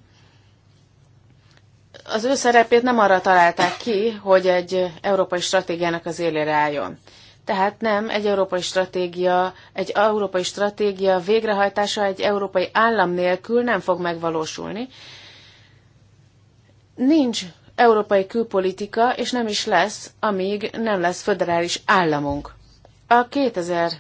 az ő szerepét nem arra találták ki, hogy egy európai stratégiának az élére álljon. Tehát nem, egy európai stratégia, egy európai stratégia végrehajtása egy európai állam nélkül nem fog megvalósulni. Nincs európai külpolitika, és nem is lesz, amíg nem lesz föderális államunk. A 2000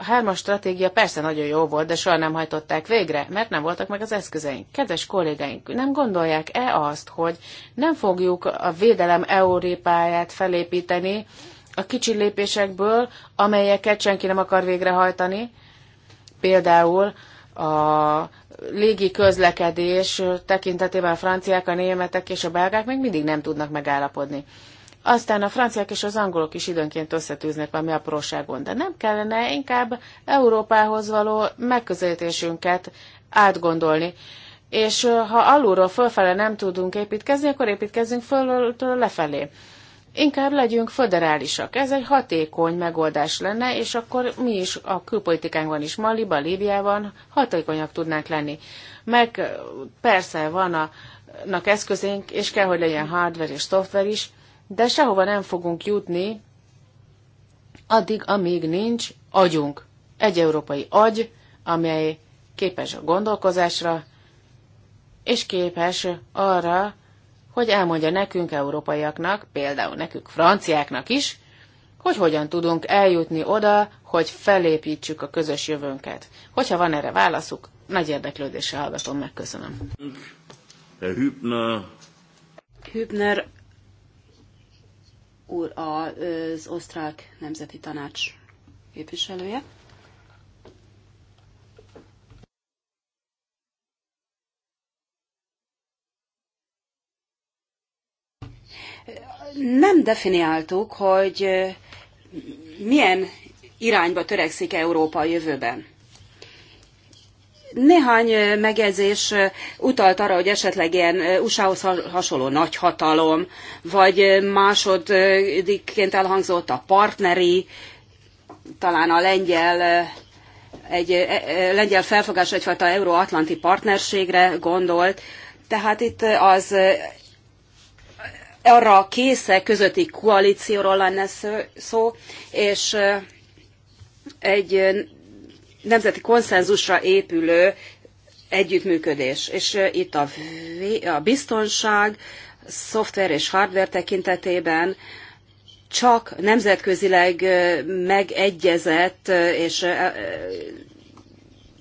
a hármas stratégia persze nagyon jó volt, de soha nem hajtották végre, mert nem voltak meg az eszközeink. Kedves kollégáink, nem gondolják-e azt, hogy nem fogjuk a védelem Európáját felépíteni a kicsi lépésekből, amelyeket senki nem akar végrehajtani? Például a légi közlekedés tekintetében a franciák, a németek és a belgák még mindig nem tudnak megállapodni. Aztán a franciák és az angolok is időnként összetűznek valami apróságon, de nem kellene inkább Európához való megközelítésünket átgondolni. És ha alulról fölfele nem tudunk építkezni, akkor építkezzünk fölről lefelé. Inkább legyünk föderálisak. Ez egy hatékony megoldás lenne, és akkor mi is a külpolitikánkban is, Maliban, Líbiában hatékonyak tudnánk lenni. Meg persze van a, eszközénk, és kell, hogy legyen hardware és szoftver is, de sehova nem fogunk jutni addig, amíg nincs agyunk. Egy európai agy, amely képes a gondolkozásra, és képes arra, hogy elmondja nekünk, európaiaknak, például nekünk, franciáknak is, hogy hogyan tudunk eljutni oda, hogy felépítsük a közös jövőnket. Hogyha van erre válaszuk, nagy érdeklődéssel hallgatom megköszönöm. Hübner. Hübner úr az osztrák nemzeti tanács képviselője. Nem definiáltuk, hogy milyen irányba törekszik Európa a jövőben. Néhány megjegyzés utalt arra, hogy esetleg ilyen USA-hoz hasonló nagyhatalom, vagy másodikként elhangzott a partneri, talán a lengyel egy lengyel felfogás egyfajta euróatlanti partnerségre gondolt. Tehát itt az arra a késze közötti koalícióról lenne szó, és egy nemzeti konszenzusra épülő együttműködés. És itt a, a biztonság, szoftver és hardware tekintetében csak nemzetközileg megegyezett és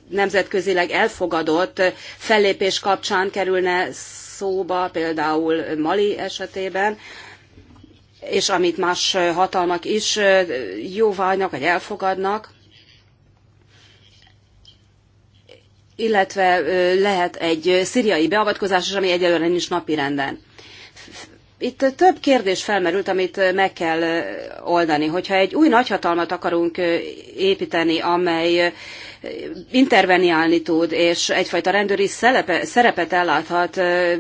nemzetközileg elfogadott fellépés kapcsán kerülne szóba, például Mali esetében, és amit más hatalmak is jóvágynak vagy elfogadnak. illetve lehet egy szíriai beavatkozás is, ami egyelőre nincs renden. Itt több kérdés felmerült, amit meg kell oldani. Hogyha egy új nagyhatalmat akarunk építeni, amely interveniálni tud, és egyfajta rendőri szerepe, szerepet elláthat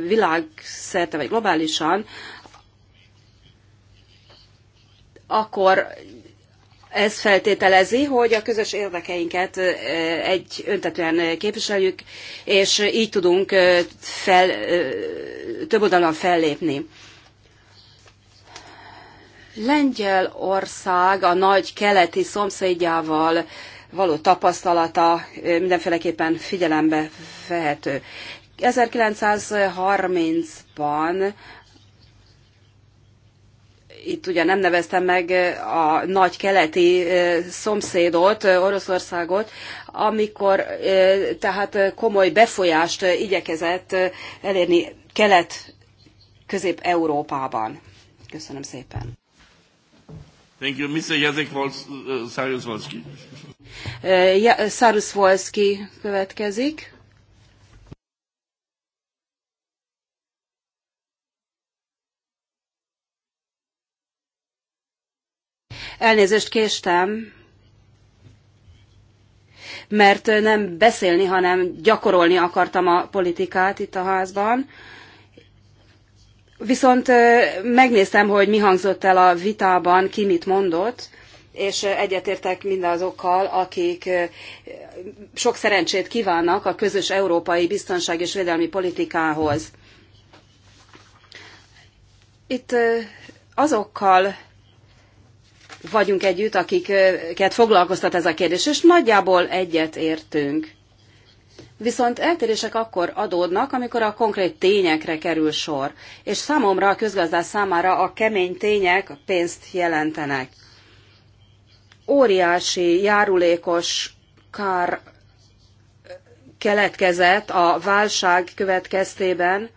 világszerte vagy globálisan, akkor ez feltételezi, hogy a közös érdekeinket egy öntetően képviseljük, és így tudunk fel, több oldalon fellépni. Lengyelország a nagy keleti szomszédjával való tapasztalata mindenféleképpen figyelembe vehető. 1930-ban itt ugye nem neveztem meg a nagy keleti szomszédot, Oroszországot, amikor tehát komoly befolyást igyekezett elérni kelet-közép-európában. Köszönöm szépen. Thank you, Mr. Jacek Sarus-Wolski. Sarus-Wolski következik. Elnézést késtem, mert nem beszélni, hanem gyakorolni akartam a politikát itt a házban. Viszont megnéztem, hogy mi hangzott el a vitában, ki mit mondott, és egyetértek mindazokkal, akik sok szerencsét kívánnak a közös európai biztonság és védelmi politikához. Itt azokkal vagyunk együtt, akiket foglalkoztat ez a kérdés, és nagyjából egyet értünk. Viszont eltérések akkor adódnak, amikor a konkrét tényekre kerül sor, és számomra a közgazdás számára a kemény tények pénzt jelentenek. Óriási járulékos kár keletkezett a válság következtében,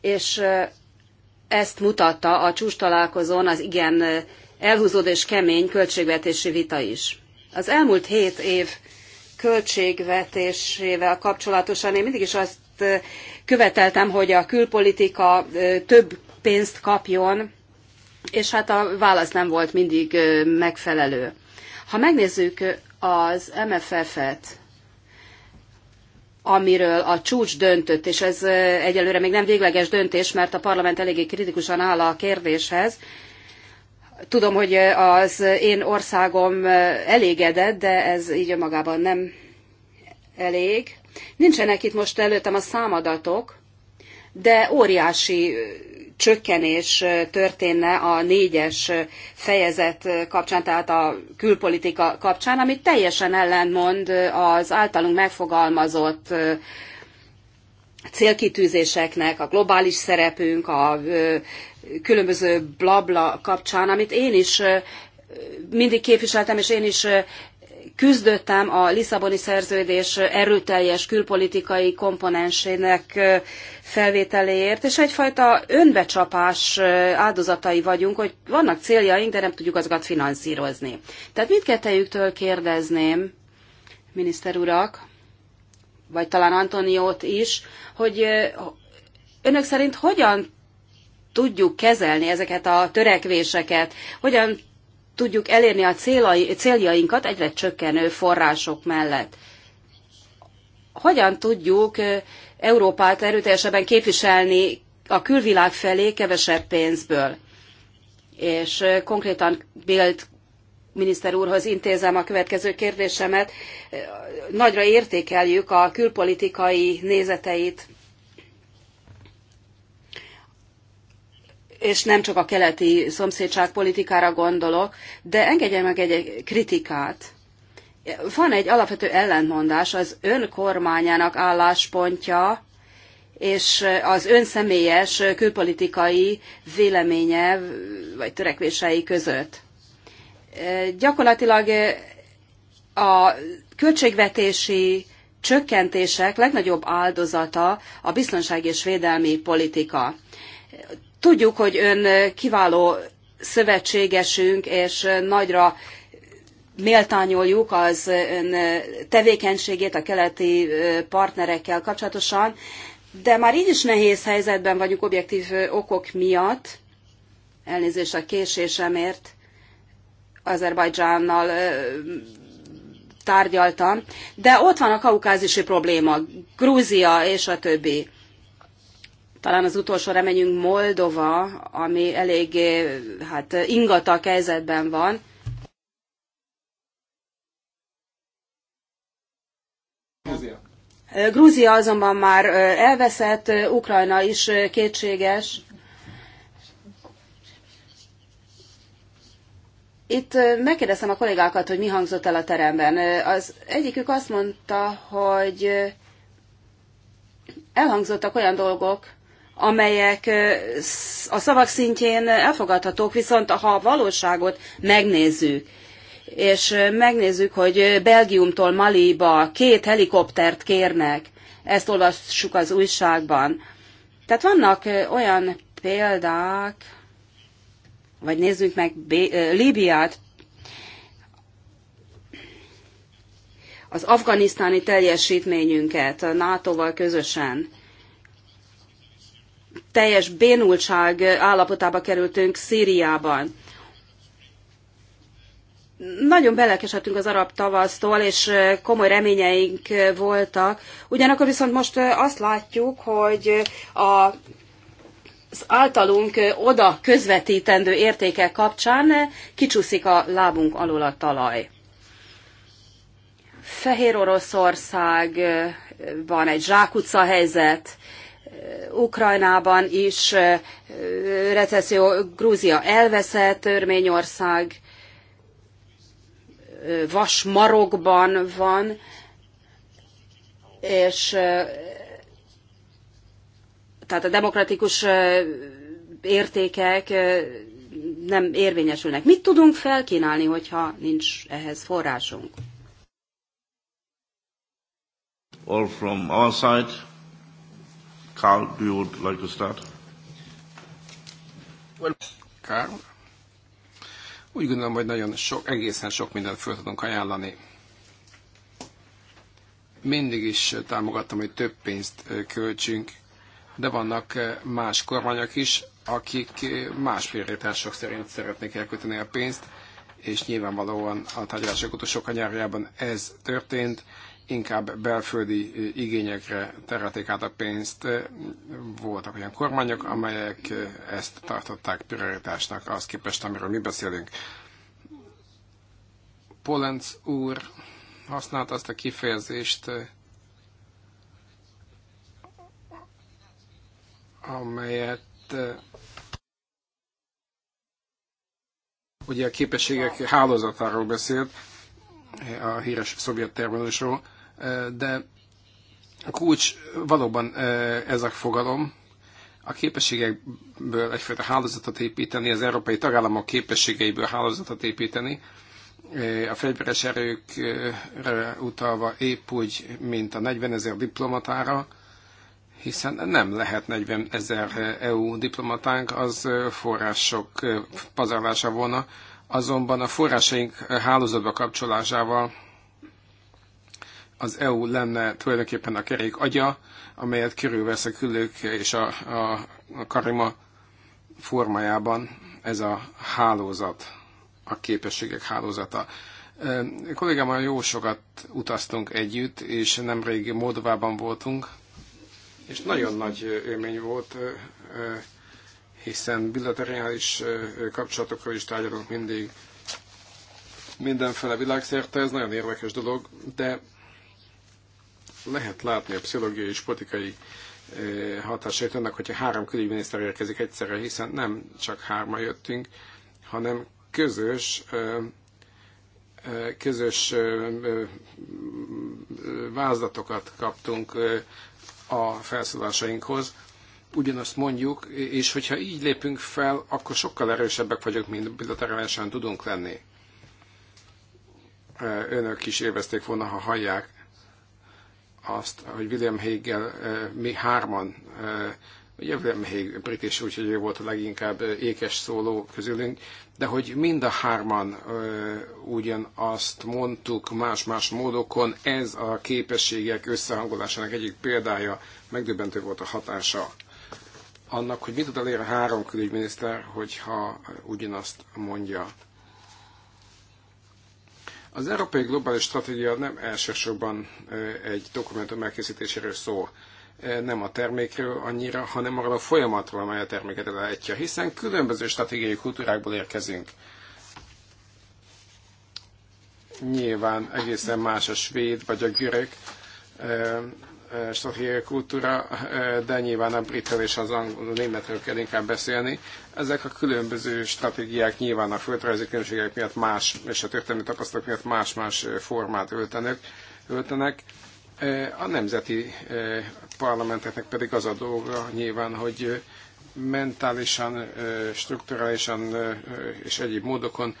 és ezt mutatta a csúcs találkozón az igen elhúzódó és kemény költségvetési vita is. Az elmúlt hét év költségvetésével kapcsolatosan én mindig is azt követeltem, hogy a külpolitika több pénzt kapjon, és hát a válasz nem volt mindig megfelelő. Ha megnézzük az MFF-et, amiről a csúcs döntött, és ez egyelőre még nem végleges döntés, mert a parlament eléggé kritikusan áll a kérdéshez. Tudom, hogy az én országom elégedett, de ez így önmagában nem elég. Nincsenek itt most előttem a számadatok, de óriási csökkenés történne a négyes fejezet kapcsán, tehát a külpolitika kapcsán, ami teljesen ellentmond az általunk megfogalmazott célkitűzéseknek, a globális szerepünk, a különböző blabla kapcsán, amit én is mindig képviseltem, és én is küzdöttem a Lisszaboni szerződés erőteljes külpolitikai komponensének felvételéért, és egyfajta önbecsapás áldozatai vagyunk, hogy vannak céljaink, de nem tudjuk azokat finanszírozni. Tehát mindkettejüktől kérdezném, miniszter urak, vagy talán Antoniót is, hogy önök szerint hogyan tudjuk kezelni ezeket a törekvéseket, hogyan tudjuk elérni a célai, céljainkat egyre csökkenő források mellett. Hogyan tudjuk Európát erőteljesebben képviselni a külvilág felé kevesebb pénzből? És konkrétan Bild miniszter úrhoz intézem a következő kérdésemet. Nagyra értékeljük a külpolitikai nézeteit, és nem csak a keleti szomszédság politikára gondolok, de engedje meg egy, kritikát. Van egy alapvető ellentmondás az ön kormányának álláspontja és az ön személyes külpolitikai véleménye vagy törekvései között. Gyakorlatilag a költségvetési csökkentések legnagyobb áldozata a biztonsági és védelmi politika Tudjuk, hogy ön kiváló szövetségesünk, és nagyra méltányoljuk az ön tevékenységét a keleti partnerekkel kapcsolatosan, de már így is nehéz helyzetben vagyunk objektív okok miatt, elnézést a késésemért, Azerbajdzsánnal tárgyaltam, de ott van a kaukázisi probléma, Grúzia és a többi. Talán az utolsó reményünk Moldova, ami elég, hát, ingata helyzetben van. Grúzia azonban már elveszett, Ukrajna is kétséges. Itt megkérdeztem a kollégákat, hogy mi hangzott el a teremben. Az egyikük azt mondta, hogy elhangzottak olyan dolgok, amelyek a szavak szintjén elfogadhatók, viszont ha a valóságot megnézzük, és megnézzük, hogy Belgiumtól Maliba két helikoptert kérnek, ezt olvassuk az újságban. Tehát vannak olyan példák, vagy nézzük meg Líbiát, az afganisztáni teljesítményünket a NATO-val közösen teljes bénultság állapotába kerültünk Szíriában. Nagyon belekesedtünk az arab tavasztól, és komoly reményeink voltak. Ugyanakkor viszont most azt látjuk, hogy a az általunk oda közvetítendő értékek kapcsán kicsúszik a lábunk alól a talaj. Fehér Oroszország, van egy zsákutca helyzet, Ukrajnában is recesszió, Grúzia elveszett, Törményország vasmarokban van, és tehát a demokratikus értékek nem érvényesülnek. Mit tudunk felkínálni, hogyha nincs ehhez forrásunk? All from our side. Carl, do you would like to start? Well, Carl, úgy gondolom, hogy nagyon sok, egészen sok mindent föl tudunk ajánlani. Mindig is támogattam, hogy több pénzt költsünk, de vannak más kormányok is, akik más prioritások szerint szeretnék elkölteni a pénzt, és nyilvánvalóan a tárgyalások utolsó kanyárjában ez történt inkább belföldi igényekre terelték át a pénzt. Voltak olyan kormányok, amelyek ezt tartották prioritásnak az képest, amiről mi beszélünk. Polenc úr használta azt a kifejezést, amelyet ugye a képességek hálózatáról beszélt, a híres szovjet termelésről, de a kulcs valóban ez a fogalom, a képességekből egyfajta hálózatot építeni, az európai tagállamok képességeiből hálózatot építeni, a fegyveres erőkre utalva épp úgy, mint a 40 ezer diplomatára, hiszen nem lehet 40 ezer EU diplomatánk, az források pazarlása volna, Azonban a forrásaink hálózatba kapcsolásával az EU lenne tulajdonképpen a kerék agya, amelyet körülvesz a külők és a, a, a karima formájában ez a hálózat, a képességek hálózata. Kollégámmal jó sokat utaztunk együtt, és nemrég Moldovában voltunk, és nagyon nagy élmény volt hiszen bilaterális kapcsolatokról is tárgyalunk mindig mindenféle világszerte, ez nagyon érdekes dolog, de lehet látni a pszichológiai és politikai hatásait annak, hogyha három külügyminiszter érkezik egyszerre, hiszen nem csak hárma jöttünk, hanem közös közös vázlatokat kaptunk a felszólásainkhoz, ugyanazt mondjuk, és hogyha így lépünk fel, akkor sokkal erősebbek vagyunk, mint bilaterálisan tudunk lenni. Önök is élvezték volna, ha hallják azt, hogy William hague mi hárman, ugye William Hague brit is, úgyhogy ő volt a leginkább ékes szóló közülünk, de hogy mind a hárman ugyanazt mondtuk más-más módokon, ez a képességek összehangolásának egyik példája, megdöbbentő volt a hatása annak, hogy mit tud elérni három külügyminiszter, hogyha ugyanazt mondja. Az Európai Globális Stratégia nem elsősorban egy dokumentum elkészítéséről szól, nem a termékről annyira, hanem arról a folyamatról, amely a terméket elejtje, hiszen különböző stratégiai kultúrákból érkezünk. Nyilván egészen más a svéd vagy a görög stratégiai kultúra, eh, de nyilván a britről és az angol, a németről kell inkább beszélni. Ezek a különböző stratégiák nyilván a földrajzi különbségek miatt más, és a történelmi tapasztalatok miatt más-más eh, formát öltenek. öltenek. Eh, a nemzeti parlamenteknek pedig az a dolga nyilván, hogy mentálisan, strukturálisan és egyéb módokon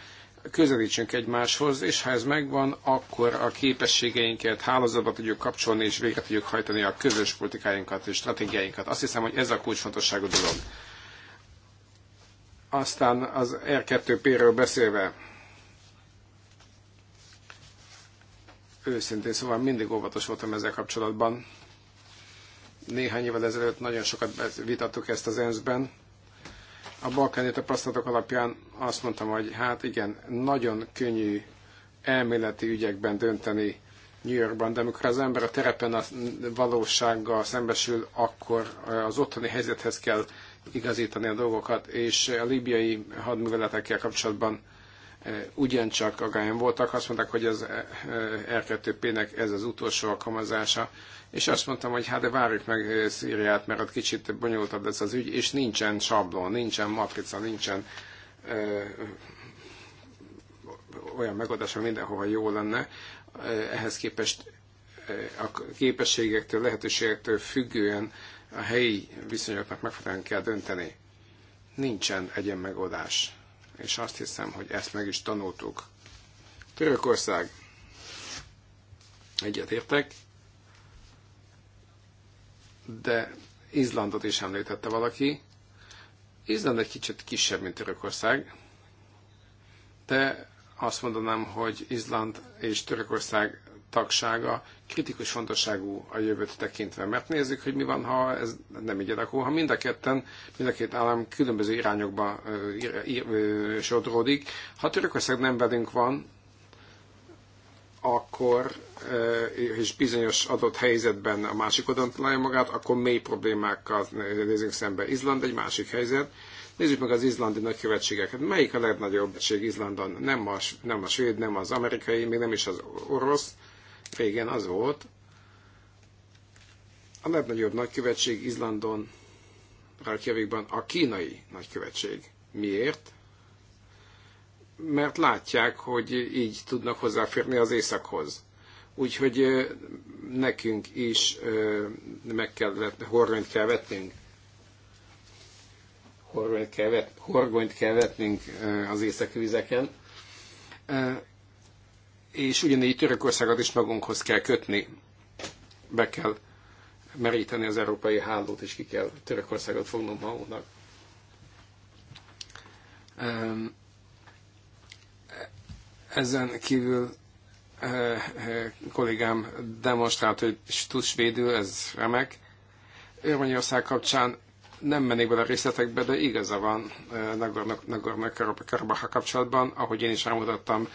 közelítsünk egymáshoz, és ha ez megvan, akkor a képességeinket hálózatba tudjuk kapcsolni, és végre tudjuk hajtani a közös politikáinkat és stratégiáinkat. Azt hiszem, hogy ez a kulcsfontosságú dolog. Aztán az R2P-ről beszélve, őszintén szóval mindig óvatos voltam ezzel kapcsolatban. Néhány évvel ezelőtt nagyon sokat vitattuk ezt az ENSZ-ben, a balkáni tapasztalatok alapján azt mondtam, hogy hát igen, nagyon könnyű elméleti ügyekben dönteni New Yorkban, de amikor az ember a terepen a valósággal szembesül, akkor az otthoni helyzethez kell igazítani a dolgokat, és a libiai hadműveletekkel kapcsolatban e, ugyancsak agályon voltak, azt mondták, hogy az e, e, R2P-nek ez az utolsó alkalmazása, és azt mondtam, hogy hát de várjuk meg eh, Szíriát, mert ott kicsit bonyolultabb lesz az ügy, és nincsen sablon, nincsen matrica, nincsen ö, eh, olyan megoldás, ami mindenhova jó lenne. Eh, ehhez képest a képességektől, lehetőségektől függően a helyi viszonyoknak megfelelően kell dönteni. Nincsen egyen megoldás. És azt hiszem, hogy ezt meg is tanultuk. Törökország. Egyetértek de Izlandot is említette valaki. Izland egy kicsit kisebb, mint Törökország, de azt mondanám, hogy Izland és Törökország tagsága kritikus fontosságú a jövőt tekintve, mert nézzük, hogy mi van, ha ez nem így alakul, ha mind a ketten, mind a két állam különböző irányokba sodródik. Ha Törökország nem velünk van, akkor, eh, és bizonyos adott helyzetben a másik oldalon találja magát, akkor mély problémákkal nézünk szembe. Izland egy másik helyzet. Nézzük meg az izlandi nagykövetségeket. Melyik a legnagyobb egység Izlandon? Nem a, nem a svéd, nem az amerikai, még nem is az orosz. Régen az volt. A legnagyobb nagykövetség Izlandon, Reykjavikban a kínai nagykövetség. Miért? mert látják, hogy így tudnak hozzáférni az éjszakhoz. Úgyhogy nekünk is meg kellett, horgonyt kell vetnünk. Horgonyt kell, vet, horgonyt kell vetnünk az északi vizeken. És ugyanígy Törökországot is magunkhoz kell kötni. Be kell meríteni az európai hálót, és ki kell Törökországot fognom magunknak. Ezen kívül eh, eh, kollégám demonstrált, hogy tud svédül, ez remek. Örményország kapcsán nem mennék bele a részletekbe, de igaza van eh, Nagorno-Karabaha kapcsolatban, ahogy én is rámutattam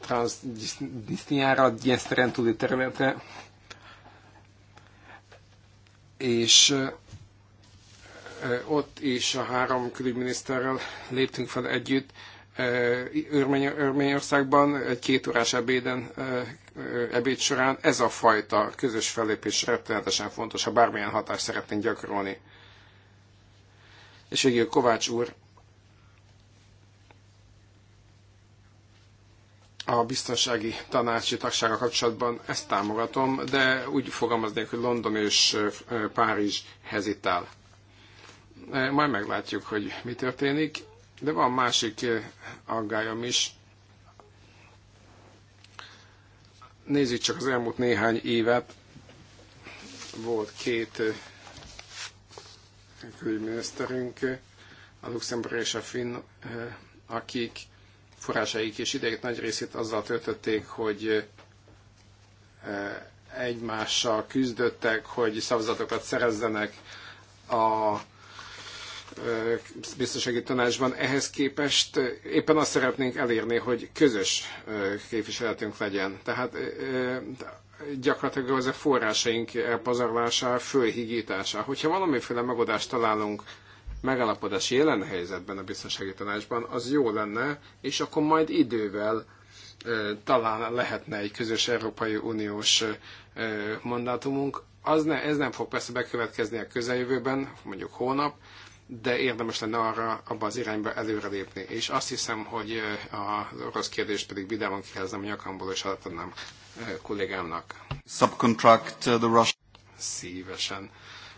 Transdiszniára, Gyeszteren túli területre, és ott is a három külügyminiszterrel léptünk fel együtt, Örményországban egy kétórás ebéden, ebéd során ez a fajta közös fellépés rettenetesen fontos, ha bármilyen hatást szeretnénk gyakorolni. És végül Kovács úr a biztonsági tanácsi tagsága kapcsolatban ezt támogatom, de úgy fogalmaznék, hogy London és Párizs hezitál. Majd meglátjuk, hogy mi történik de van másik eh, aggályom is. Nézzük csak az elmúlt néhány évet. Volt két eh, külügyminiszterünk, a Luxemburg és a Finn, eh, akik forrásaik és idejét nagy részét azzal töltötték, hogy egymással küzdöttek, hogy szavazatokat szerezzenek a biztonsági tanácsban. Ehhez képest éppen azt szeretnénk elérni, hogy közös képviseletünk legyen. Tehát gyakorlatilag az a forrásaink elpazarlása, fölhigítása. Hogyha valamiféle megoldást találunk megállapodás jelen helyzetben a biztonsági tanácsban, az jó lenne, és akkor majd idővel talán lehetne egy közös Európai Uniós mandátumunk. Az ne, ez nem fog persze bekövetkezni a közeljövőben, mondjuk hónap, de érdemes lenne arra abba az irányba előrelépni. És azt hiszem, hogy eh, az orosz kérdést pedig vidáman kiheznem a nyakamból, és átadnám eh, kollégámnak. Subcontract eh, the Russian. Szívesen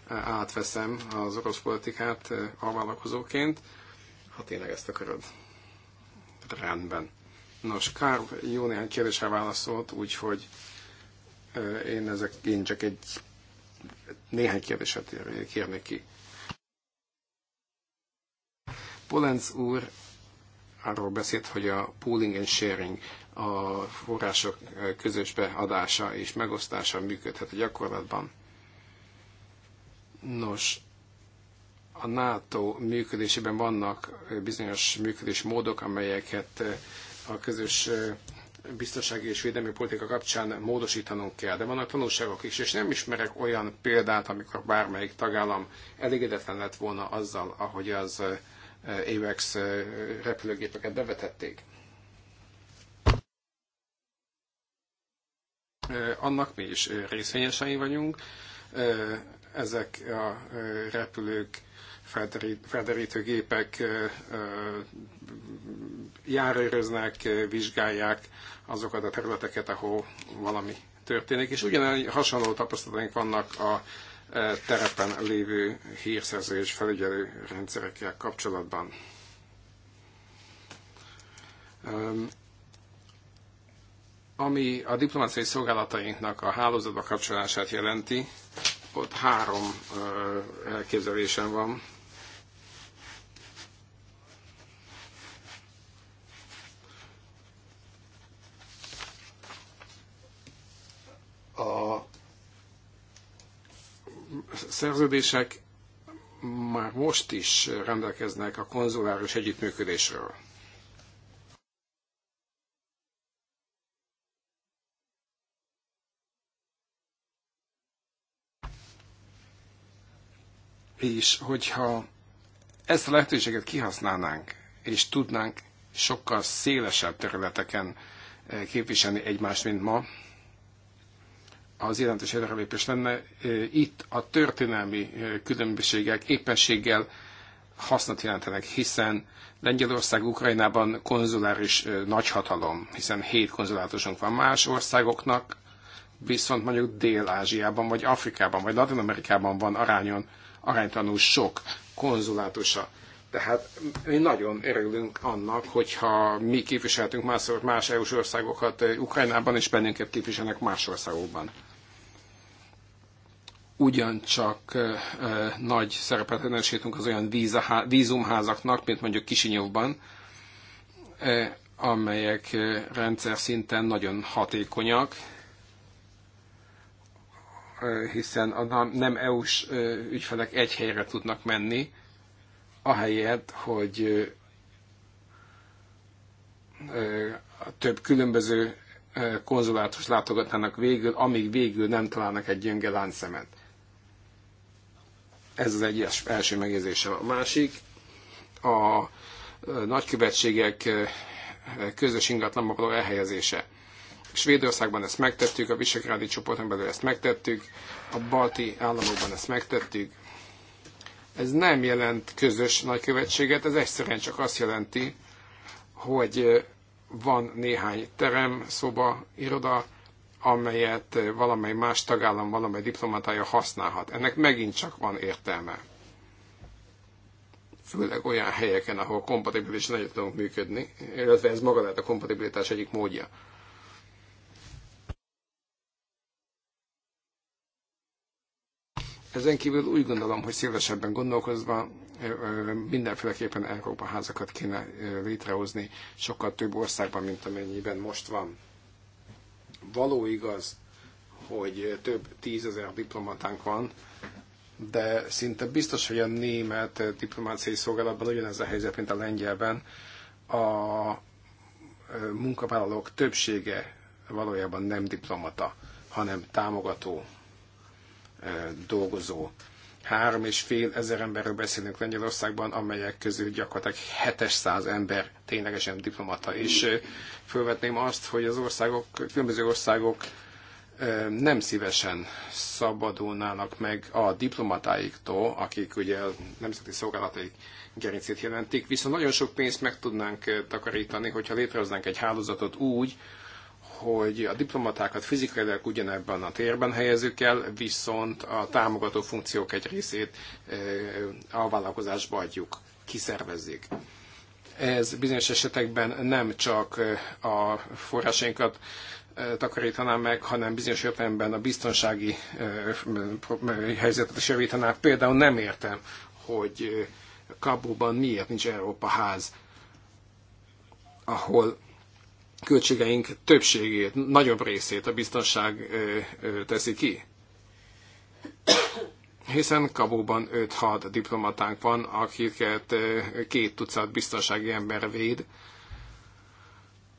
átveszem az orosz politikát vállalkozóként, ha tényleg ezt akarod. Rendben. Nos, Kár jó néhány kérdésre válaszolt, úgyhogy én, ezek, én csak egy néhány kérdéset kérnék ki. Polenc úr arról beszélt, hogy a pooling and sharing, a források közös beadása és megosztása működhet a gyakorlatban. Nos, a NATO működésében vannak bizonyos működés módok, amelyeket a közös biztonsági és védelmi politika kapcsán módosítanunk kell, de vannak tanulságok is, és nem ismerek olyan példát, amikor bármelyik tagállam elégedetlen lett volna azzal, ahogy az Eh, AVAX eh, repülőgépeket bevetették. Eh, annak mi is részvényesei vagyunk. Ezek a repülők felderítőgépek járőröznek, vizsgálják azokat a területeket, ahol valami történik, és ugyanilyen hasonló tapasztalataink vannak a E, terepen lévő hírszerző és felügyelő rendszerekkel kapcsolatban. Ami a diplomáciai szolgálatainknak a hálózatba kapcsolását jelenti, ott három elképzelésem van. A szerződések már most is rendelkeznek a konzuláris együttműködésről. És hogyha ezt a lehetőséget kihasználnánk, és tudnánk sokkal szélesebb területeken eh, képviselni egymást, mint ma, az jelentős előrelépés lenne. Itt a történelmi különbségek éppenséggel hasznot jelentenek, hiszen Lengyelország Ukrajnában konzuláris nagyhatalom, hiszen hét konzulátusunk van más országoknak, viszont mondjuk Dél-Ázsiában, vagy Afrikában, vagy Latin-Amerikában van arányon, aránytanul sok konzulátusa. Tehát mi nagyon örülünk annak, hogyha mi képviseltünk más, más EU-s országokat Ukrajnában, és bennünket képviselnek más országokban ugyancsak nagy szerepet önesítünk az olyan vízumházaknak, mint mondjuk Kisinyovban, amelyek rendszer szinten nagyon hatékonyak, hiszen a nem EU-s ügyfelek egy helyre tudnak menni, ahelyett, hogy több különböző konzulátus látogatnának végül, amíg végül nem találnak egy gyönge láncszemet. Ez az egy első megjegyzése. A másik, a nagykövetségek közös ingatlanba való elhelyezése. Svédországban ezt megtettük, a Visegrádi csoporton belül ezt megtettük, a balti államokban ezt megtettük. Ez nem jelent közös nagykövetséget, ez egyszerűen csak azt jelenti, hogy van néhány terem, szoba, iroda, amelyet valamely más tagállam, valamely diplomatája használhat. Ennek megint csak van értelme. Főleg olyan helyeken, ahol kompatibilis együtt tudunk működni, illetve ez maga lehet a kompatibilitás egyik módja. Ezen kívül úgy gondolom, hogy szélesebben gondolkozva mindenféleképpen Európa házakat kéne létrehozni sokkal több országban, mint amennyiben most van. Való igaz, hogy több tízezer diplomatánk van, de szinte biztos, hogy a német diplomáciai szolgálatban ugyanez a helyzet, mint a lengyelben. A munkavállalók többsége valójában nem diplomata, hanem támogató, dolgozó. Három és fél ezer emberről beszélünk Lengyelországban, amelyek közül gyakorlatilag 700 ember ténylegesen diplomata. És felvetném azt, hogy az országok, különböző országok nem szívesen szabadulnának meg a diplomatáiktól, akik ugye a nemzeti szolgálatai gerincét jelentik, viszont nagyon sok pénzt meg tudnánk takarítani, hogyha létrehoznánk egy hálózatot úgy, hogy a diplomatákat fizikailag ugyanebben a térben helyezzük el, viszont a támogató funkciók egy részét eh, a vállalkozásba adjuk, kiszervezzék. Ez bizonyos esetekben nem csak eh, a forrásainkat eh, takarítaná meg, hanem bizonyos értelemben a biztonsági helyzetet is javítaná. Például nem értem, hogy Kabulban miért nincs Európa ház, ahol költségeink többségét, nagyobb részét a biztonság teszi ki. Hiszen Kabóban 5-6 diplomatánk van, akiket két tucat biztonsági ember véd.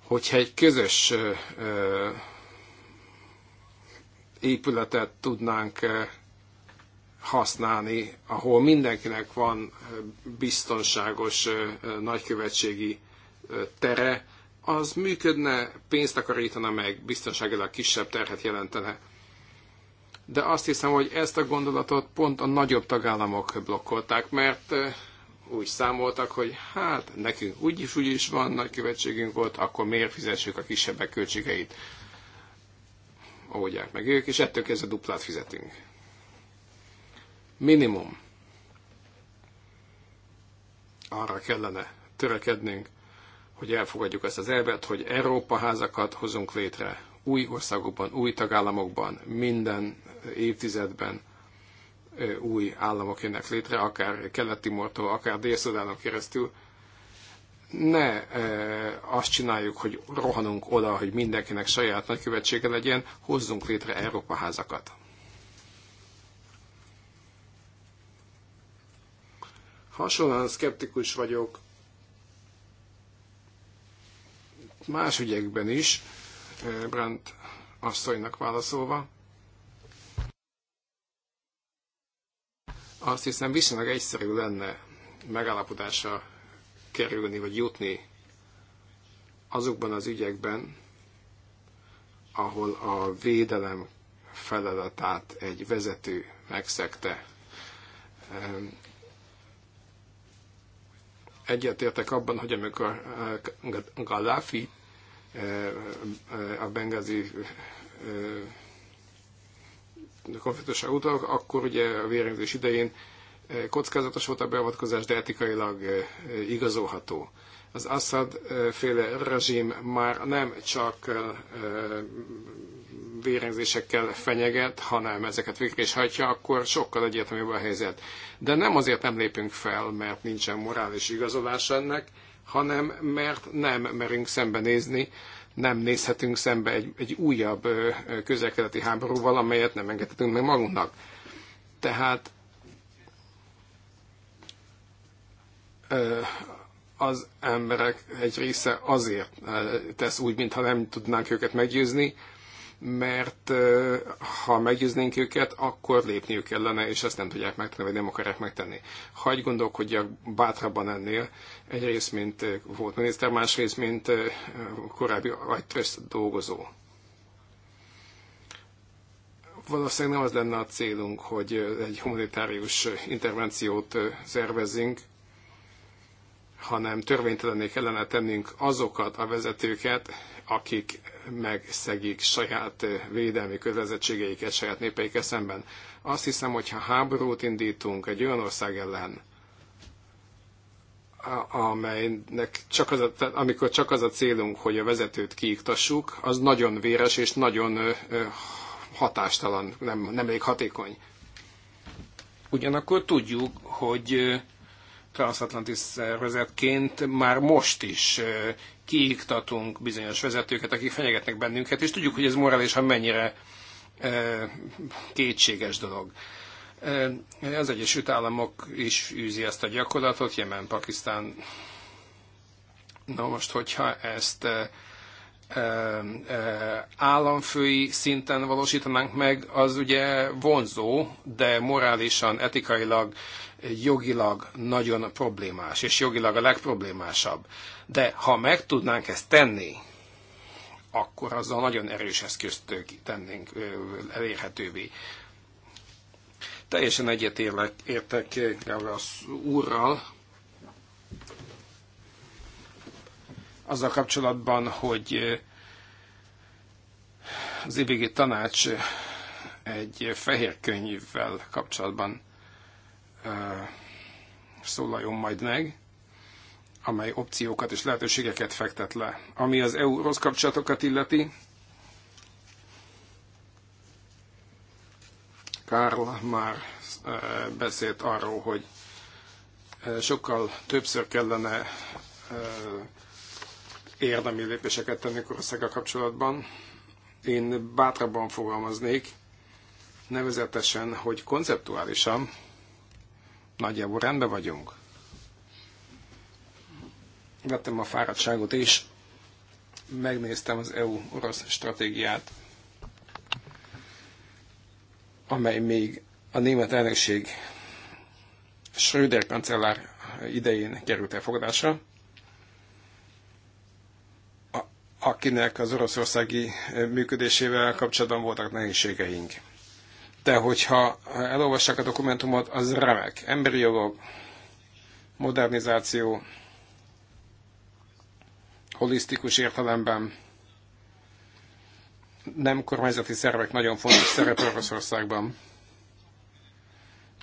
Hogyha egy közös épületet tudnánk használni, ahol mindenkinek van biztonságos nagykövetségi tere, az működne, pénzt takarítana meg, biztonságilag kisebb terhet jelentene. De azt hiszem, hogy ezt a gondolatot pont a nagyobb tagállamok blokkolták, mert úgy számoltak, hogy hát nekünk úgyis úgyis van nagy követségünk volt, akkor miért fizessük a kisebbek költségeit? Oldják meg ők, és ettől kezdve duplát fizetünk. Minimum. Arra kellene törekednünk, hogy elfogadjuk ezt az elvet, hogy Európa házakat hozunk létre új országokban, új tagállamokban, minden évtizedben új államok jönnek létre, akár Kelet-Timortól, akár Dél-Szudánon keresztül. Ne azt csináljuk, hogy rohanunk oda, hogy mindenkinek saját nagykövetsége legyen, hozzunk létre Európa házakat. Hasonlóan szkeptikus vagyok más ügyekben is, Brandt asszonynak válaszolva, azt hiszem viszonylag egyszerű lenne megállapodásra kerülni vagy jutni azokban az ügyekben, ahol a védelem feladatát egy vezető megszegte egyetértek abban, hogy amikor eh, Gaddafi eh, eh, a bengázi konfliktusra utalok, akkor ugye a vérengzés idején kockázatos volt a beavatkozás, de etikailag igazolható. Az Assad féle rezsim már nem csak vérengzésekkel fenyeget, hanem ezeket végre is hagyja, akkor sokkal egyértelműbb a helyzet. De nem azért nem lépünk fel, mert nincsen morális igazolás ennek, hanem mert nem merünk szembenézni, nem nézhetünk szembe egy, egy újabb közelkeleti háborúval, amelyet nem engedhetünk meg magunknak. Tehát az emberek egy része azért tesz úgy, mintha nem tudnánk őket meggyőzni, mert ha meggyőznénk őket, akkor lépniük kellene, és ezt nem tudják megtenni, vagy nem akarják megtenni. Hagy gondolkodjak bátrabban ennél, egyrészt, mint volt miniszter, másrészt, mint korábbi agytröszt dolgozó. Valószínűleg nem az lenne a célunk, hogy egy humanitárius intervenciót szervezzünk, hanem törvénytelenné kellene tennünk azokat a vezetőket, akik megszegik saját védelmi kötelezettségeiket saját népeik szemben. Azt hiszem, hogy ha háborút indítunk egy olyan ország ellen, amelynek csak az a, amikor csak az a célunk, hogy a vezetőt kiiktassuk, az nagyon véres és nagyon hatástalan, nem, nem elég hatékony. Ugyanakkor tudjuk, hogy transatlanti szervezetként már most is kiiktatunk bizonyos vezetőket, akik fenyegetnek bennünket, és tudjuk, hogy ez morálisan mennyire kétséges dolog. Az Egyesült Államok is űzi ezt a gyakorlatot, Jemen, Pakisztán. Na most, hogyha ezt államfői szinten valósítanánk meg, az ugye vonzó, de morálisan, etikailag, jogilag nagyon problémás, és jogilag a legproblémásabb. De ha meg tudnánk ezt tenni, akkor azzal nagyon erős eszközt tennénk elérhetővé. Teljesen egyetértek az úrral, azzal kapcsolatban, hogy az IBG tanács egy fehér könyvvel kapcsolatban szólaljon majd meg, amely opciókat és lehetőségeket fektet le. Ami az eu rossz kapcsolatokat illeti, Karl már beszélt arról, hogy sokkal többször kellene érdemi lépéseket tennünk Oroszággal kapcsolatban. Én bátrabban fogalmaznék, nevezetesen, hogy konceptuálisan nagyjából rendben vagyunk. Vettem a fáradtságot és megnéztem az EU-orosz stratégiát, amely még a német elnökség Schröder kancellár idején került elfogadásra. akinek az oroszországi eh, működésével kapcsolatban voltak nehézségeink. De hogyha elolvassák a dokumentumot, az remek. Emberi jogok, modernizáció, holisztikus értelemben nem kormányzati szervek nagyon fontos szerep Oroszországban.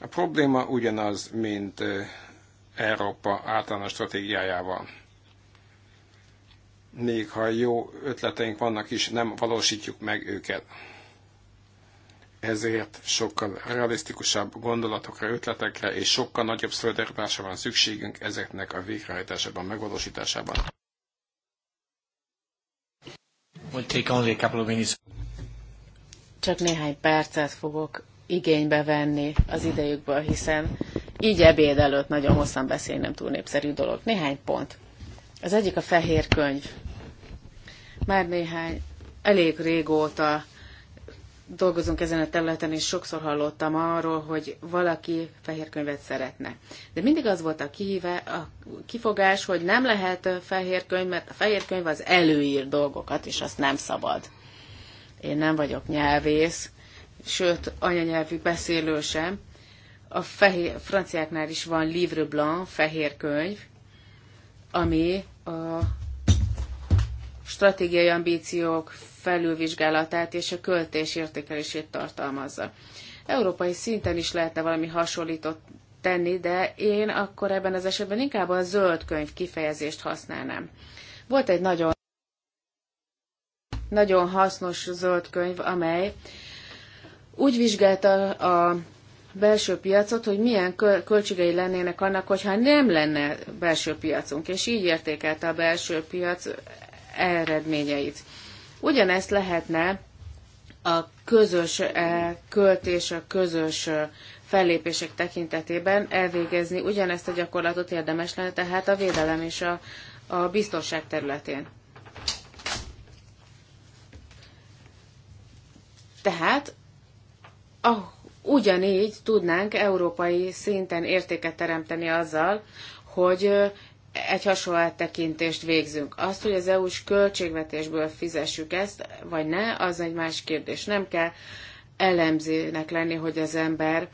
A probléma ugyanaz, mint eh, Európa általános stratégiájával még ha jó ötleteink vannak is, nem valósítjuk meg őket. Ezért sokkal realisztikusabb gondolatokra, ötletekre és sokkal nagyobb szölderülásra van szükségünk ezeknek a végrehajtásában, megvalósításában. Csak néhány percet fogok igénybe venni az idejükből, hiszen így ebéd előtt nagyon hosszan beszélni nem túl népszerű dolog. Néhány pont. Az egyik a fehér könyv. Már néhány, elég régóta dolgozunk ezen a területen, és sokszor hallottam arról, hogy valaki fehér könyvet szeretne. De mindig az volt a, kihíve, a kifogás, hogy nem lehet fehér könyv, mert a fehér könyv az előír dolgokat, és azt nem szabad. Én nem vagyok nyelvész, sőt, anyanyelvű beszélő sem. A fehér, franciáknál is van livre blanc, fehér könyv, ami a stratégiai ambíciók felülvizsgálatát és a költés értékelését tartalmazza. Európai szinten is lehetne valami hasonlított tenni, de én akkor ebben az esetben inkább a zöld könyv kifejezést használnám. Volt egy nagyon, nagyon hasznos zöld könyv, amely úgy vizsgálta a belső piacot, hogy milyen költségei lennének annak, hogyha nem lenne belső piacunk, és így értékelte a belső piac eredményeit. Ugyanezt lehetne a közös eh, költés, a közös eh, fellépések tekintetében elvégezni ugyanezt a gyakorlatot érdemes lenne, tehát a védelem és a, a biztonság területén. Tehát a, ugyanígy tudnánk európai szinten értéket teremteni azzal, hogy eh, egy hasonló áttekintést végzünk. Azt, hogy az EU-s költségvetésből fizessük ezt, vagy ne, az egy más kérdés. Nem kell elemzének lenni, hogy az ember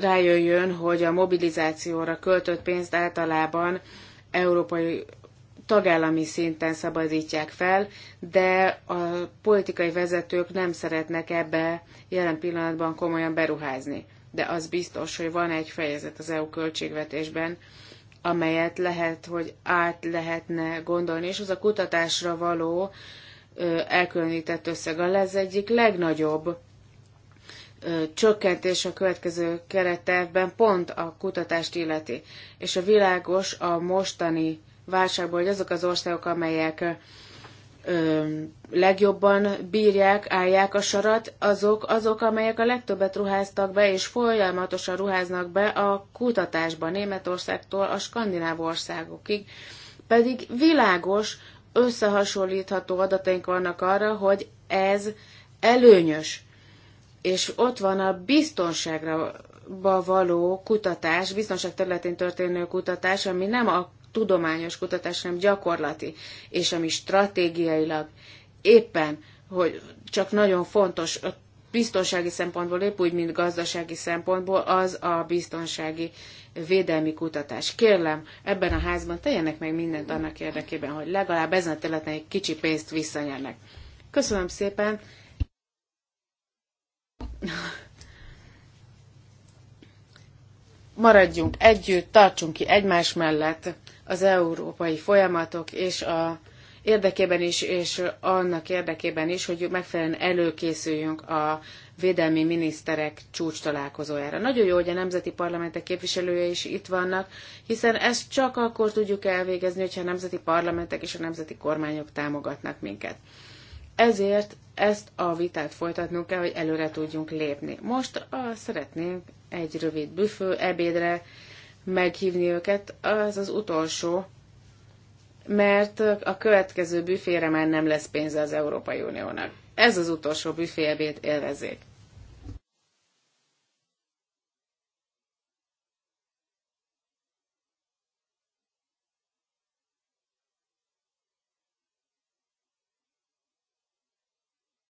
rájöjjön, hogy a mobilizációra költött pénzt általában európai tagállami szinten szabadítják fel, de a politikai vezetők nem szeretnek ebbe jelen pillanatban komolyan beruházni. De az biztos, hogy van egy fejezet az EU költségvetésben, amelyet lehet, hogy át lehetne gondolni, és az a kutatásra való ö, elkülönített összeg. A lesz egyik legnagyobb ö, csökkentés a következő kerettervben pont a kutatást illeti. És a világos a mostani válságból, hogy azok az országok, amelyek legjobban bírják, állják a sarat, azok, azok, amelyek a legtöbbet ruháztak be, és folyamatosan ruháznak be a kutatásba Németországtól a skandináv országokig. Pedig világos, összehasonlítható adataink vannak arra, hogy ez előnyös. És ott van a biztonságra való kutatás, biztonság területén történő kutatás, ami nem a tudományos kutatás, hanem gyakorlati, és ami stratégiailag éppen, hogy csak nagyon fontos a biztonsági szempontból, épp úgy, mint gazdasági szempontból, az a biztonsági védelmi kutatás. Kérlem, ebben a házban tegyenek meg mindent annak érdekében, hogy legalább ezen a területen egy kicsi pénzt visszanyernek. Köszönöm szépen! Maradjunk együtt, tartsunk ki egymás mellett, az európai folyamatok és a érdekében is, és annak érdekében is, hogy megfelelően előkészüljünk a védelmi miniszterek csúcs találkozójára. Nagyon jó, hogy a nemzeti parlamentek képviselője is itt vannak, hiszen ezt csak akkor tudjuk elvégezni, hogyha a nemzeti parlamentek és a nemzeti kormányok támogatnak minket. Ezért ezt a vitát folytatnunk kell, hogy előre tudjunk lépni. Most a, szeretnénk egy rövid büfő ebédre meghívni őket, az az utolsó, mert a következő büfére már nem lesz pénze az Európai Uniónak. Ez az utolsó büféjebét élvezék.